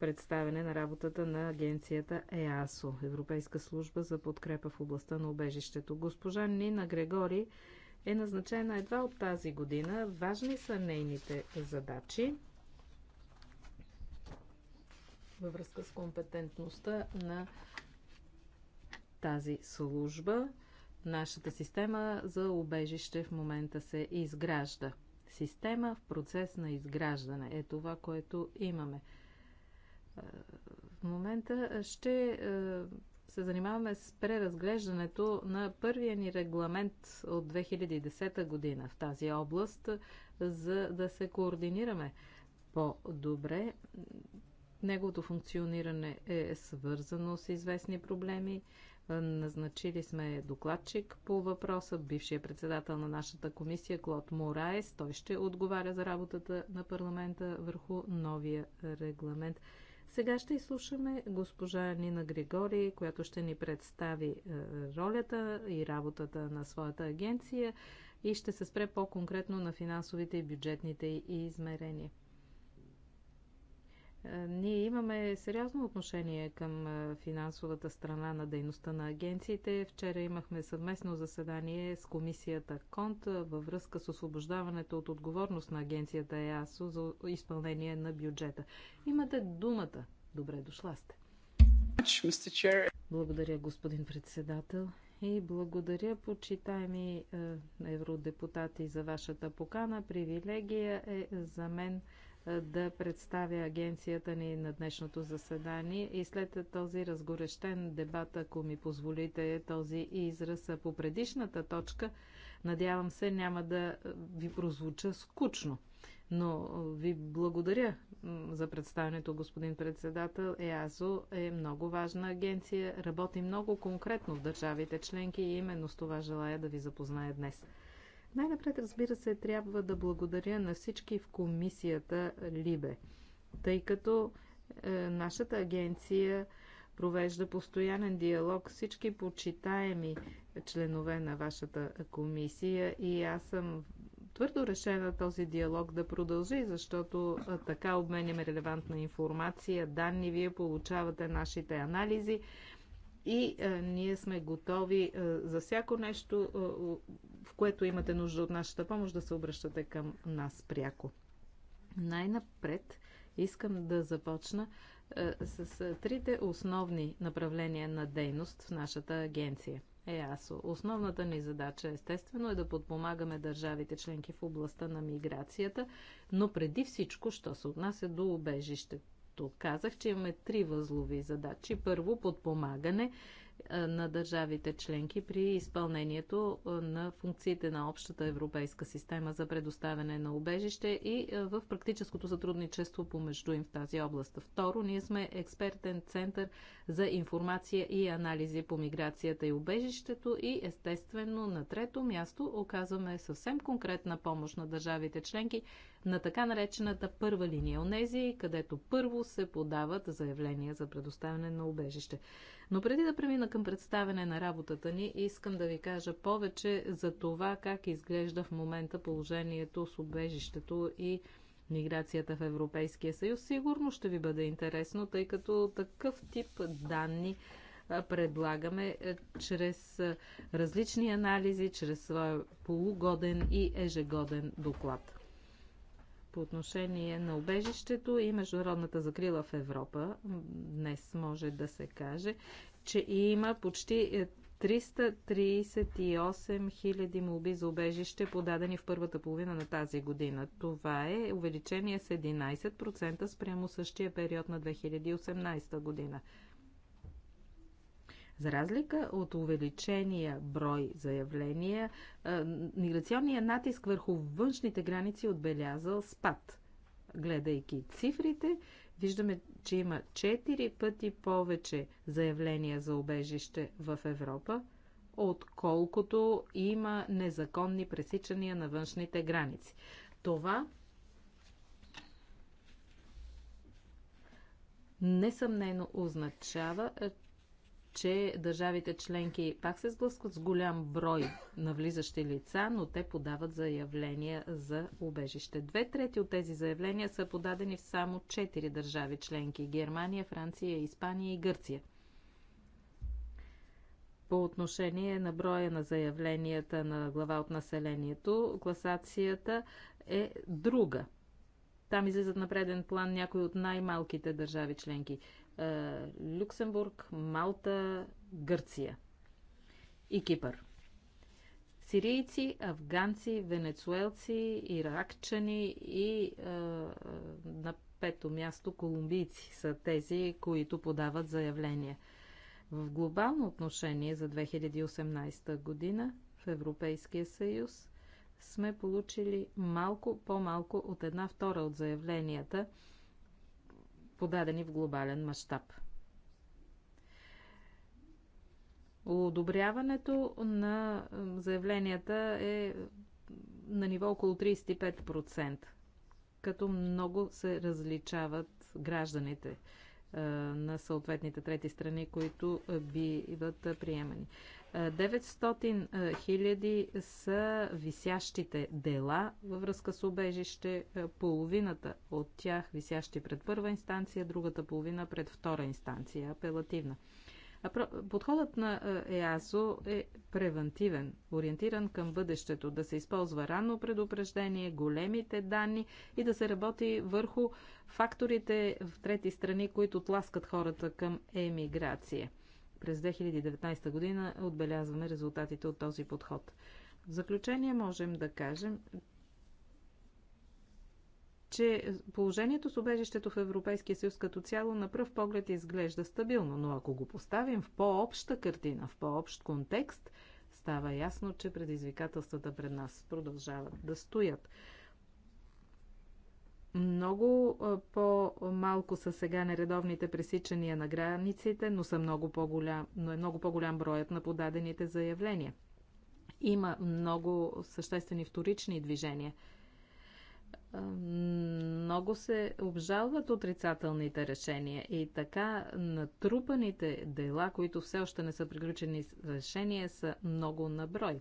представене на работата на агенцията ЕАСО, Европейска служба за подкрепа в областта на убежището. Госпожа Нина Грегори е назначена едва от тази година. Важни са нейните задачи във връзка с компетентността на тази служба. Нашата система за убежище в момента се изгражда. Система в процес на изграждане е това, което имаме в момента ще е, се занимаваме с преразглеждането на първия ни регламент от 2010 година в тази област, за да се координираме по-добре. Неговото функциониране е свързано с известни проблеми. Назначили сме докладчик по въпроса, бившия председател на нашата комисия Клод Мораес. Той ще отговаря за работата на парламента върху новия регламент. Сега ще изслушаме госпожа Нина Григори, която ще ни представи е, ролята и работата на своята агенция и ще се спре по-конкретно на финансовите и бюджетните измерения. Е, ние имаме сериозно отношение към е, финансовата страна на дейността на агенциите. Вчера имахме съвместно заседание с комисията КОНТ е, във връзка с освобождаването от отговорност на агенцията ЕАСО за изпълнение на бюджета. Имате думата. Добре дошла сте. Благодаря, господин председател. И благодаря, почитаеми евродепутати, за вашата покана. Привилегия е за мен да представя агенцията ни на днешното заседание и след този разгорещен дебат, ако ми позволите този израз по предишната точка, надявам се няма да ви прозвуча скучно. Но ви благодаря за представенето, господин председател. ЕАЗО е много важна агенция, работи много конкретно в държавите членки и именно с това желая да ви запозная днес. Най-напред, разбира се, трябва да благодаря на всички в комисията Либе, тъй като е, нашата агенция провежда постоянен диалог с всички почитаеми членове на вашата комисия и аз съм твърдо решена този диалог да продължи, защото е, така обменяме релевантна информация, данни, вие получавате нашите анализи и а, е, ние сме готови а, е, за всяко нещо, а, е, в което имате нужда от нашата помощ, да се обръщате към нас пряко. Най-напред искам да започна а, с а, трите основни направления на дейност в нашата агенция. ЕАСО. Основната ни задача, естествено, е да подпомагаме държавите членки в областта на миграцията, но преди всичко, що се отнася до убежището както казах, че имаме три възлови задачи. Първо, подпомагане на държавите членки при изпълнението на функциите на общата европейска система за предоставяне на убежище и в практическото сътрудничество помежду им в тази област. Второ, ние сме експертен център за информация и анализи по миграцията и убежището и естествено на трето място оказваме съвсем конкретна помощ на държавите членки на така наречената първа линия. Онези, където първо се подават заявления за предоставяне на убежище. Но преди да премина към представяне на работата ни, искам да ви кажа повече за това как изглежда в момента положението с убежището и миграцията в Европейския съюз. Сигурно ще ви бъде интересно, тъй като такъв тип данни предлагаме чрез различни анализи, чрез своя полугоден и ежегоден доклад по отношение на убежището и международната закрила в Европа. Днес може да се каже, че има почти 338 е, 000 молби за убежище, подадени в първата половина на тази година. Това е увеличение с 11% спрямо същия период на 2018 година. За разлика от увеличения брой заявления, миграционният натиск върху външните граници е отбелязал спад. Гледайки цифрите, виждаме, че има 4 пъти повече заявления за обежище в Европа, отколкото има незаконни пресичания на външните граници. Това несъмнено означава, че държавите членки пак се сблъскват с голям брой на влизащи лица, но те подават заявления за убежище. Две трети от тези заявления са подадени в само четири държави членки – Германия, Франция, Испания и Гърция. По отношение на броя на заявленията на глава от населението, класацията е друга. Там излизат на преден план някои от най-малките държави членки – е, Люксембург, Малта, Гърция и Кипър. Сирийци, афганци, венецуелци, иракчани и е, е, на пето място колумбийци са тези, които подават заявление. В глобално отношение за 2018 година в Европейския съюз сме получили малко по-малко от една втора от заявленията – подадени в глобален мащаб. Одобряването на заявленията е на ниво около 35%, като много се различават гражданите на съответните трети страни, които биват приемани. 900 хиляди са висящите дела във връзка с убежище. половината от тях висящи пред първа инстанция, другата половина пред втора инстанция, апелативна. Подходът на ЕАСО е превентивен, ориентиран към бъдещето, да се използва ранно предупреждение, големите данни и да се работи върху факторите в трети страни, които тласкат хората към емиграция. През 2019 година отбелязваме резултатите от този подход. В заключение можем да кажем, че положението с убежището в Европейския съюз като цяло на пръв поглед изглежда стабилно, но ако го поставим в по-обща картина, в по-общ контекст, става ясно, че предизвикателствата пред нас продължават да стоят. Много по-малко са сега нередовните пресичания на границите, но, са много по-голям, но е много по-голям броят на подадените заявления. Има много съществени вторични движения. Много се обжалват отрицателните решения и така натрупаните дела, които все още не са приключени с са много на брой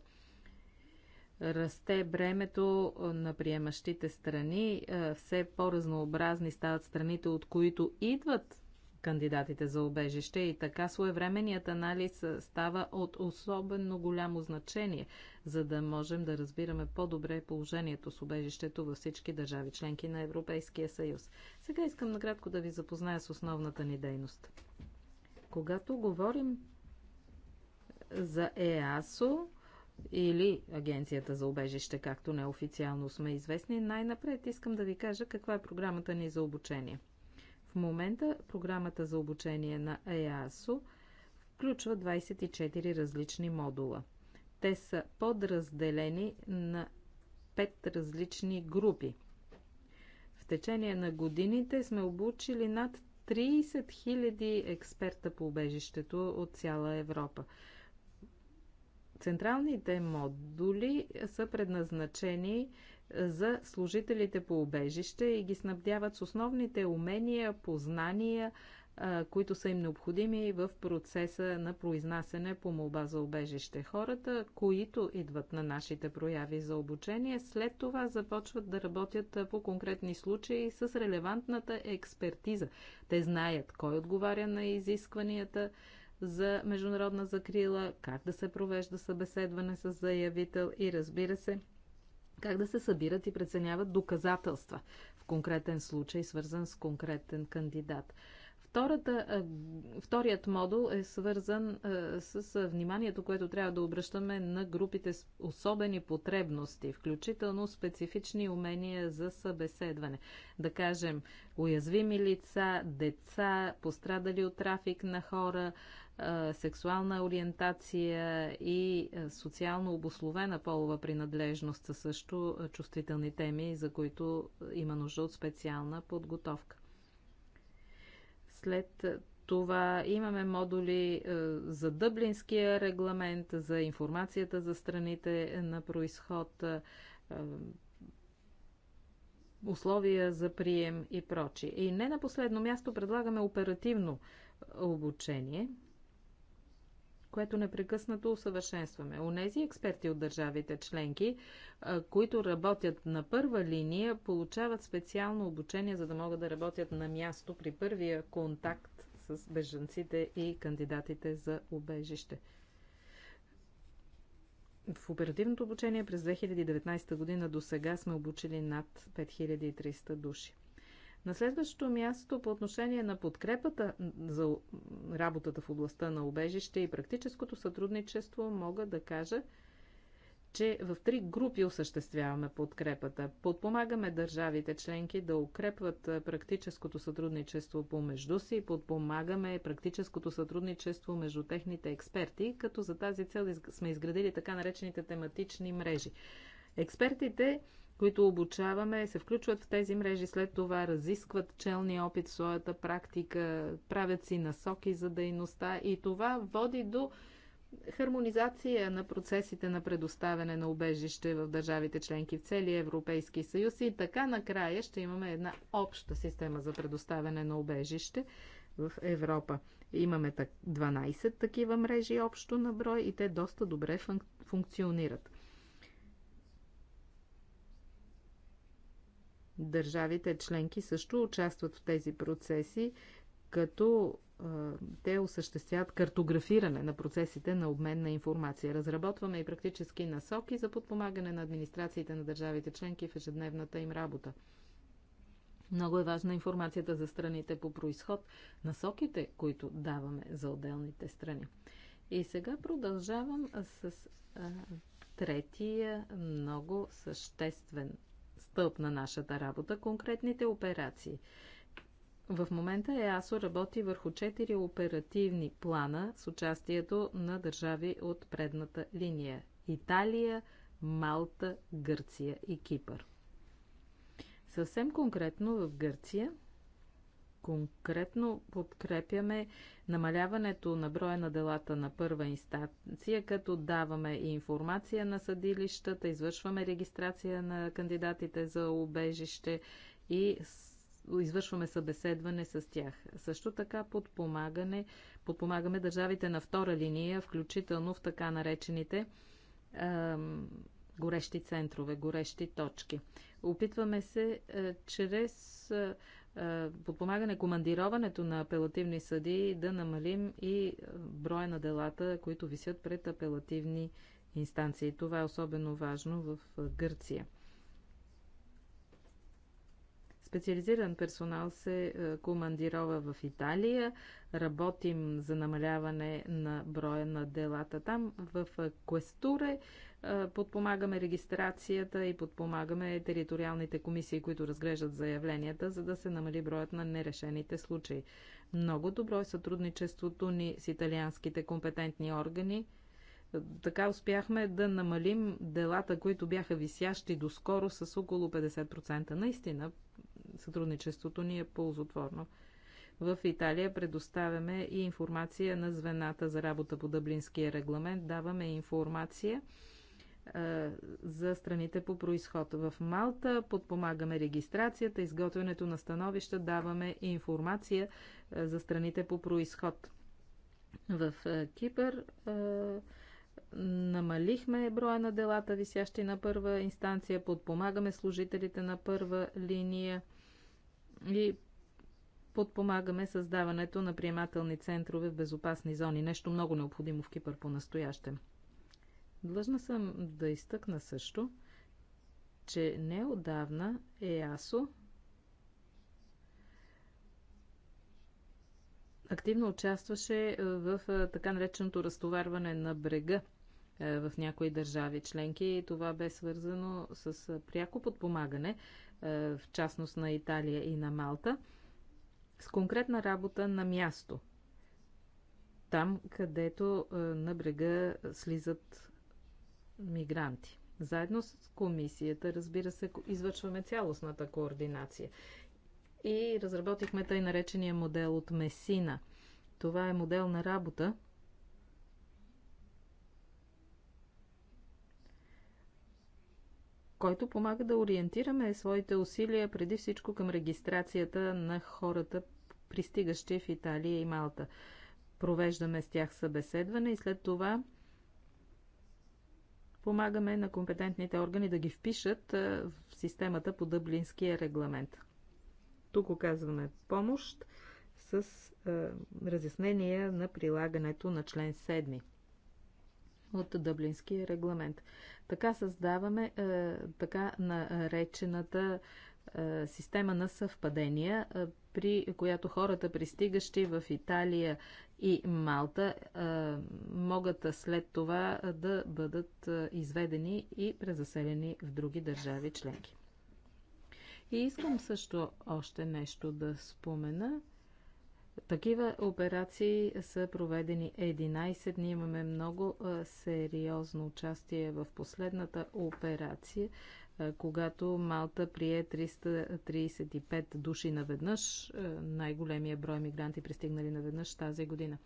расте бремето на приемащите страни. Все по-разнообразни стават страните, от които идват кандидатите за обежище и така своевременният анализ става от особено голямо значение, за да можем да разбираме по-добре положението с обежището във всички държави, членки на Европейския съюз. Сега искам накратко да ви запозная с основната ни дейност. Когато говорим за ЕАСО, или Агенцията за обежище, както неофициално сме известни, най-напред искам да ви кажа каква е програмата ни за обучение. В момента програмата за обучение на ЕАСО включва 24 различни модула. Те са подразделени на 5 различни групи. В течение на годините сме обучили над 30 000 експерта по убежището от цяла Европа. Централните модули са предназначени за служителите по убежище и ги снабдяват с основните умения, познания, които са им необходими в процеса на произнасене по молба за убежище. Хората, които идват на нашите прояви за обучение, след това започват да работят по конкретни случаи с релевантната експертиза. Те знаят кой отговаря на изискванията, за международна закрила, как да се провежда събеседване с заявител и разбира се, как да се събират и преценяват доказателства в конкретен случай, свързан с конкретен кандидат. Втората, вторият модул е свързан с вниманието, което трябва да обръщаме на групите с особени потребности, включително специфични умения за събеседване. Да кажем, уязвими лица, деца, пострадали от трафик на хора, сексуална ориентация и социално обословена полова принадлежност са също чувствителни теми, за които има нужда от специална подготовка. След това имаме модули за Дъблинския регламент, за информацията за страните на происход, условия за прием и прочие. И не на последно място предлагаме оперативно обучение – което непрекъснато усъвършенстваме. Онези експерти от държавите членки, които работят на първа линия, получават специално обучение, за да могат да работят на място при първия контакт с бежанците и кандидатите за убежище. В оперативното обучение през 2019 година до сега сме обучили над 5300 души. На следващото място по отношение на подкрепата за работата в областта на убежище и практическото сътрудничество мога да кажа, че в три групи осъществяваме подкрепата. Подпомагаме държавите членки да укрепват практическото сътрудничество помежду си, подпомагаме практическото сътрудничество между техните експерти, като за тази цел сме изградили така наречените тематични мрежи. Експертите които обучаваме, се включват в тези мрежи, след това разискват челния опит в своята практика, правят си насоки за дейността и това води до хармонизация на процесите на предоставяне на убежище в държавите членки в целия Европейски съюз и така накрая ще имаме една обща система за предоставяне на убежище в Европа. Имаме 12 такива мрежи общо на брой и те доста добре функционират. Държавите членки също участват в тези процеси, като те осъществяват картографиране на процесите на обмен на информация. Разработваме и практически насоки за подпомагане на администрациите на държавите членки в ежедневната им работа. Много е важна информацията за страните по происход, насоките, които даваме за отделните страни. И сега продължавам с а, третия много съществен стълб на нашата работа – конкретните операции. В момента ЕАСО работи върху четири оперативни плана с участието на държави от предната линия – Италия, Малта, Гърция и Кипър. Съвсем конкретно в Гърция – Конкретно подкрепяме намаляването на броя на делата на първа инстанция, като даваме информация на съдилищата, извършваме регистрация на кандидатите за убежище и извършваме събеседване с тях. Също така подпомагане, подпомагаме държавите на втора линия, включително в така наречените горещи центрове, горещи точки. Опитваме се е, чрез е, е, подпомагане командироването на апелативни съди, да намалим и броя на делата, които висят пред апелативни инстанции. Това е особено важно в е, Гърция. Специализиран персонал се е, командирова в Италия. Работим за намаляване на броя на делата там. В е, Квестуре е, подпомагаме регистрацията и подпомагаме териториалните комисии, които разглеждат заявленията, за да се намали броят на нерешените случаи. Много добро е сътрудничеството ни с италианските компетентни органи. Така успяхме да намалим делата, които бяха висящи доскоро с около 50%. Наистина, сътрудничеството ни е ползотворно. В Италия предоставяме и информация на звената за работа по Дъблинския регламент. Даваме информация за страните по происход. В Малта подпомагаме регистрацията, изготвянето на становища, даваме информация за страните по происход. В Кипър Намалихме броя на делата, висящи на първа инстанция, подпомагаме служителите на първа линия и подпомагаме създаването на приемателни центрове в безопасни зони. Нещо много необходимо в Кипър по-настоящем. Длъжна съм да изтъкна също, че неодавна ЕАСО активно участваше е, в е, така нареченото разтоварване на брега е, в някои държави членки и това бе свързано с пряко подпомагане, в частност на Италия и на Малта, с конкретна работа на място. Там, където на брега слизат мигранти. Заедно с комисията, разбира се, извършваме цялостната координация и разработихме тъй наречения модел от Месина. Това е модел на работа, който помага да ориентираме своите усилия преди всичко към регистрацията на хората, пристигащи в Италия и Малта. Провеждаме с тях събеседване и след това помагаме на компетентните органи да ги впишат в системата по Дъблинския регламент. Тук оказваме помощ с разяснения разяснение на прилагането на член 7 от Дъблинския регламент. Така създаваме е, така наречената е, система на съвпадения, е, при която хората, пристигащи в Италия и Малта, могат след това да бъдат изведени и презаселени в други държави членки. И искам също още нещо да спомена. Такива операции са проведени 11 дни. Имаме много сериозно участие в последната операция, когато Малта прие 335 души наведнъж, най-големия брой мигранти пристигнали наведнъж тази година.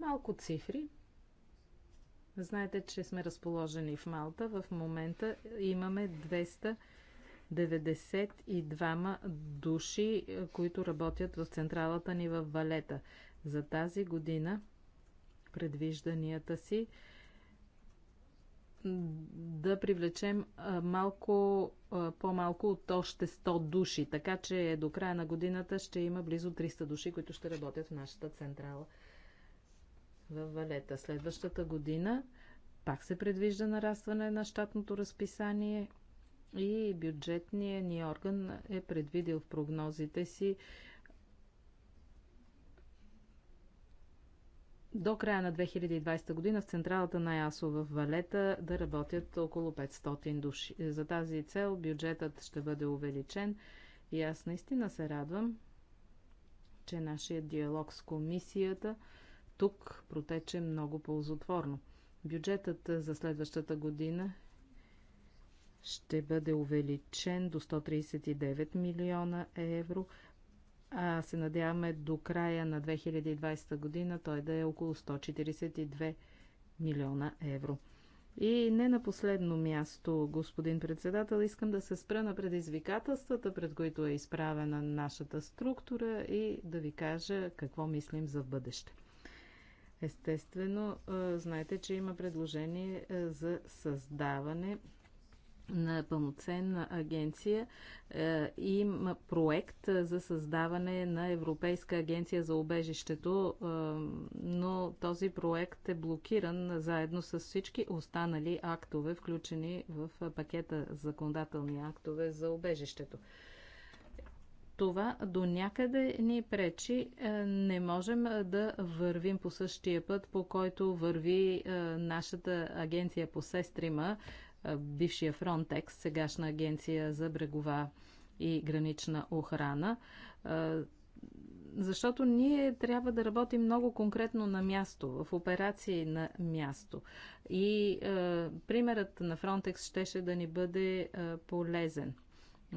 Малко цифри – Знаете, че сме разположени в Малта. В момента имаме 292 души, е, които работят в централата ни в Валета. За тази година предвижданията си да привлечем е, малко, е, по-малко от още 100 души. Така че до края на годината ще има близо 300 души, които ще работят в нашата централа в Валета. Следващата година пак се предвижда нарастване на щатното разписание и бюджетният ни орган е предвидил в прогнозите си до края на 2020 година в централата на ЯСО в Валета да работят около 500 души. За тази цел бюджетът ще бъде увеличен и аз наистина се радвам, че нашия диалог с комисията – тук протече много ползотворно. Бюджетът за следващата година ще бъде увеличен до 139 милиона евро, а се надяваме до края на 2020 година той да е около 142 милиона евро. И не на последно място, господин председател, искам да се спра на предизвикателствата, пред които е изправена нашата структура и да ви кажа какво мислим за бъдеще. Естествено, знаете, че има предложение за създаване на пълноценна агенция има проект за създаване на Европейска агенция за обежището, но този проект е блокиран заедно с всички останали актове, включени в пакета законодателни актове за обежището това до някъде ни пречи. Е, не можем е, да вървим по същия път, по който върви е, нашата агенция по сестрима, бившия Frontex, сегашна агенция за брегова и гранична охрана. Защото ние трябва да работим много конкретно на място, в операции на място. И е, примерът на Frontex щеше да ни бъде е, полезен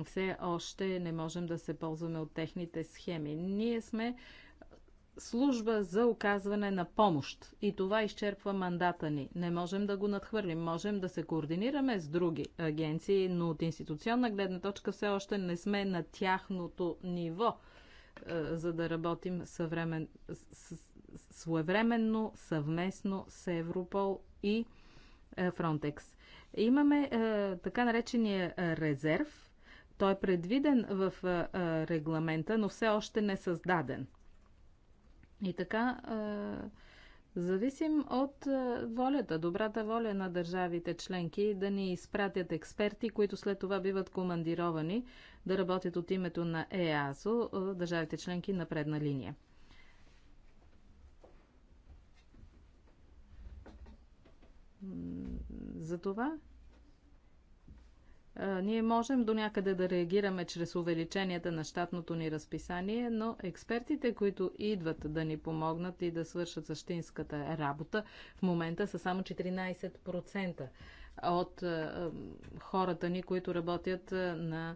все още не можем да се ползваме от техните схеми. Ние сме служба за оказване на помощ. И това изчерпва мандата ни. Не можем да го надхвърлим. Можем да се координираме с други агенции, но от институционна гледна точка все още не сме на тяхното ниво, е, за да работим съвремен... своевременно, съвместно с Европол и е, Фронтекс. Имаме е, така наречения резерв, той е предвиден в регламента, но все още не е създаден. И така, зависим от волята, добрата воля на държавите членки да ни изпратят експерти, които след това биват командировани да работят от името на ЕАСО, държавите членки на предна линия. За това. Ние можем до някъде да реагираме чрез увеличенията на щатното ни разписание, но експертите, които идват да ни помогнат и да свършат същинската работа, в момента са само 14% от хората ни, които работят на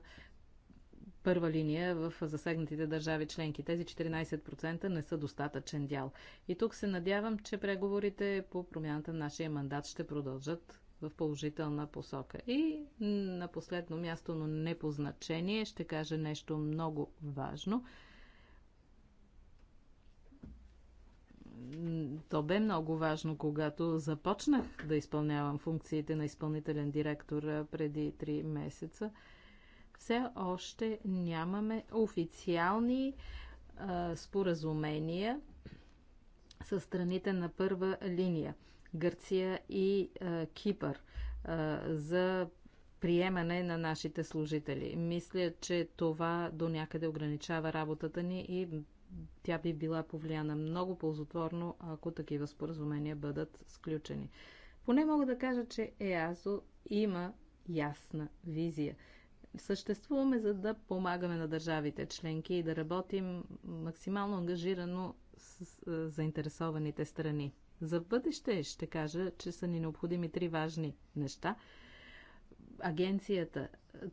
първа линия в засегнатите държави членки. Тези 14% не са достатъчен дял. И тук се надявам, че преговорите по промяната на нашия мандат ще продължат в положителна посока. И на последно място, но не по значение, ще кажа нещо много важно. То бе много важно, когато започнах да изпълнявам функциите на изпълнителен директор преди 3 месеца. Все още нямаме официални а, споразумения с страните на първа линия. Гърция и Кипър за приемане на нашите служители. Мисля, че това до някъде ограничава работата ни и тя би била повлияна много ползотворно, ако такива споразумения бъдат сключени. Поне мога да кажа, че ЕАЗО има ясна визия. Съществуваме за да помагаме на държавите членки и да работим максимално ангажирано с заинтересованите страни. За бъдеще ще кажа, че са ни необходими три важни неща. Агенцията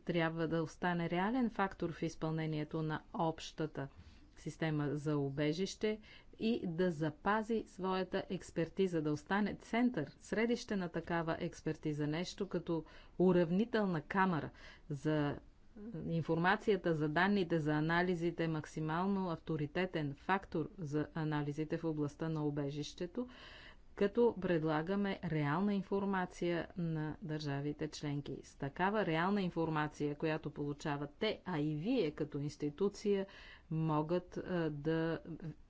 трябва да остане реален фактор в изпълнението на общата система за убежище и да запази своята експертиза, да остане център, средище на такава експертиза, нещо като уравнителна камера за информацията, за данните, за анализите, максимално авторитетен фактор за анализите в областта на убежището като предлагаме реална информация на държавите членки. С такава реална информация, която получават те, а и вие като институция, могат да.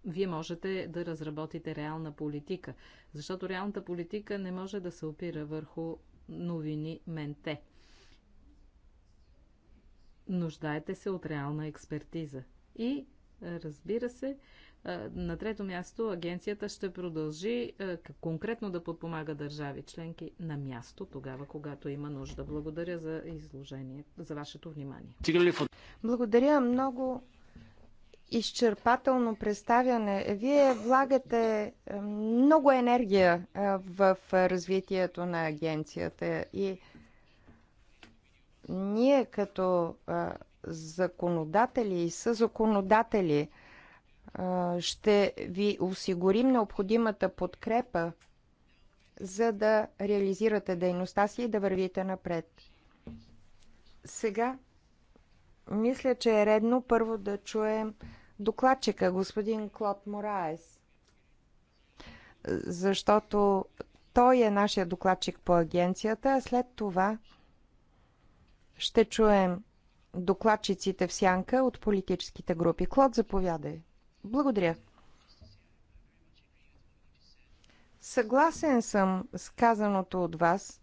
Вие можете да разработите реална политика, защото реалната политика не може да се опира върху новини менте. Нуждаете се от реална експертиза. И, разбира се, е, на трето място агенцията ще продължи е, конкретно да подпомага държави членки на място тогава, когато има нужда. Благодаря за изложение, за вашето внимание. Благодаря много изчерпателно представяне. Вие влагате е, много енергия в развитието на агенцията и ние като законодатели и съзаконодатели законодатели ще ви осигурим необходимата подкрепа, за да реализирате дейността си и да вървите напред. Сега, мисля, че е редно първо да чуем докладчика, господин Клод Мораес, защото той е нашия докладчик по агенцията, а след това ще чуем докладчиците в сянка от политическите групи. Клод, заповядай. Благодаря. Съгласен съм с казаното от вас,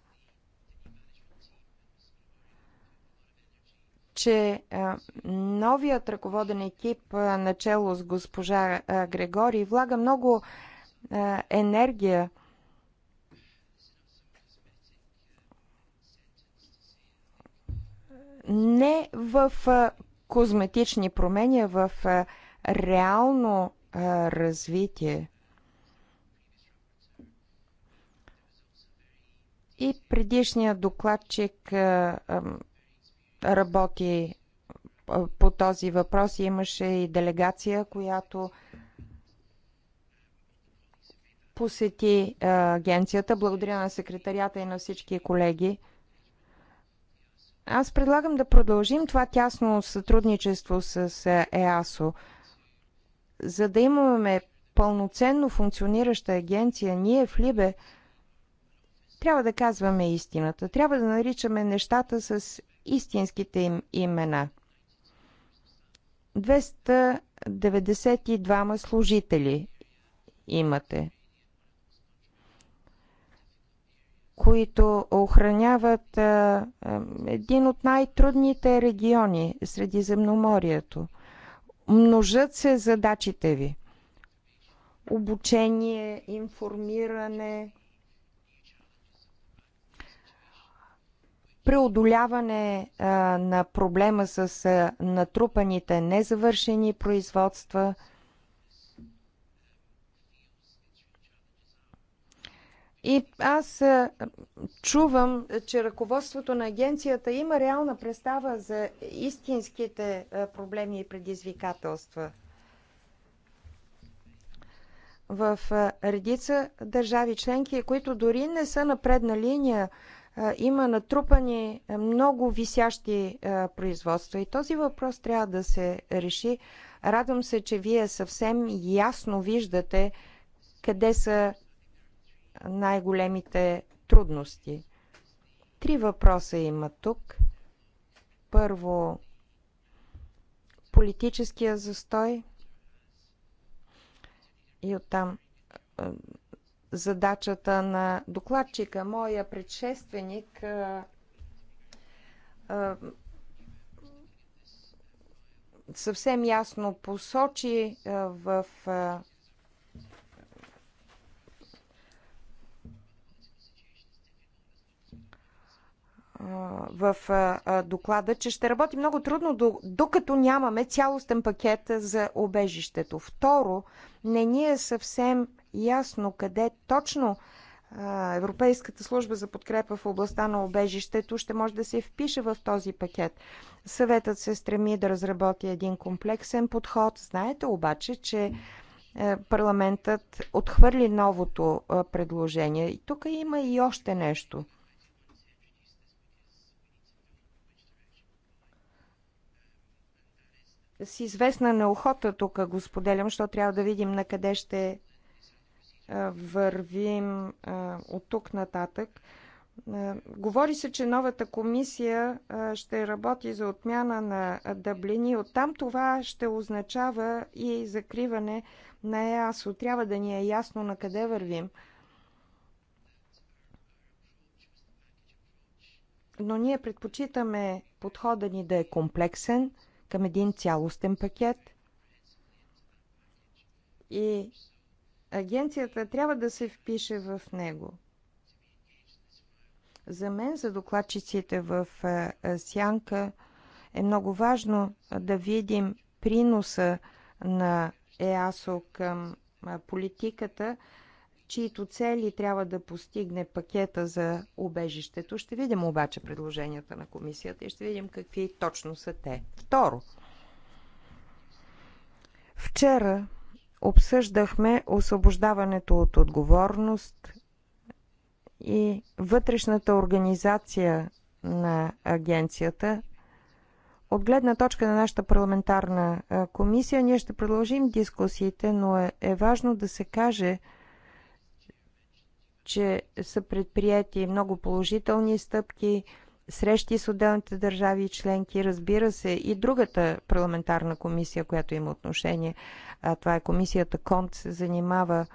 че новият ръководен екип начало с госпожа Грегори влага много енергия не в козметични промени, а в реално а, развитие. И предишният докладчик а, а, работи а, по този въпрос. Имаше и делегация, която посети а, агенцията. Благодаря на секретарията и на всички колеги. Аз предлагам да продължим това тясно сътрудничество с ЕАСО за да имаме пълноценно функционираща агенция, ние в Либе трябва да казваме истината. Трябва да наричаме нещата с истинските им имена. 292 служители имате, които охраняват а, един от най-трудните региони Средиземноморието – Множат се задачите ви. Обучение, информиране, преодоляване а, на проблема с а, натрупаните незавършени производства – И аз чувам, че ръководството на агенцията има реална представа за истинските проблеми и предизвикателства. В редица държави членки, които дори не са на предна линия, има натрупани много висящи производства и този въпрос трябва да се реши. Радвам се, че вие съвсем ясно виждате къде са най-големите трудности. Три въпроса има тук. Първо, политическия застой и оттам задачата на докладчика. Моя предшественик съвсем ясно посочи в в доклада, че ще работи много трудно, докато нямаме цялостен пакет за обежището. Второ, не ни е съвсем ясно къде точно Европейската служба за подкрепа в областта на обежището ще може да се впише в този пакет. Съветът се стреми да разработи един комплексен подход. Знаете обаче, че е, парламентът отхвърли новото е, предложение. И тук има и още нещо. с известна неохота тук го споделям, защото трябва да видим на къде ще вървим от тук нататък. Говори се, че новата комисия ще работи за отмяна на дъблини. Оттам това ще означава и закриване на ЕАСО. Трябва да ни е ясно на къде вървим. Но ние предпочитаме подхода ни да е комплексен – към един цялостен пакет. И агенцията трябва да се впише в него. За мен, за докладчиците в Сянка, е много важно да видим приноса на ЕАСО към политиката чието цели трябва да постигне пакета за убежището. Ще видим обаче предложенията на комисията и ще видим какви точно са те. Второ, вчера обсъждахме освобождаването от отговорност и вътрешната организация на агенцията. От гледна точка на нашата парламентарна комисия, ние ще продължим дискусиите, но е, е важно да се каже, че са предприяти много положителни стъпки, срещи с отделните държави и членки, разбира се, и другата парламентарна комисия, която има отношение, а това е комисията КОНТ, се занимава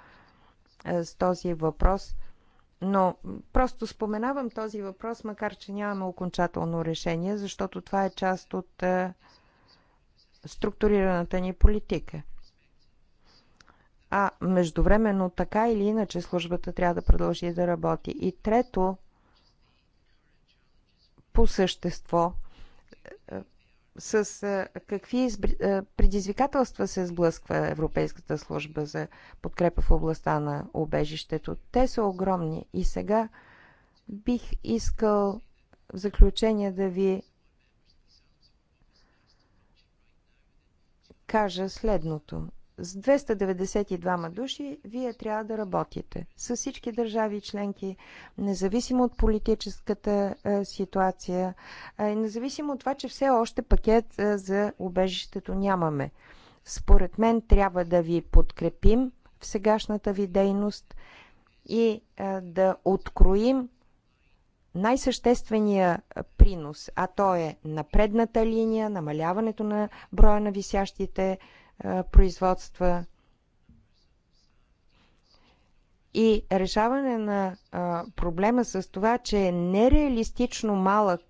с този въпрос. Но просто споменавам този въпрос, макар че нямаме окончателно решение, защото това е част от структурираната ни политика а междувременно така или иначе службата трябва да продължи да работи. И трето, по същество, е, с е, какви е, предизвикателства се сблъсква Европейската служба за подкрепа в областта на обежището. Те са огромни. И сега бих искал в заключение да ви кажа следното. С 292 души вие трябва да работите с всички държави членки, независимо от политическата е, ситуация, е, независимо от това, че все още пакет е, за убежището нямаме. Според мен трябва да ви подкрепим в сегашната ви дейност и да откроим най-съществения принос, а то е напредната линия, намаляването на броя на висящите производства и решаване на проблема с това, че е нереалистично малък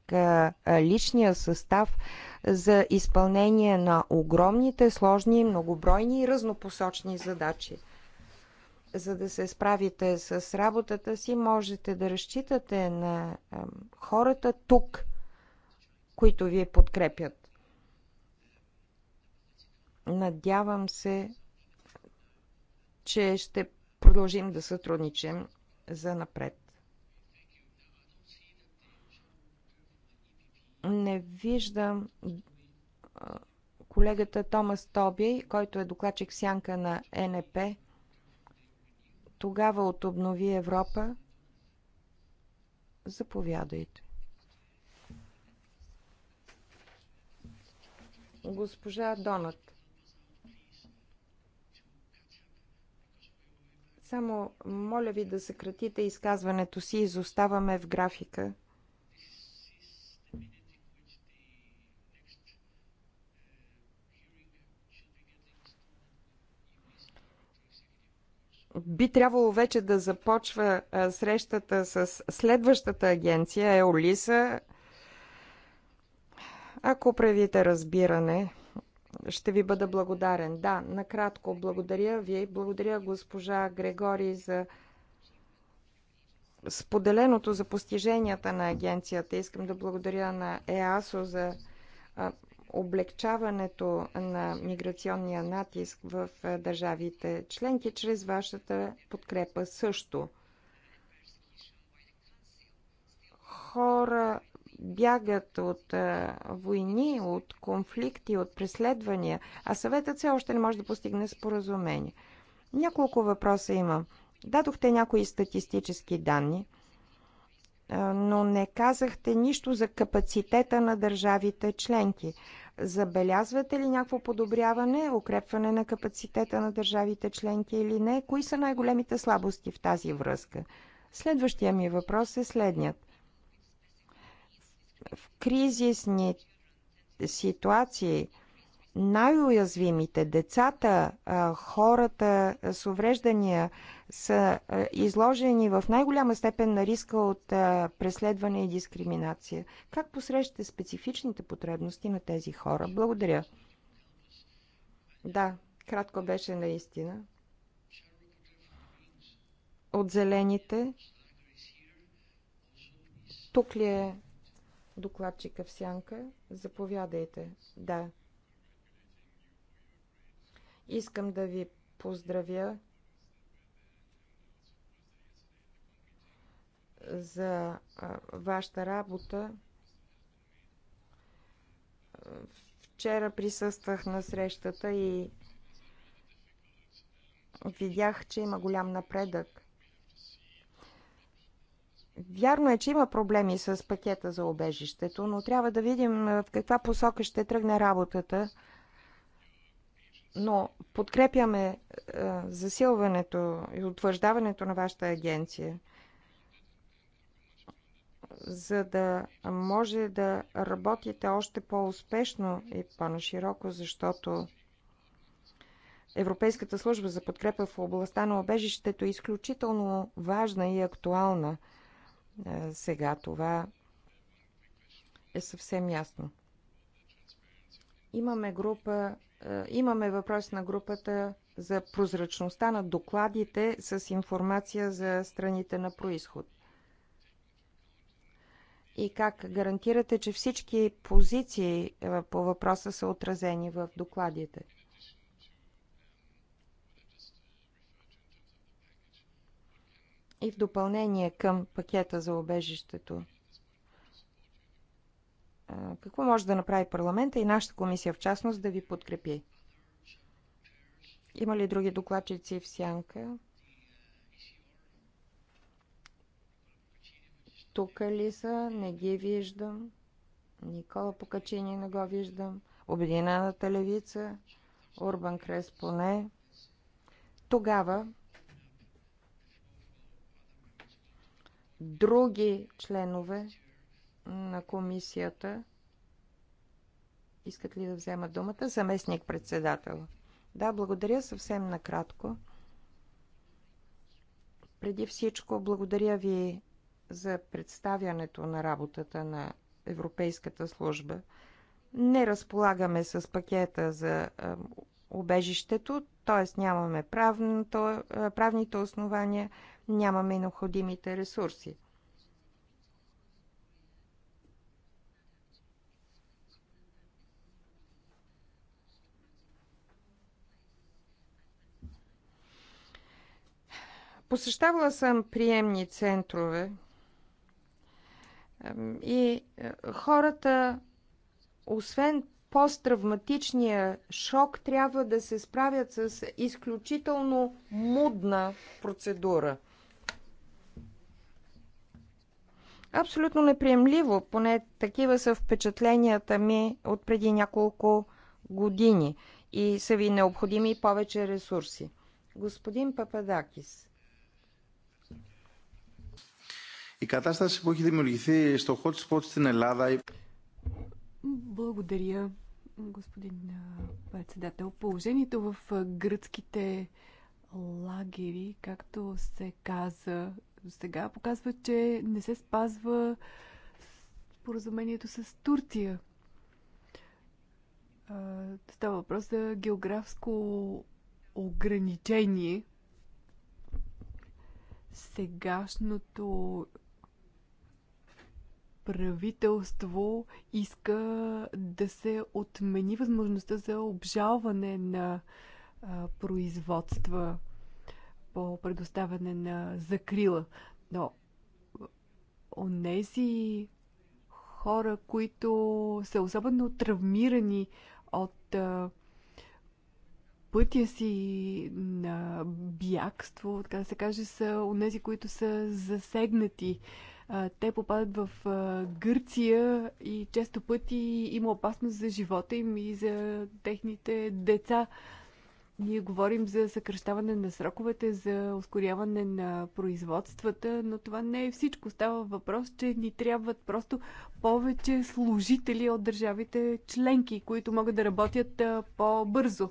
личния състав за изпълнение на огромните, сложни, многобройни и разнопосочни задачи. За да се справите с работата си, можете да разчитате на хората тук, които ви подкрепят. Надявам се, че ще продължим да сътрудничим за напред. Не виждам колегата Томас Тоби, който е докладчик сянка на НП. Тогава от Обнови Европа. Заповядайте. Госпожа Донат. Само моля ви да съкратите изказването си, изоставаме в графика. би трябвало вече да започва срещата с следващата агенция, Еолиса. Ако правите разбиране, ще ви бъда благодарен. Да, накратко благодаря ви. Благодаря госпожа Грегори за споделеното за постиженията на агенцията. Искам да благодаря на ЕАСО за облегчаването на миграционния натиск в държавите членки чрез вашата подкрепа също. Хора бягат от войни, от конфликти, от преследвания, а съветът все още не може да постигне споразумение. Няколко въпроса имам. Дадохте някои статистически данни, но не казахте нищо за капацитета на държавите членки. Забелязвате ли някакво подобряване, укрепване на капацитета на държавите членки или не? Кои са най-големите слабости в тази връзка? Следващия ми въпрос е следният в кризисни ситуации най-уязвимите децата, хората с увреждания са изложени в най-голяма степен на риска от преследване и дискриминация. Как посрещате специфичните потребности на тези хора? Благодаря. Да, кратко беше наистина. От зелените. Тук ли е Докладчика в сянка, заповядайте. Да. Искам да ви поздравя за вашата работа. Вчера присъствах на срещата и видях, че има голям напредък. Вярно е, че има проблеми с пакета за обежището, но трябва да видим в каква посока ще тръгне работата. Но подкрепяме засилването и утвърждаването на вашата агенция, за да може да работите още по-успешно и по-нашироко, защото Европейската служба за подкрепа в областта на обежището е изключително важна и актуална – е, сега. Това е съвсем ясно. Имаме, група, е, имаме въпрос на групата за прозрачността на докладите с информация за страните на происход. И как гарантирате, че всички позиции е, по въпроса са отразени в докладите? и в допълнение към пакета за обежището. Какво може да направи парламента и нашата комисия в частност да ви подкрепи? Има ли други докладчици в сянка? Тук ли са? Не ги виждам. Никола Покачини не го виждам. Обединената левица. Урбан Креспо не. Тогава други членове на комисията искат ли да вземат думата? Заместник председател. Да, благодаря съвсем накратко. Преди всичко, благодаря ви за представянето на работата на Европейската служба. Не разполагаме с пакета за обежището, т.е. нямаме правните основания – нямаме необходимите ресурси. Посещавала съм приемни центрове и е, хората, освен посттравматичния шок, трябва да се справят с изключително мудна процедура – Абсолютно неприемливо, поне такива са впечатленията ми от преди няколко години и са ви необходими повече ресурси. Господин Пападакис. Η κατάσταση που έχει δημιουργηθεί στο hot spot στην Ελλάδα... Благодаря, господин председател. Положението в гръцките лагери, както се каза до сега показва, че не се спазва споразумението с Турция. Става въпрос за географско ограничение. Сегашното правителство иска да се отмени възможността за обжалване на производства по предоставяне на закрила. Но онези хора, които са особено травмирани от а, пътя си на бягство, така да се каже, са онези, които са засегнати. А, те попадат в а, Гърция и често пъти има опасност за живота им и за техните деца. Ние говорим за съкръщаване на сроковете, за ускоряване на производствата, но това не е всичко. Става въпрос, че ни трябват просто повече служители от държавите членки, които могат да работят по-бързо.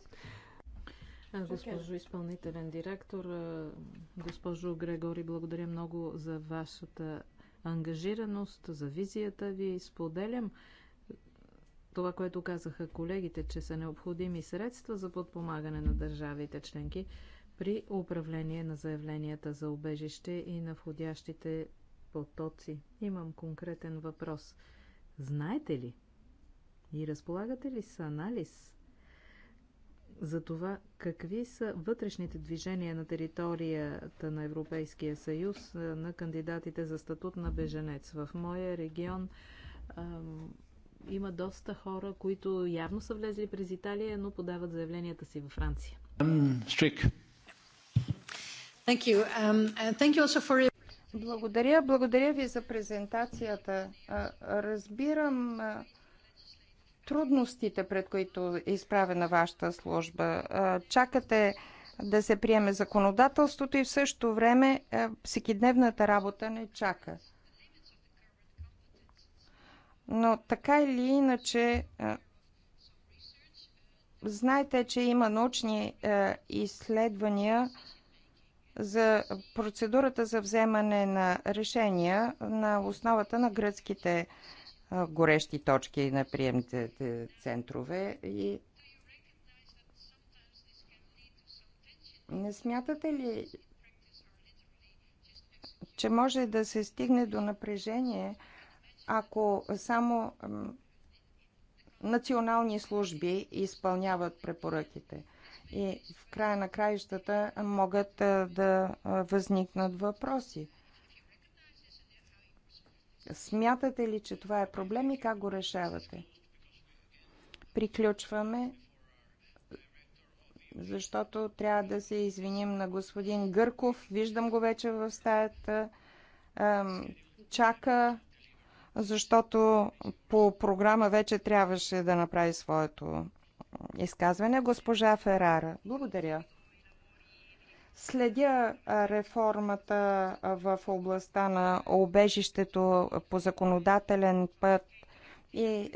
Госпожо изпълнителен директор, госпожо Грегори, благодаря много за вашата ангажираност, за визията ви. Споделям това, което казаха колегите, че са необходими средства за подпомагане на държавите членки при управление на заявленията за убежище и на входящите потоци. Имам конкретен въпрос. Знаете ли и разполагате ли с анализ за това какви са вътрешните движения на територията на Европейския съюз на кандидатите за статут на беженец? В моя регион има доста хора, които явно са влезли през Италия, но подават заявленията си във Франция. Стрик. Благодаря, благодаря ви за презентацията. Разбирам трудностите, пред които е изправена вашата служба. Чакате да се приеме законодателството и в същото време всекидневната работа не чака. Но така или иначе, знаете, че има научни изследвания за процедурата за вземане на решения на основата на гръцките горещи точки на приемните центрове и Не смятате ли, че може да се стигне до напрежение ако само национални служби изпълняват препоръките. И в края на краищата могат да възникнат въпроси. Смятате ли, че това е проблем и как го решавате? Приключваме, защото трябва да се извиним на господин Гърков. Виждам го вече в стаята. Чака защото по програма вече трябваше да направи своето изказване. Госпожа Ферара, благодаря. Следя реформата в областта на обежището по законодателен път и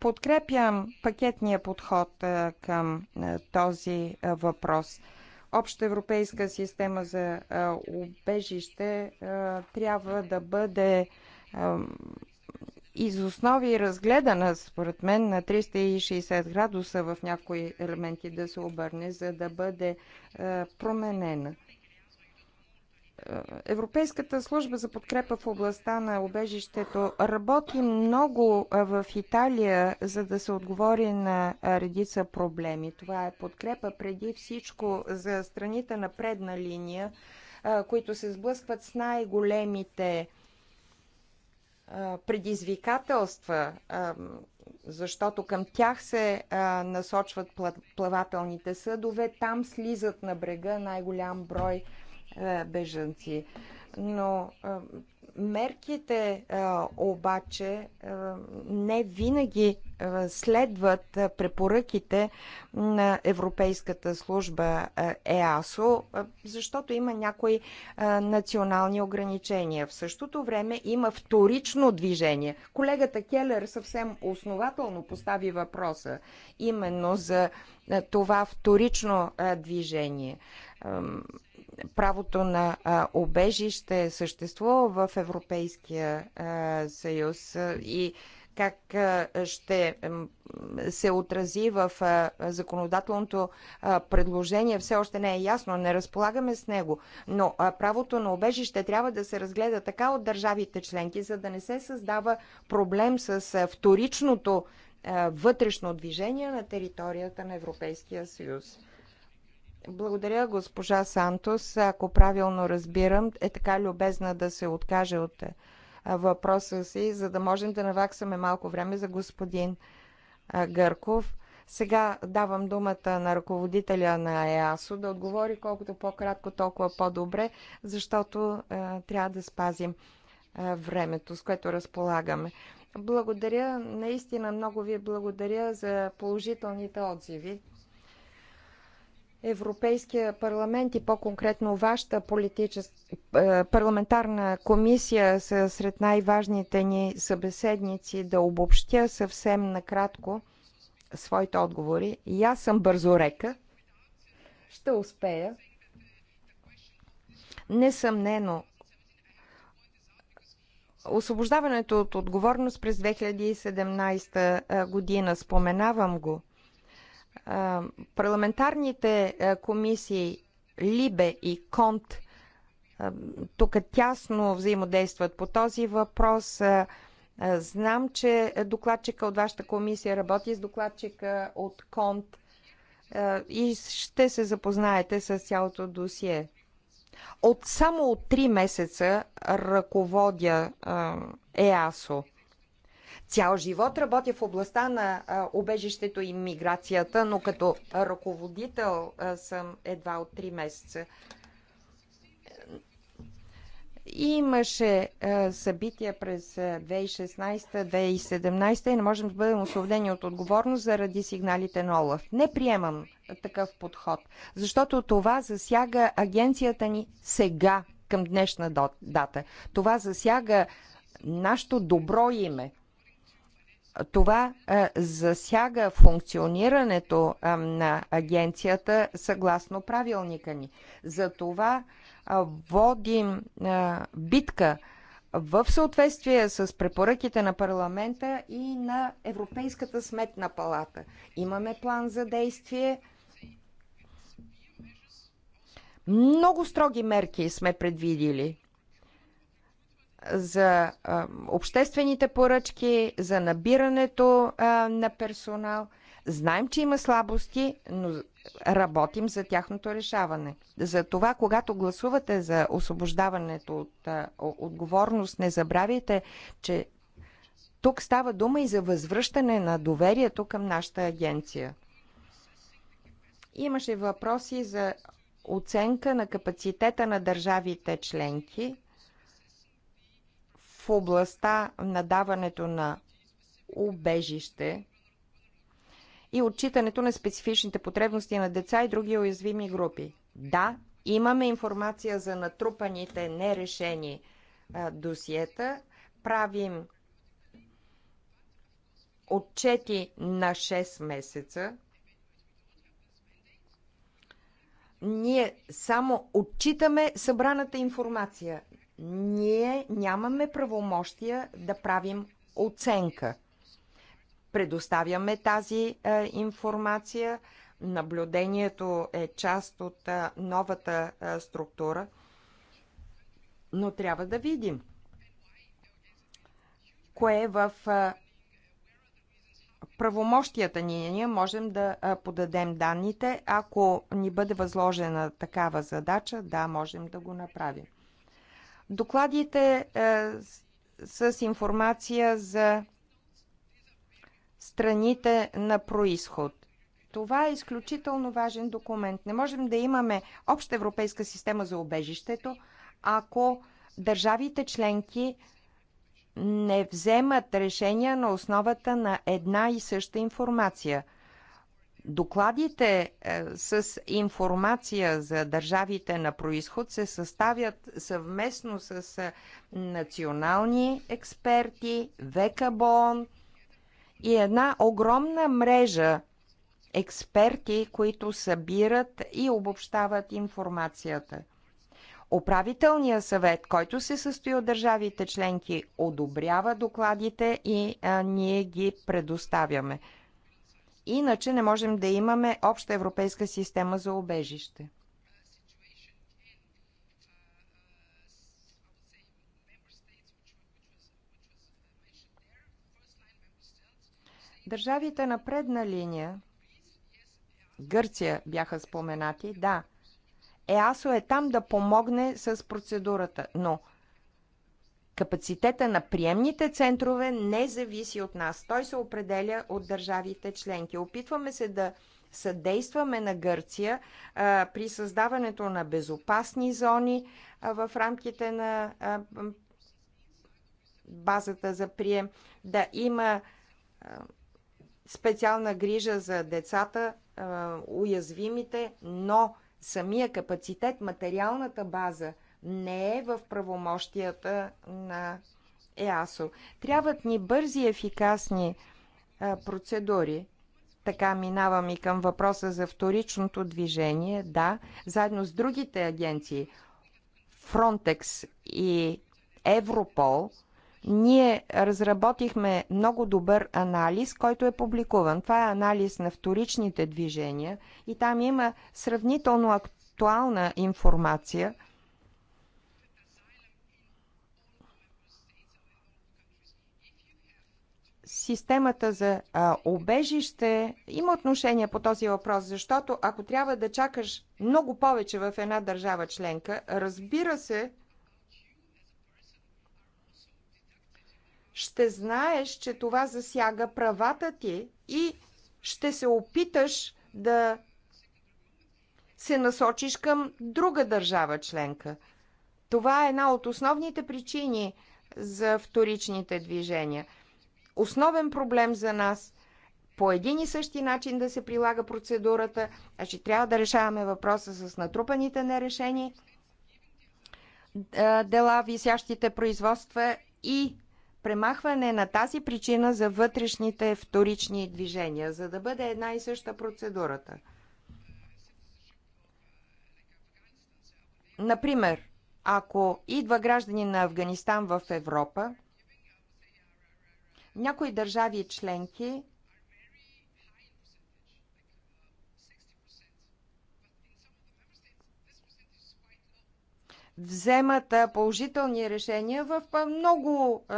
подкрепям пакетния подход към този въпрос. Обща европейска система за обежище трябва да бъде из основи разгледана, според мен, на 360 градуса в някои елементи да се обърне, за да бъде променена. Европейската служба за подкрепа в областта на обежището работи много в Италия, за да се отговори на редица проблеми. Това е подкрепа преди всичко за страните на предна линия, които се сблъскват с най-големите предизвикателства, защото към тях се насочват плавателните съдове, там слизат на брега най-голям брой бежанци. Но мерките обаче не винаги следват препоръките на Европейската служба ЕАСО, защото има някои национални ограничения. В същото време има вторично движение. Колегата Келер съвсем основателно постави въпроса именно за това вторично движение правото на обежище съществува в Европейския съюз и как ще се отрази в законодателното предложение, все още не е ясно, не разполагаме с него. Но правото на обежище трябва да се разгледа така от държавите членки, за да не се създава проблем с вторичното вътрешно движение на територията на Европейския съюз. Благодаря, госпожа Сантос. Ако правилно разбирам, е така любезна да се откаже от въпроса си, за да можем да наваксаме малко време за господин Гърков. Сега давам думата на ръководителя на ЕАСО да отговори колкото по-кратко, толкова по-добре, защото трябва да спазим времето, с което разполагаме. Благодаря, наистина много ви благодаря за положителните отзиви. Европейския парламент и по-конкретно вашата политичес... Е, парламентарна комисия са сред най-важните ни събеседници да обобщя съвсем накратко своите отговори. И аз съм бързорека. Ще успея. Несъмнено, освобождаването от отговорност през 2017 е, година, споменавам го, парламентарните комисии Либе и Конт тук тясно взаимодействат по този въпрос. Знам, че докладчика от вашата комисия работи с докладчика от Конт и ще се запознаете с цялото досие. От само от 3 месеца ръководя ЕАСО. Цял живот работя в областта на обежището и миграцията, но като ръководител съм едва от 3 месеца. Имаше събития през 2016-2017 и не можем да бъдем освободени от отговорност заради сигналите на Олаф. Не приемам такъв подход, защото това засяга агенцията ни сега, към днешна дата. Това засяга нашето добро име – това засяга функционирането на агенцията съгласно правилника ни. Затова водим битка в съответствие с препоръките на парламента и на Европейската сметна палата. Имаме план за действие. Много строги мерки сме предвидили за обществените поръчки, за набирането на персонал. Знаем, че има слабости, но работим за тяхното решаване. За това, когато гласувате за освобождаването от отговорност, не забравяйте, че тук става дума и за възвръщане на доверието към нашата агенция. Имаше въпроси за оценка на капацитета на държавите членки – в областта на даването на убежище и отчитането на специфичните потребности на деца и други уязвими групи. Да, имаме информация за натрупаните нерешени а, досиета, правим отчети на 6 месеца. Ние само отчитаме събраната информация ние нямаме правомощия да правим оценка. Предоставяме тази е, информация. Наблюдението е част от е, новата е, структура. Но трябва да видим кое е в е, правомощията ни. Ние можем да е, подадем данните. Ако ни бъде възложена такава задача, да, можем да го направим. Докладите е, с информация за страните на происход. Това е изключително важен документ. Не можем да имаме обща европейска система за обежището, ако държавите членки не вземат решения на основата на една и съща информация – Докладите е, с информация за държавите на происход се съставят съвместно с е, национални експерти, ВКБОН и една огромна мрежа експерти, които събират и обобщават информацията. Управителният съвет, който се състои от държавите членки, одобрява докладите и а, ние ги предоставяме. Иначе не можем да имаме обща европейска система за обежище. Държавите на предна линия, Гърция бяха споменати, да. ЕАСО е там да помогне с процедурата, но Капацитета на приемните центрове не зависи от нас. Той се определя от държавите членки. Опитваме се да съдействаме на Гърция а, при създаването на безопасни зони а, в рамките на а, базата за прием, да има а, специална грижа за децата, а, уязвимите, но самия капацитет, материалната база – не е в правомощията на ЕАСО. Трябват ни бързи и ефикасни процедури. Така минавам и към въпроса за вторичното движение. Да, заедно с другите агенции, Frontex и Европол, ние разработихме много добър анализ, който е публикуван. Това е анализ на вторичните движения и там има сравнително актуална информация – системата за а, обежище има отношение по този въпрос, защото ако трябва да чакаш много повече в една държава членка, разбира се, ще знаеш, че това засяга правата ти и ще се опиташ да се насочиш към друга държава членка. Това е една от основните причини за вторичните движения – основен проблем за нас. По един и същи начин да се прилага процедурата, а значи, ще трябва да решаваме въпроса с натрупаните нерешени дела, висящите производства и премахване на тази причина за вътрешните вторични движения, за да бъде една и съща процедурата. Например, ако идва граждани на Афганистан в Европа, някои държави членки вземат положителни решения в много е,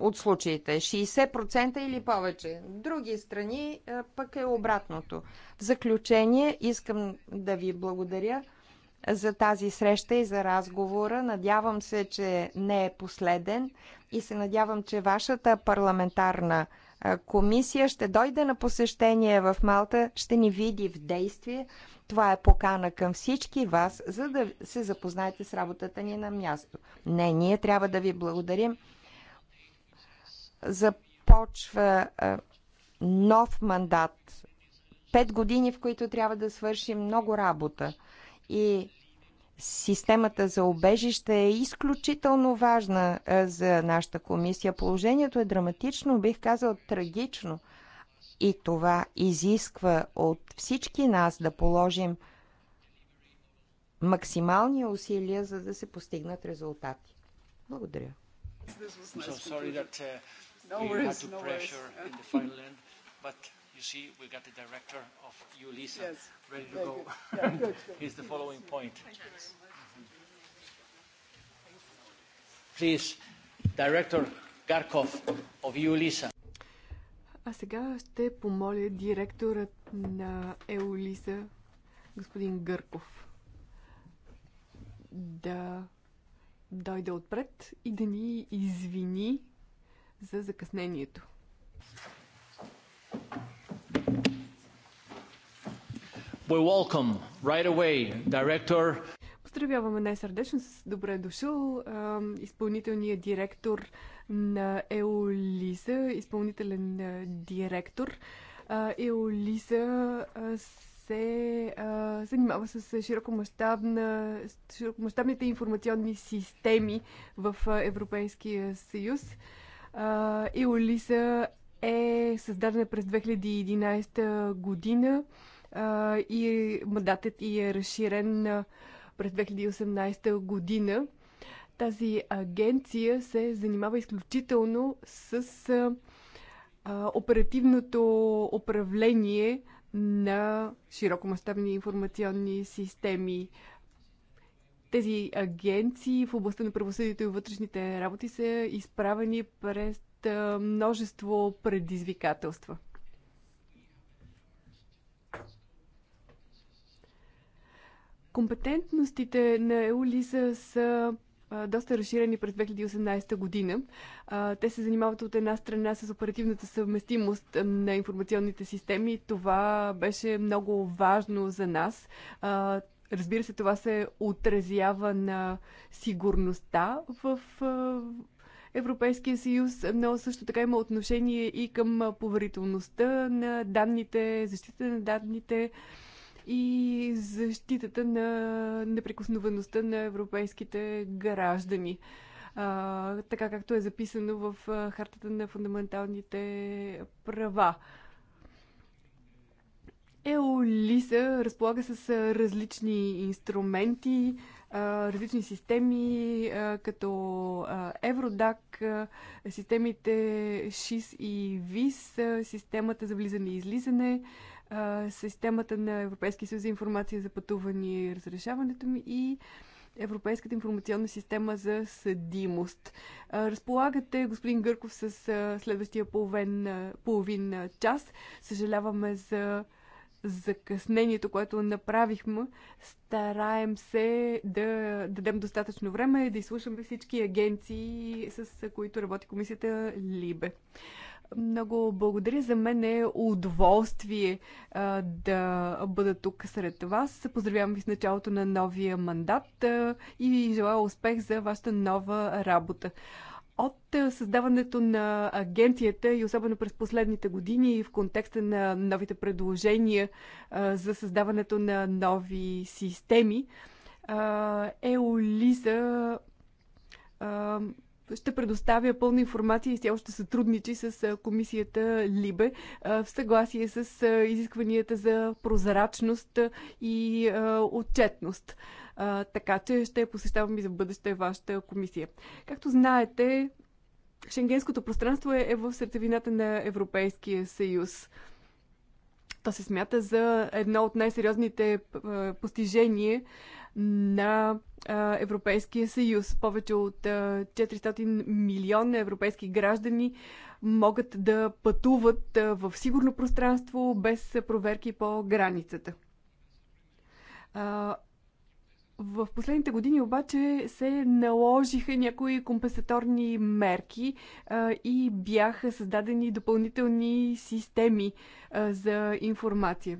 от случаите 60% или повече. В други страни е, пък е обратното. В заключение искам да ви благодаря за тази среща и за разговора. Надявам се, че не е последен и се надявам, че вашата парламентарна комисия ще дойде на посещение в Малта, ще ни види в действие. Това е покана към всички вас, за да се запознаете с работата ни на място. Не, ние трябва да ви благодарим. Започва нов мандат. Пет години, в които трябва да свършим много работа. И Системата за обежище е изключително важна за нашата комисия. Положението е драматично, бих казал трагично. И това изисква от всички нас да положим максимални усилия, за да се постигнат резултати. Благодаря. So sorry that uh, no worries, had to pressure in the final end, but you see, we got the director of ULISA yes. ready to Thank go. Yeah, good, good. Here's the following point. Please, Director Garkov of ULISA. А сега ще помоля директорът на Еолиса, господин Гърков, да дойде отпред и да ни извини за закъснението. We welcome right away director Поздравяваме най-сърдечно с добре дошъл изпълнителният директор на Еолиса, изпълнителен директор. Еолиса се а, занимава с широкомащабните информационни системи в Европейския съюз. Еолиса е създадена през 2011 година и мандатът и е разширен през 2018 година. Тази агенция се занимава изключително с оперативното управление на широкомасштабни информационни системи. Тези агенции в областта на правосъдието и вътрешните работи са изправени през множество предизвикателства. Компетентностите на Еулиса са доста разширени през 2018 година. Те се занимават от една страна с оперативната съвместимост на информационните системи. Това беше много важно за нас. Разбира се, това се отразява на сигурността в Европейския съюз, но също така има отношение и към поверителността на данните, защита на данните, и защитата на неприкосновеността на европейските граждани. А, така както е записано в Хартата на фундаменталните права. Еолиса разполага с различни инструменти, различни системи, като Евродак, системите ШИС и ВИС, системата за влизане и излизане, системата на Европейския съюз за информация за пътуване и разрешаването ми и Европейската информационна система за съдимост. Разполагате, господин Гърков, с следващия половин, половин час. Съжаляваме за закъснението, което направихме. Стараем се да дадем достатъчно време и да изслушаме всички агенции, с които работи комисията Либе. Много благодаря. За мен е удоволствие а, да бъда тук сред вас. Поздравявам ви с началото на новия мандат а, и желая успех за вашата нова работа. От създаването на агенцията и особено през последните години в контекста на новите предложения а, за създаването на нови системи, а, Еолиза а, ще предоставя пълна информация и тя още сътрудничи с комисията Либе в съгласие с изискванията за прозрачност и отчетност. Така че ще посещавам и за бъдеще вашата комисия. Както знаете, Шенгенското пространство е, е в сърцевината на Европейския съюз. То се смята за едно от най-сериозните постижения на Европейския съюз. Повече от 400 милиона европейски граждани могат да пътуват в сигурно пространство без проверки по границата. В последните години обаче се наложиха някои компенсаторни мерки а, и бяха създадени допълнителни системи а, за информация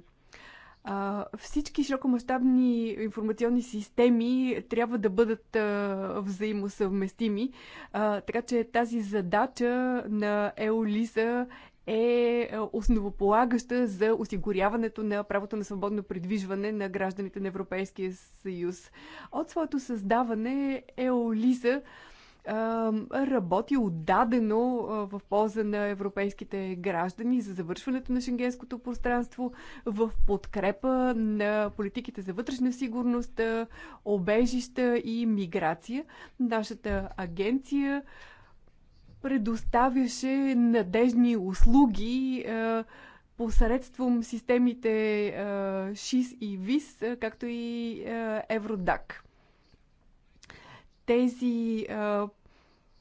а, всички широкомащабни информационни системи трябва да бъдат а, взаимосъвместими. А, така че тази задача на Еолиса е основополагаща за осигуряването на правото на свободно придвижване на гражданите на Европейския съюз. От своето създаване Еолиса работи отдадено в полза на европейските граждани за завършването на шенгенското пространство в подкрепа на политиките за вътрешна сигурност, обежища и миграция. Нашата агенция предоставяше надежни услуги посредством системите ШИС и ВИС, както и Евродак тези а,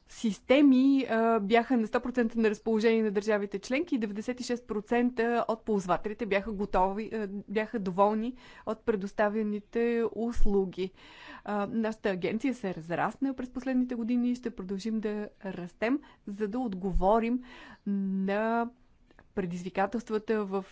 системи а, бяха на 100% на разположение на държавите членки и 96% от ползвателите бяха готови, а, бяха доволни от предоставените услуги. А, нашата агенция се е разрасна през последните години и ще продължим да растем, за да отговорим на предизвикателствата в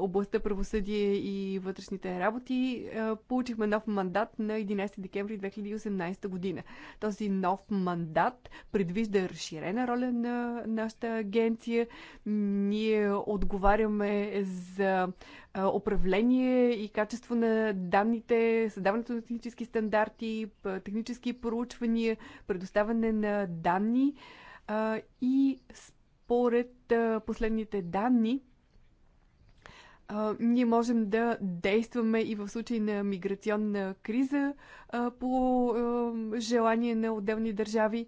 областта правосъдие и вътрешните работи, получихме нов мандат на 11 декември 2018 година. Този нов мандат предвижда разширена роля на нашата агенция. Ние отговаряме за управление и качество на данните, създаването на технически стандарти, технически проучвания, предоставяне на данни и според последните данни, ние можем да действаме и в случай на миграционна криза по желание на отделни държави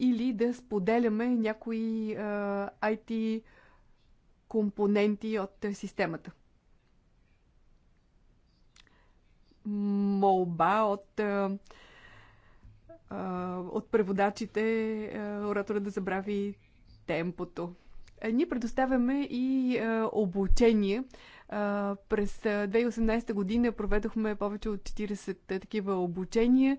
или да споделяме някои IT компоненти от системата. Молба от, от преводачите, оратора да забрави темпото. Е, ние предоставяме и е, обучение. Е, през 2018 година проведохме повече от 40 такива обучения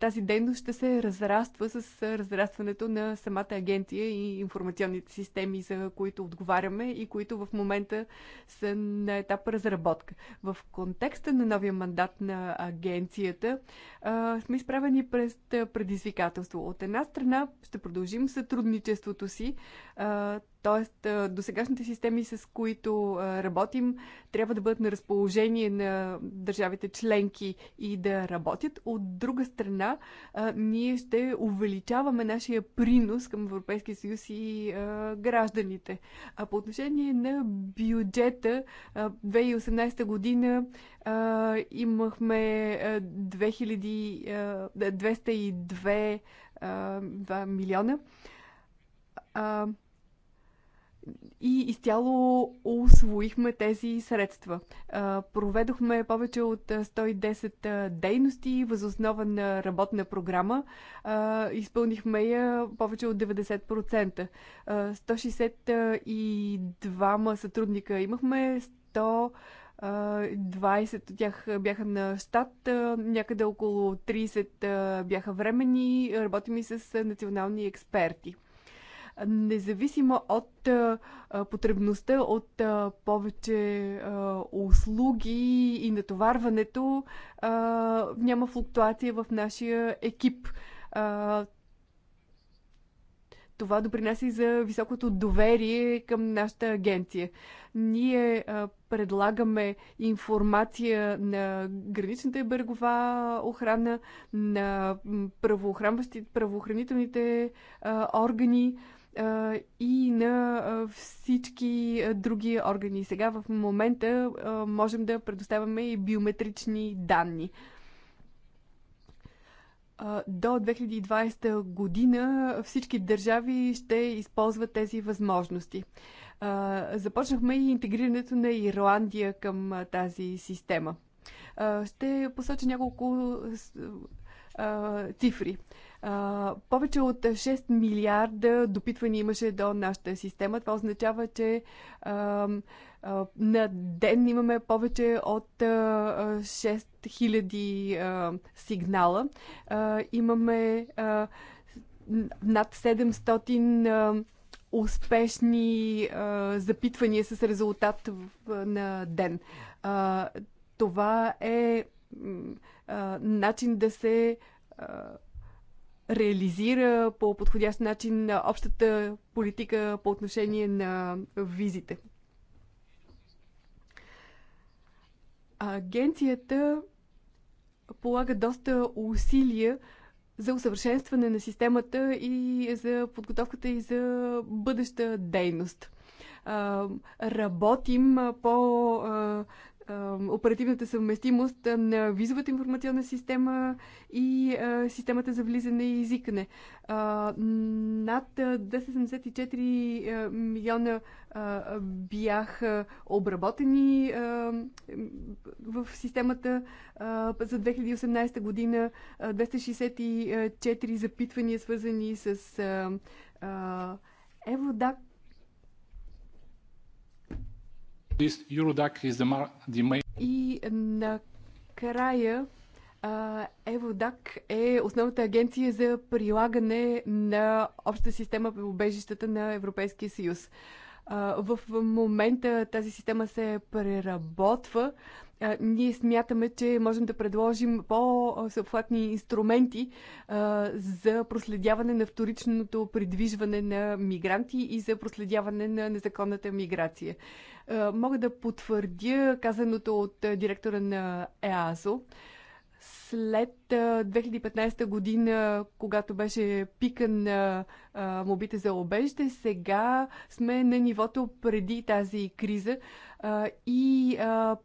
тази дейност ще се разраства с разрастването на самата агенция и информационните системи, за които отговаряме и които в момента са на етап разработка. В контекста на новия мандат на агенцията сме изправени през предизвикателство. От една страна ще продължим сътрудничеството си, т.е. сегашните системи, с които работим, трябва да бъдат на разположение на държавите членки и да работят. От друга страна, страна, а, ние ще увеличаваме нашия принос към Европейския съюз и а, гражданите. А по отношение на бюджета, а, 2018 година а, имахме а, 2000, а, 202 а, милиона. А, и изцяло освоихме тези средства. Проведохме повече от 110 дейности възоснова на работна програма. Изпълнихме я повече от 90%. 162 сътрудника имахме, 100 20 от тях бяха на щат, някъде около 30 бяха времени. Работим и с национални експерти независимо от потребността от повече услуги и натоварването, няма флуктуация в нашия екип. Това допринася и за високото доверие към нашата агенция. Ние предлагаме информация на граничната и бъргова охрана, на правоохранителните органи, и на всички други органи. Сега в момента можем да предоставяме и биометрични данни. До 2020 година всички държави ще използват тези възможности. Започнахме и интегрирането на Ирландия към тази система. Ще посоча няколко цифри повече от 6 милиарда допитвания имаше до нашата система. Това означава, че а, а, на ден имаме повече от а, 6000 а, сигнала. А, имаме а, над 700 а, успешни а, запитвания с резултат в, на ден. А, това е а, начин да се а, реализира по подходящ начин общата политика по отношение на визите. Агенцията полага доста усилия за усъвършенстване на системата и за подготовката и за бъдеща дейност. Работим по оперативната съвместимост на визовата информационна система и системата за влизане и изикане. Над 274 милиона бяха обработени в системата за 2018 година, 264 запитвания, свързани с Евродак и накрая Евродак е основната агенция за прилагане на обща система при убежищата на Европейския съюз. В момента тази система се преработва ние смятаме, че можем да предложим по-съобхватни инструменти за проследяване на вторичното придвижване на мигранти и за проследяване на незаконната миграция. Мога да потвърдя казаното от директора на ЕАЗО след 2015 година, когато беше пикан на мобите за обежище, сега сме на нивото преди тази криза и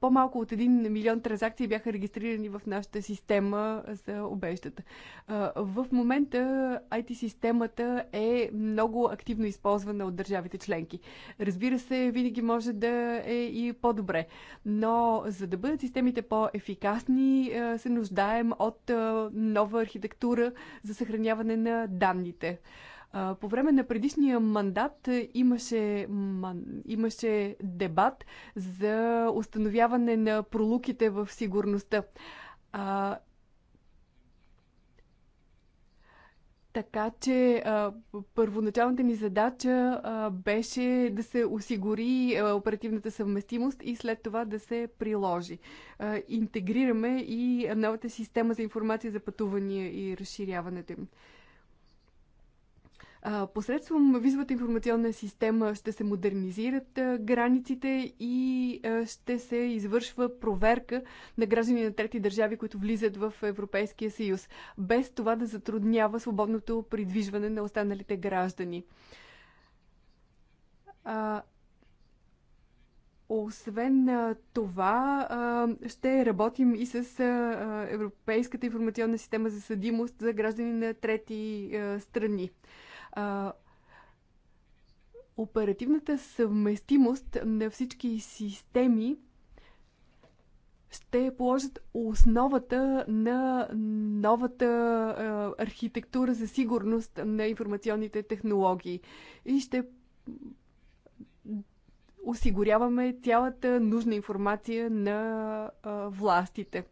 по-малко от 1 милион транзакции бяха регистрирани в нашата система за обеждата. В момента IT-системата е много активно използвана от държавите членки. Разбира се, винаги може да е и по-добре, но за да бъдат системите по-ефикасни, се нуждаем от нова архитектура за съхраняване на данните. По време на предишния мандат имаше, имаше дебат за установяване на пролуките в сигурността. А, така че а, първоначалната ни задача а, беше да се осигури а, оперативната съвместимост и след това да се приложи. А, интегрираме и новата система за информация за пътувания и разширяването им. Посредством визовата информационна система ще се модернизират границите и ще се извършва проверка на граждани на трети държави, които влизат в Европейския съюз, без това да затруднява свободното придвижване на останалите граждани. Освен това, ще работим и с Европейската информационна система за съдимост за граждани на трети страни а, оперативната съвместимост на всички системи ще положат основата на новата архитектура за сигурност на информационните технологии и ще осигуряваме цялата нужна информация на властите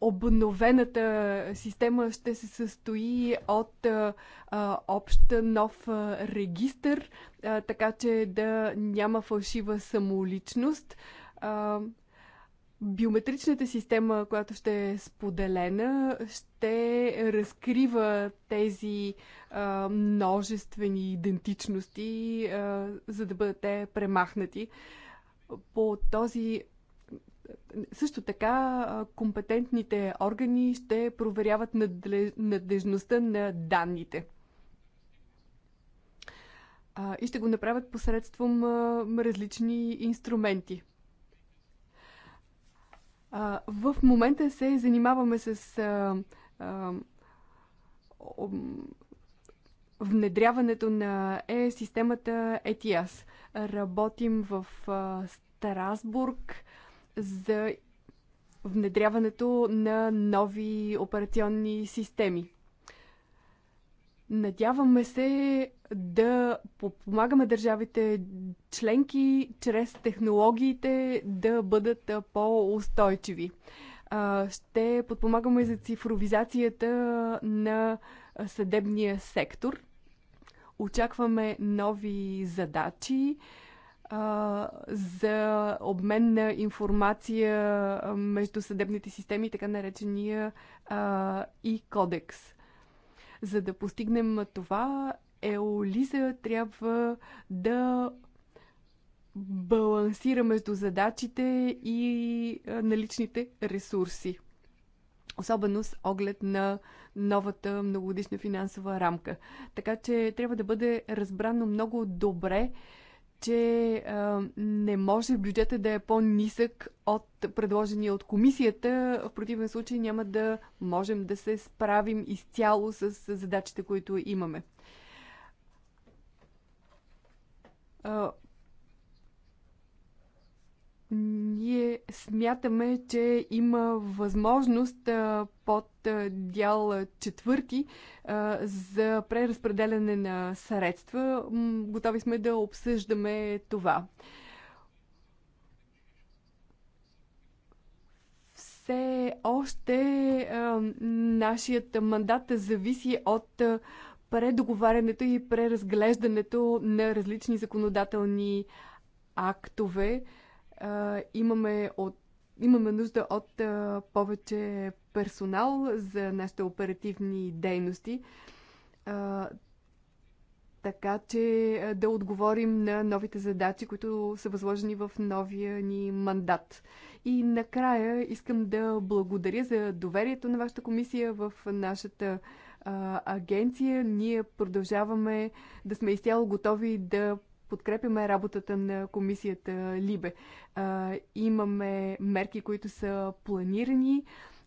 обновената система ще се състои от общ нов регистр, така че да няма фалшива самоличност. биометричната система, която ще е споделена, ще разкрива тези а, множествени идентичности, а, за да бъдат те премахнати. По този също така компетентните органи ще проверяват надежността на данните. И ще го направят посредством различни инструменти. В момента се занимаваме с внедряването на е системата ETIAS. Работим в Страсбург за внедряването на нови операционни системи. Надяваме се да помагаме държавите членки чрез технологиите да бъдат по-устойчиви. Ще подпомагаме за цифровизацията на съдебния сектор. Очакваме нови задачи за обмен на информация между съдебните системи, така наречения и кодекс. За да постигнем това, Еолиза трябва да балансира между задачите и наличните ресурси. Особено с оглед на новата многогодишна финансова рамка. Така че трябва да бъде разбрано много добре че а, не може бюджета да е по-нисък от предложения от комисията. В противен случай няма да можем да се справим изцяло с задачите, които имаме. Ние смятаме, че има възможност под дял четвърти за преразпределяне на средства. Готови сме да обсъждаме това. все още нашият мандат зависи от предоговарянето и преразглеждането на различни законодателни актове а, имаме, от, имаме нужда от а, повече персонал за нашите оперативни дейности, а, така че да отговорим на новите задачи, които са възложени в новия ни мандат. И накрая искам да благодаря за доверието на вашата комисия в нашата а, агенция. Ние продължаваме да сме изцяло готови да подкрепяме работата на комисията Либе. А, имаме мерки, които са планирани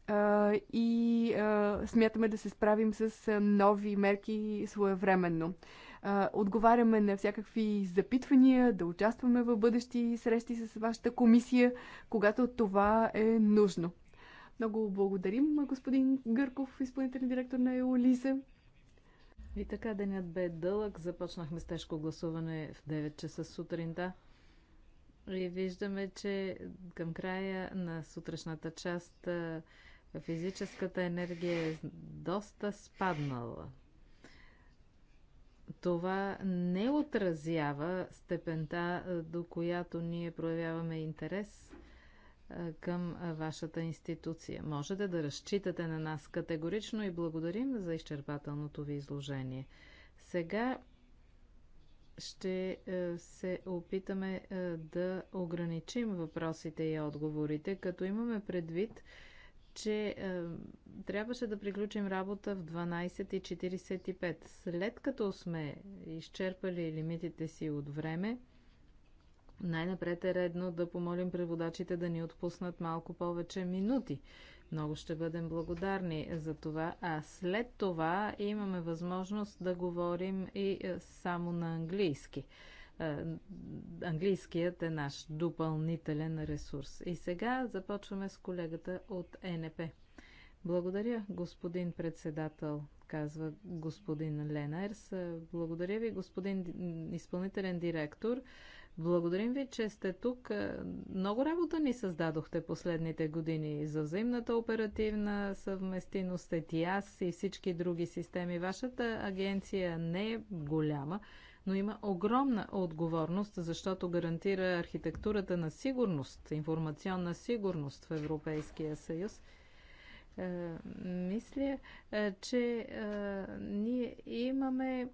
а, и а, смятаме да се справим с нови мерки своевременно. А, отговаряме на всякакви запитвания, да участваме в бъдещи срещи с вашата комисия, когато това е нужно. Много благодарим, господин Гърков, изпълнителен директор на Еолиза. И така денят бе дълъг. Започнахме с тежко гласуване в 9 часа сутринта. И виждаме, че към края на сутрешната част физическата енергия е доста спаднала. Това не отразява степента, до която ние проявяваме интерес към вашата институция. Можете да разчитате на нас категорично и благодарим за изчерпателното ви изложение. Сега ще се опитаме да ограничим въпросите и отговорите, като имаме предвид, че трябваше да приключим работа в 12.45. След като сме изчерпали лимитите си от време, най-напред е редно да помолим преводачите да ни отпуснат малко повече минути. Много ще бъдем благодарни за това. А след това имаме възможност да говорим и е, само на английски. Е, английският е наш допълнителен ресурс. И сега започваме с колегата от НП. Благодаря, господин председател, казва господин Ленерс. Благодаря ви, господин изпълнителен директор. Благодарим ви, че сте тук. Много работа ни създадохте последните години за взаимната оперативна съвместимост, ЕТИАС и всички други системи. Вашата агенция не е голяма, но има огромна отговорност, защото гарантира архитектурата на сигурност, информационна сигурност в Европейския съюз е, мисля, е, че е, ние имаме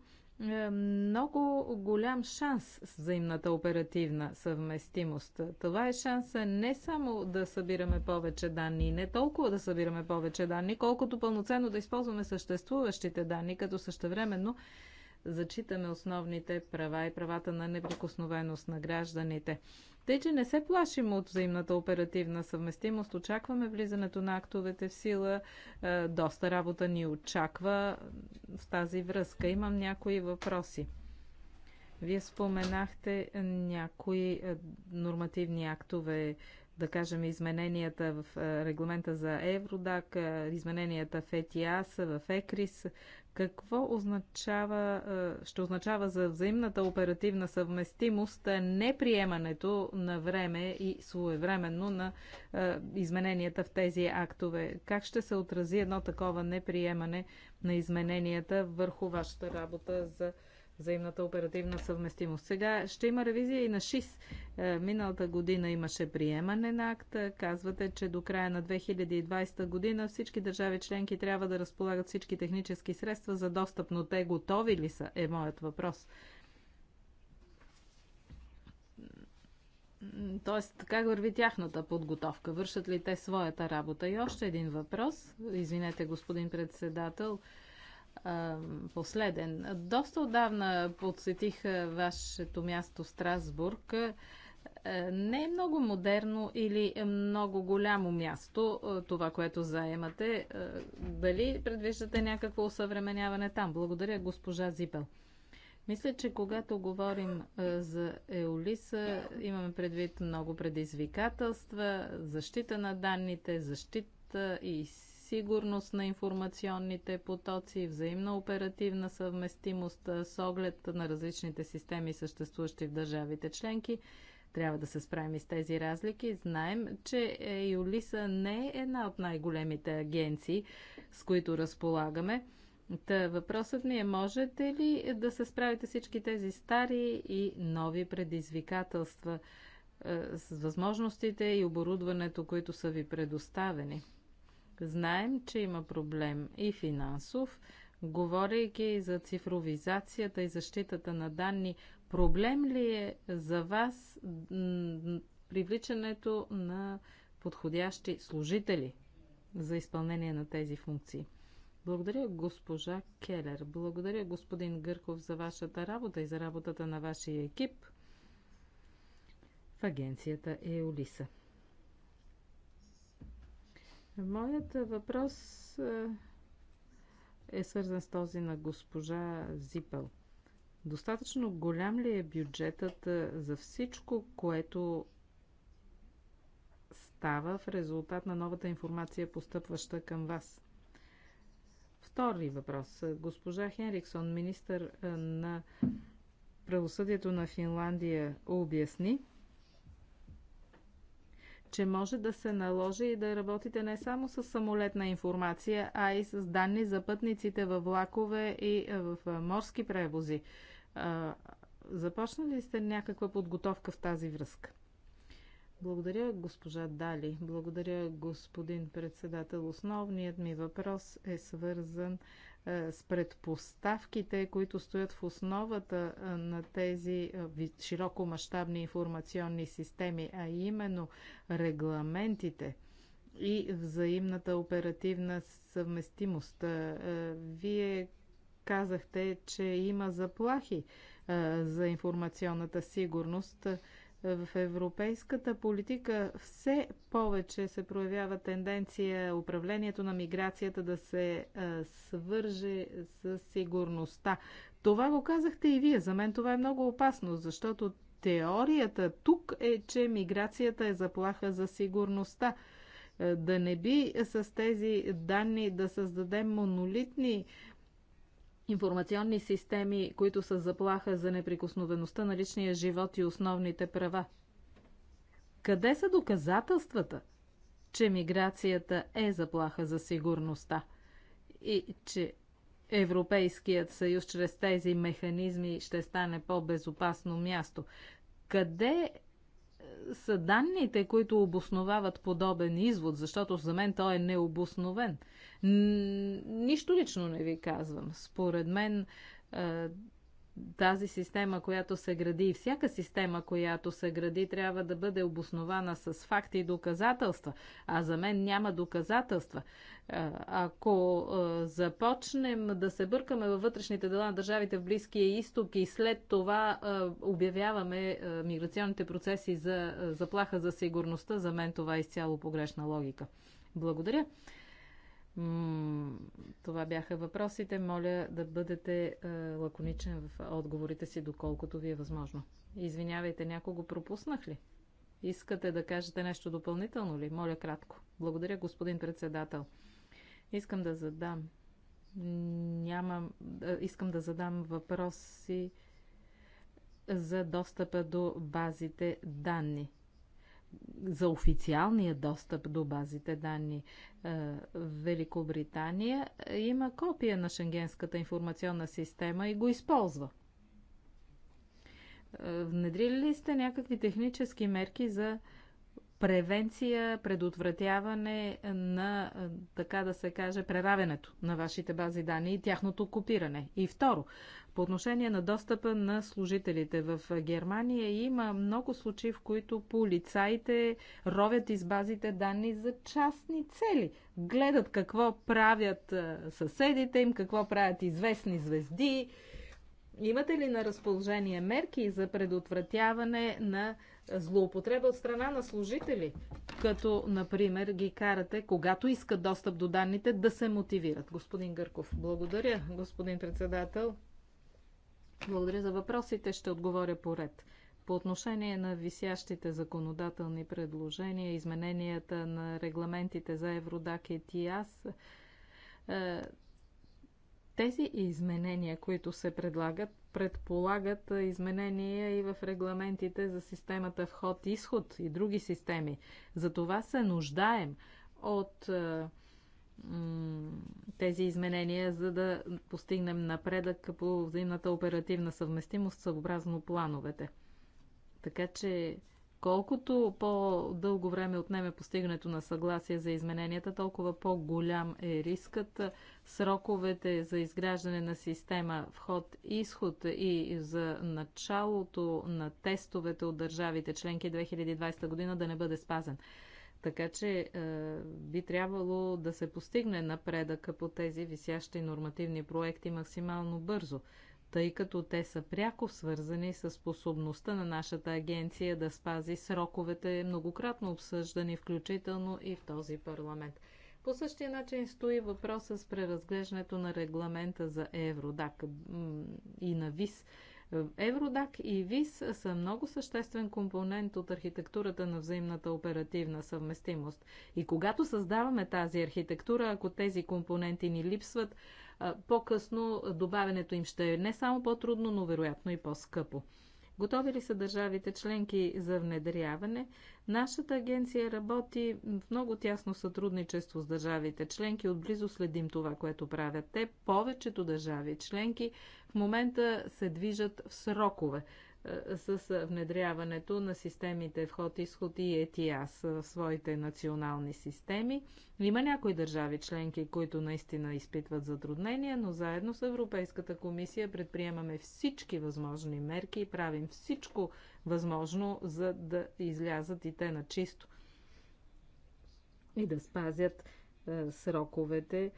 е, много голям шанс с взаимната оперативна съвместимост. Това е шанса не само да събираме повече данни, не толкова да събираме повече данни, колкото пълноценно да използваме съществуващите данни, като същевременно зачитаме основните права и правата на неприкосновеност на гражданите. Тъй, че не се плашим от взаимната оперативна съвместимост, очакваме влизането на актовете в сила, е, доста работа ни очаква в тази връзка. Имам някои въпроси. Вие споменахте някои е, нормативни актове, да кажем измененията в е, регламента за Евродак, измененията в ЕТИАС, в ЕКРИС. Какво означава, е, ще означава за взаимната оперативна съвместимост неприемането на време и своевременно на е, измененията в тези актове? Как ще се отрази едно такова неприемане на измененията върху вашата работа за взаимната оперативна съвместимост. Сега ще има ревизия и на ШИС. Е, миналата година имаше приемане на акта. Казвате, че до края на 2020 година всички държави членки трябва да разполагат всички технически средства за достъп, но те готови ли са, е моят въпрос. Тоест, как върви тяхната подготовка? Вършат ли те своята работа? И още един въпрос. Извинете, господин председател последен. Доста отдавна подсетих вашето място Страсбург. Не е много модерно или е много голямо място това, което заемате. Дали предвиждате някакво усъвременяване там? Благодаря, госпожа Зипел. Мисля, че когато говорим за Еолиса, имаме предвид много предизвикателства, защита на данните, защита и сигурност на информационните потоци, взаимна оперативна съвместимост с оглед на различните системи, съществуващи в държавите членки. Трябва да се справим и с тези разлики. Знаем, че Юлиса не е една от най-големите агенции, с които разполагаме. Та въпросът ми е, можете ли да се справите всички тези стари и нови предизвикателства с възможностите и оборудването, които са ви предоставени? Знаем, че има проблем и финансов, говорейки за цифровизацията и защитата на данни. Проблем ли е за вас привличането на подходящи служители за изпълнение на тези функции? Благодаря, госпожа Келер. Благодаря, господин Гърков, за вашата работа и за работата на вашия екип в агенцията Еолиса. Моят въпрос е свързан с този на госпожа Зипел. Достатъчно голям ли е бюджетът за всичко, което става в резултат на новата информация, постъпваща към вас? Втори въпрос. Госпожа Хенриксон, министър на правосъдието на Финландия, обясни, че може да се наложи и да работите не само с самолетна информация, а и с данни за пътниците във влакове и е, в е, морски превози. Започнали сте някаква подготовка в тази връзка? Благодаря, госпожа Дали. Благодаря, господин председател. Основният ми въпрос е свързан с е, с предпоставките, които стоят в основата е, на тези е, широкомащабни информационни системи, а именно регламентите и взаимната оперативна съвместимост. Вие казахте, че има заплахи за информационната сигурност в европейската политика все повече се проявява тенденция управлението на миграцията да се свърже с сигурността. Това го казахте и вие. За мен това е много опасно, защото теорията тук е, че миграцията е заплаха за сигурността. Да не би с тези данни да създадем монолитни информационни системи, които са заплаха за неприкосновеността на личния живот и основните права. Къде са доказателствата, че миграцията е заплаха за сигурността и че Европейският съюз чрез тези механизми ще стане по-безопасно място? Къде са данните, които обосновават подобен извод, защото за мен той е необосновен. Нищо лично не ви казвам. Според мен тази система, която се гради и всяка система, която се гради, трябва да бъде обоснована с факти и доказателства. А за мен няма доказателства. Е, ако е, започнем да се бъркаме във вътрешните дела на държавите в Близкия изток и след това е, обявяваме миграционните процеси за заплаха за сигурността, за мен това е изцяло погрешна логика. Благодаря. Това бяха въпросите. Моля да бъдете е, лаконичен в отговорите си, доколкото ви е възможно. Извинявайте, някого пропуснах ли? Искате да кажете нещо допълнително ли? Моля кратко. Благодаря, господин председател. Искам да задам. Нямам. Е, искам да задам въпроси за достъпа до базите данни за официалния достъп до базите данни в е, Великобритания има копия на Шенгенската информационна система и го използва. Е, внедрили ли сте някакви технически мерки за превенция, предотвратяване на, е, така да се каже, преравенето на вашите бази данни и тяхното копиране? И второ, по отношение на достъпа на служителите в Германия има много случаи, в които полицаите ровят из базите данни за частни цели. Гледат какво правят съседите им, какво правят известни звезди. Имате ли на разположение мерки за предотвратяване на злоупотреба от страна на служители? Като, например, ги карате, когато искат достъп до данните, да се мотивират. Господин Гърков, благодаря, господин председател. Благодаря за въпросите. Ще отговоря по ред. По отношение на висящите законодателни предложения, измененията на регламентите за Евродак и ТИАС, е, тези изменения, които се предлагат, предполагат изменения и в регламентите за системата вход-изход и други системи. За това се нуждаем от е, тези изменения, за да постигнем напредък по взаимната оперативна съвместимост съобразно плановете. Така че колкото по-дълго време отнеме постигането на съгласие за измененията, толкова по-голям е рискът. Сроковете за изграждане на система вход-изход и за началото на тестовете от държавите членки 2020 година да не бъде спазен. Така че е, би трябвало да се постигне напредъка по тези висящи нормативни проекти максимално бързо, тъй като те са пряко свързани с способността на нашата агенция да спази сроковете, многократно обсъждани, включително и в този парламент. По същия начин стои въпроса с преразглеждането на регламента за Евродак и на ВИС. Евродак и ВИС са много съществен компонент от архитектурата на взаимната оперативна съвместимост. И когато създаваме тази архитектура, ако тези компоненти ни липсват, по-късно добавянето им ще е не само по-трудно, но вероятно и по-скъпо. Готови ли са държавите членки за внедряване? Нашата агенция работи в много тясно сътрудничество с държавите членки. Отблизо следим това, което правят те. Повечето държави членки в момента се движат в срокове е, с е, внедряването на системите вход-изход и ЕТИАС в е, своите национални системи. Има някои държави членки, които наистина изпитват затруднения, но заедно с Европейската комисия предприемаме всички възможни мерки и правим всичко възможно, за да излязат и те на чисто и да спазят сроковете,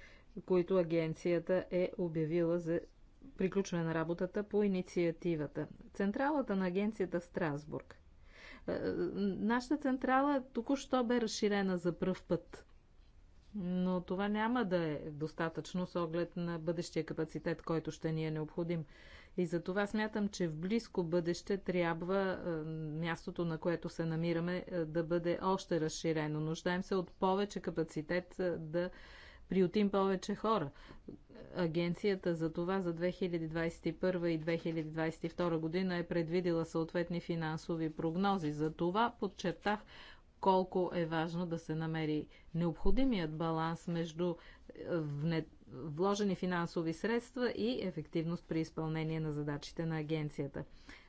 които агенцията е обявила за приключване на работата по инициативата. Централата на агенцията Страсбург. Е, нашата централа току-що бе разширена за пръв път. Но това няма да е достатъчно с оглед на бъдещия капацитет, който ще ни е необходим. И за това смятам, че в близко бъдеще трябва е, мястото, на което се намираме, е, да бъде още разширено. Нуждаем се от повече капацитет да приютим повече хора. Агенцията за това за 2021 и 2022 година е предвидила съответни финансови прогнози. За това подчертах колко е важно да се намери необходимият баланс между е, вложени финансови средства и ефективност при изпълнение на задачите на агенцията.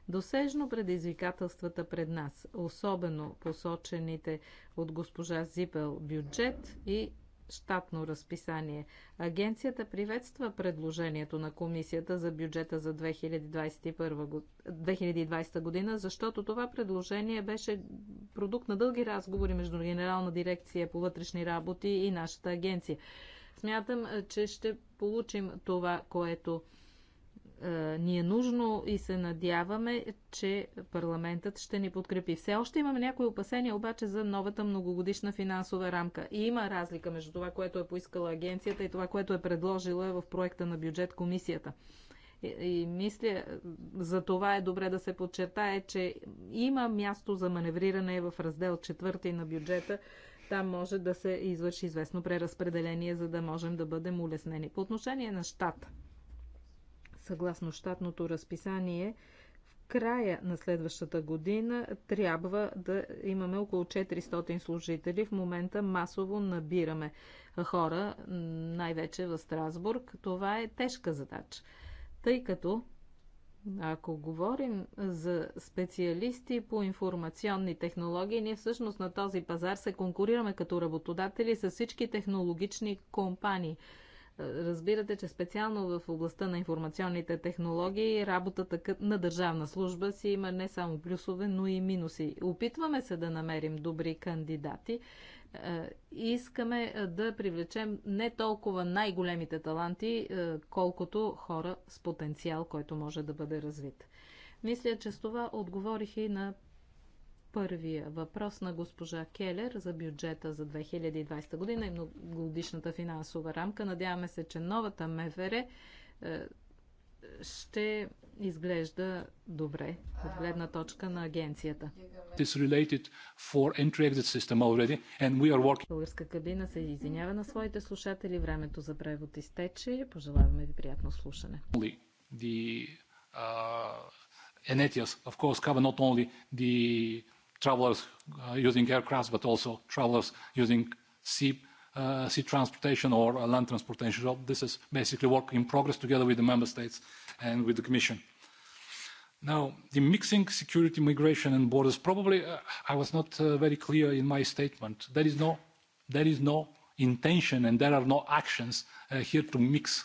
Досежно предизвикателствата пред нас, особено посочените от госпожа Зипел бюджет и щатно разписание. Агенцията приветства предложението на комисията за бюджета за 2021, 2020 година, защото това предложение беше продукт на дълги разговори между Генерална дирекция по вътрешни работи и нашата агенция. Смятам, че ще получим това, което е, ни е нужно и се надяваме, че парламентът ще ни подкрепи. Все още имаме някои опасения обаче за новата многогодишна финансова рамка. И има разлика между това, което е поискала агенцията и това, което е предложила в проекта на бюджет комисията. И, и мисля, за това е добре да се подчертае, че има място за маневриране в раздел четвърти на бюджета, там може да се извърши известно преразпределение, за да можем да бъдем улеснени. По отношение на щата, съгласно щатното разписание, в края на следващата година трябва да имаме около 400 служители. В момента масово набираме хора, най-вече в Страсбург. Това е тежка задача, тъй като ако говорим за специалисти по информационни технологии, ние всъщност на този пазар се конкурираме като работодатели с всички технологични компании – Разбирате, че специално в областта на информационните технологии работата на държавна служба си има не само плюсове, но и минуси. Опитваме се да намерим добри кандидати. Е, искаме е, да привлечем не толкова най-големите таланти, е, колкото хора с потенциал, който може да бъде развит. Мисля, че с това отговорих и на първия въпрос на госпожа Келер за бюджета за 2020 година и многогодишната финансова рамка. Надяваме се, че новата МФР е, ще изглежда добре от гледна точка на агенцията. Българска кабина се извинява на своите слушатели. Времето за превод изтече. Пожелаваме ви приятно слушане. The, uh... Enetias, of course, cover not only the travelers uh, using aircrafts, but also travelers using sea, uh, sea transportation or uh, land transportation. So this is basically work in progress together with the member states and with the Commission. Now, the mixing security, migration, and borders. Probably, uh, I was not uh, very clear in my statement. There is no, there is no intention, and there are no actions uh, here to mix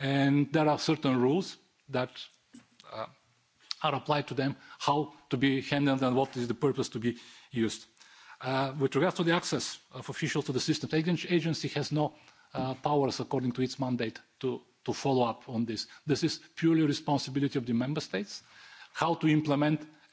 And there are certain rules that uh, are applied to them, how to be handled and what is the purpose to be used. Uh, with regards to the access of officials to the system, the agency has no uh, powers according to its mandate to, to follow up on this. This is purely responsibility of the member states, how to implement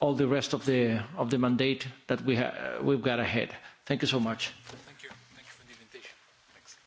all the rest of the mandate that we've got ahead. Thank you so much.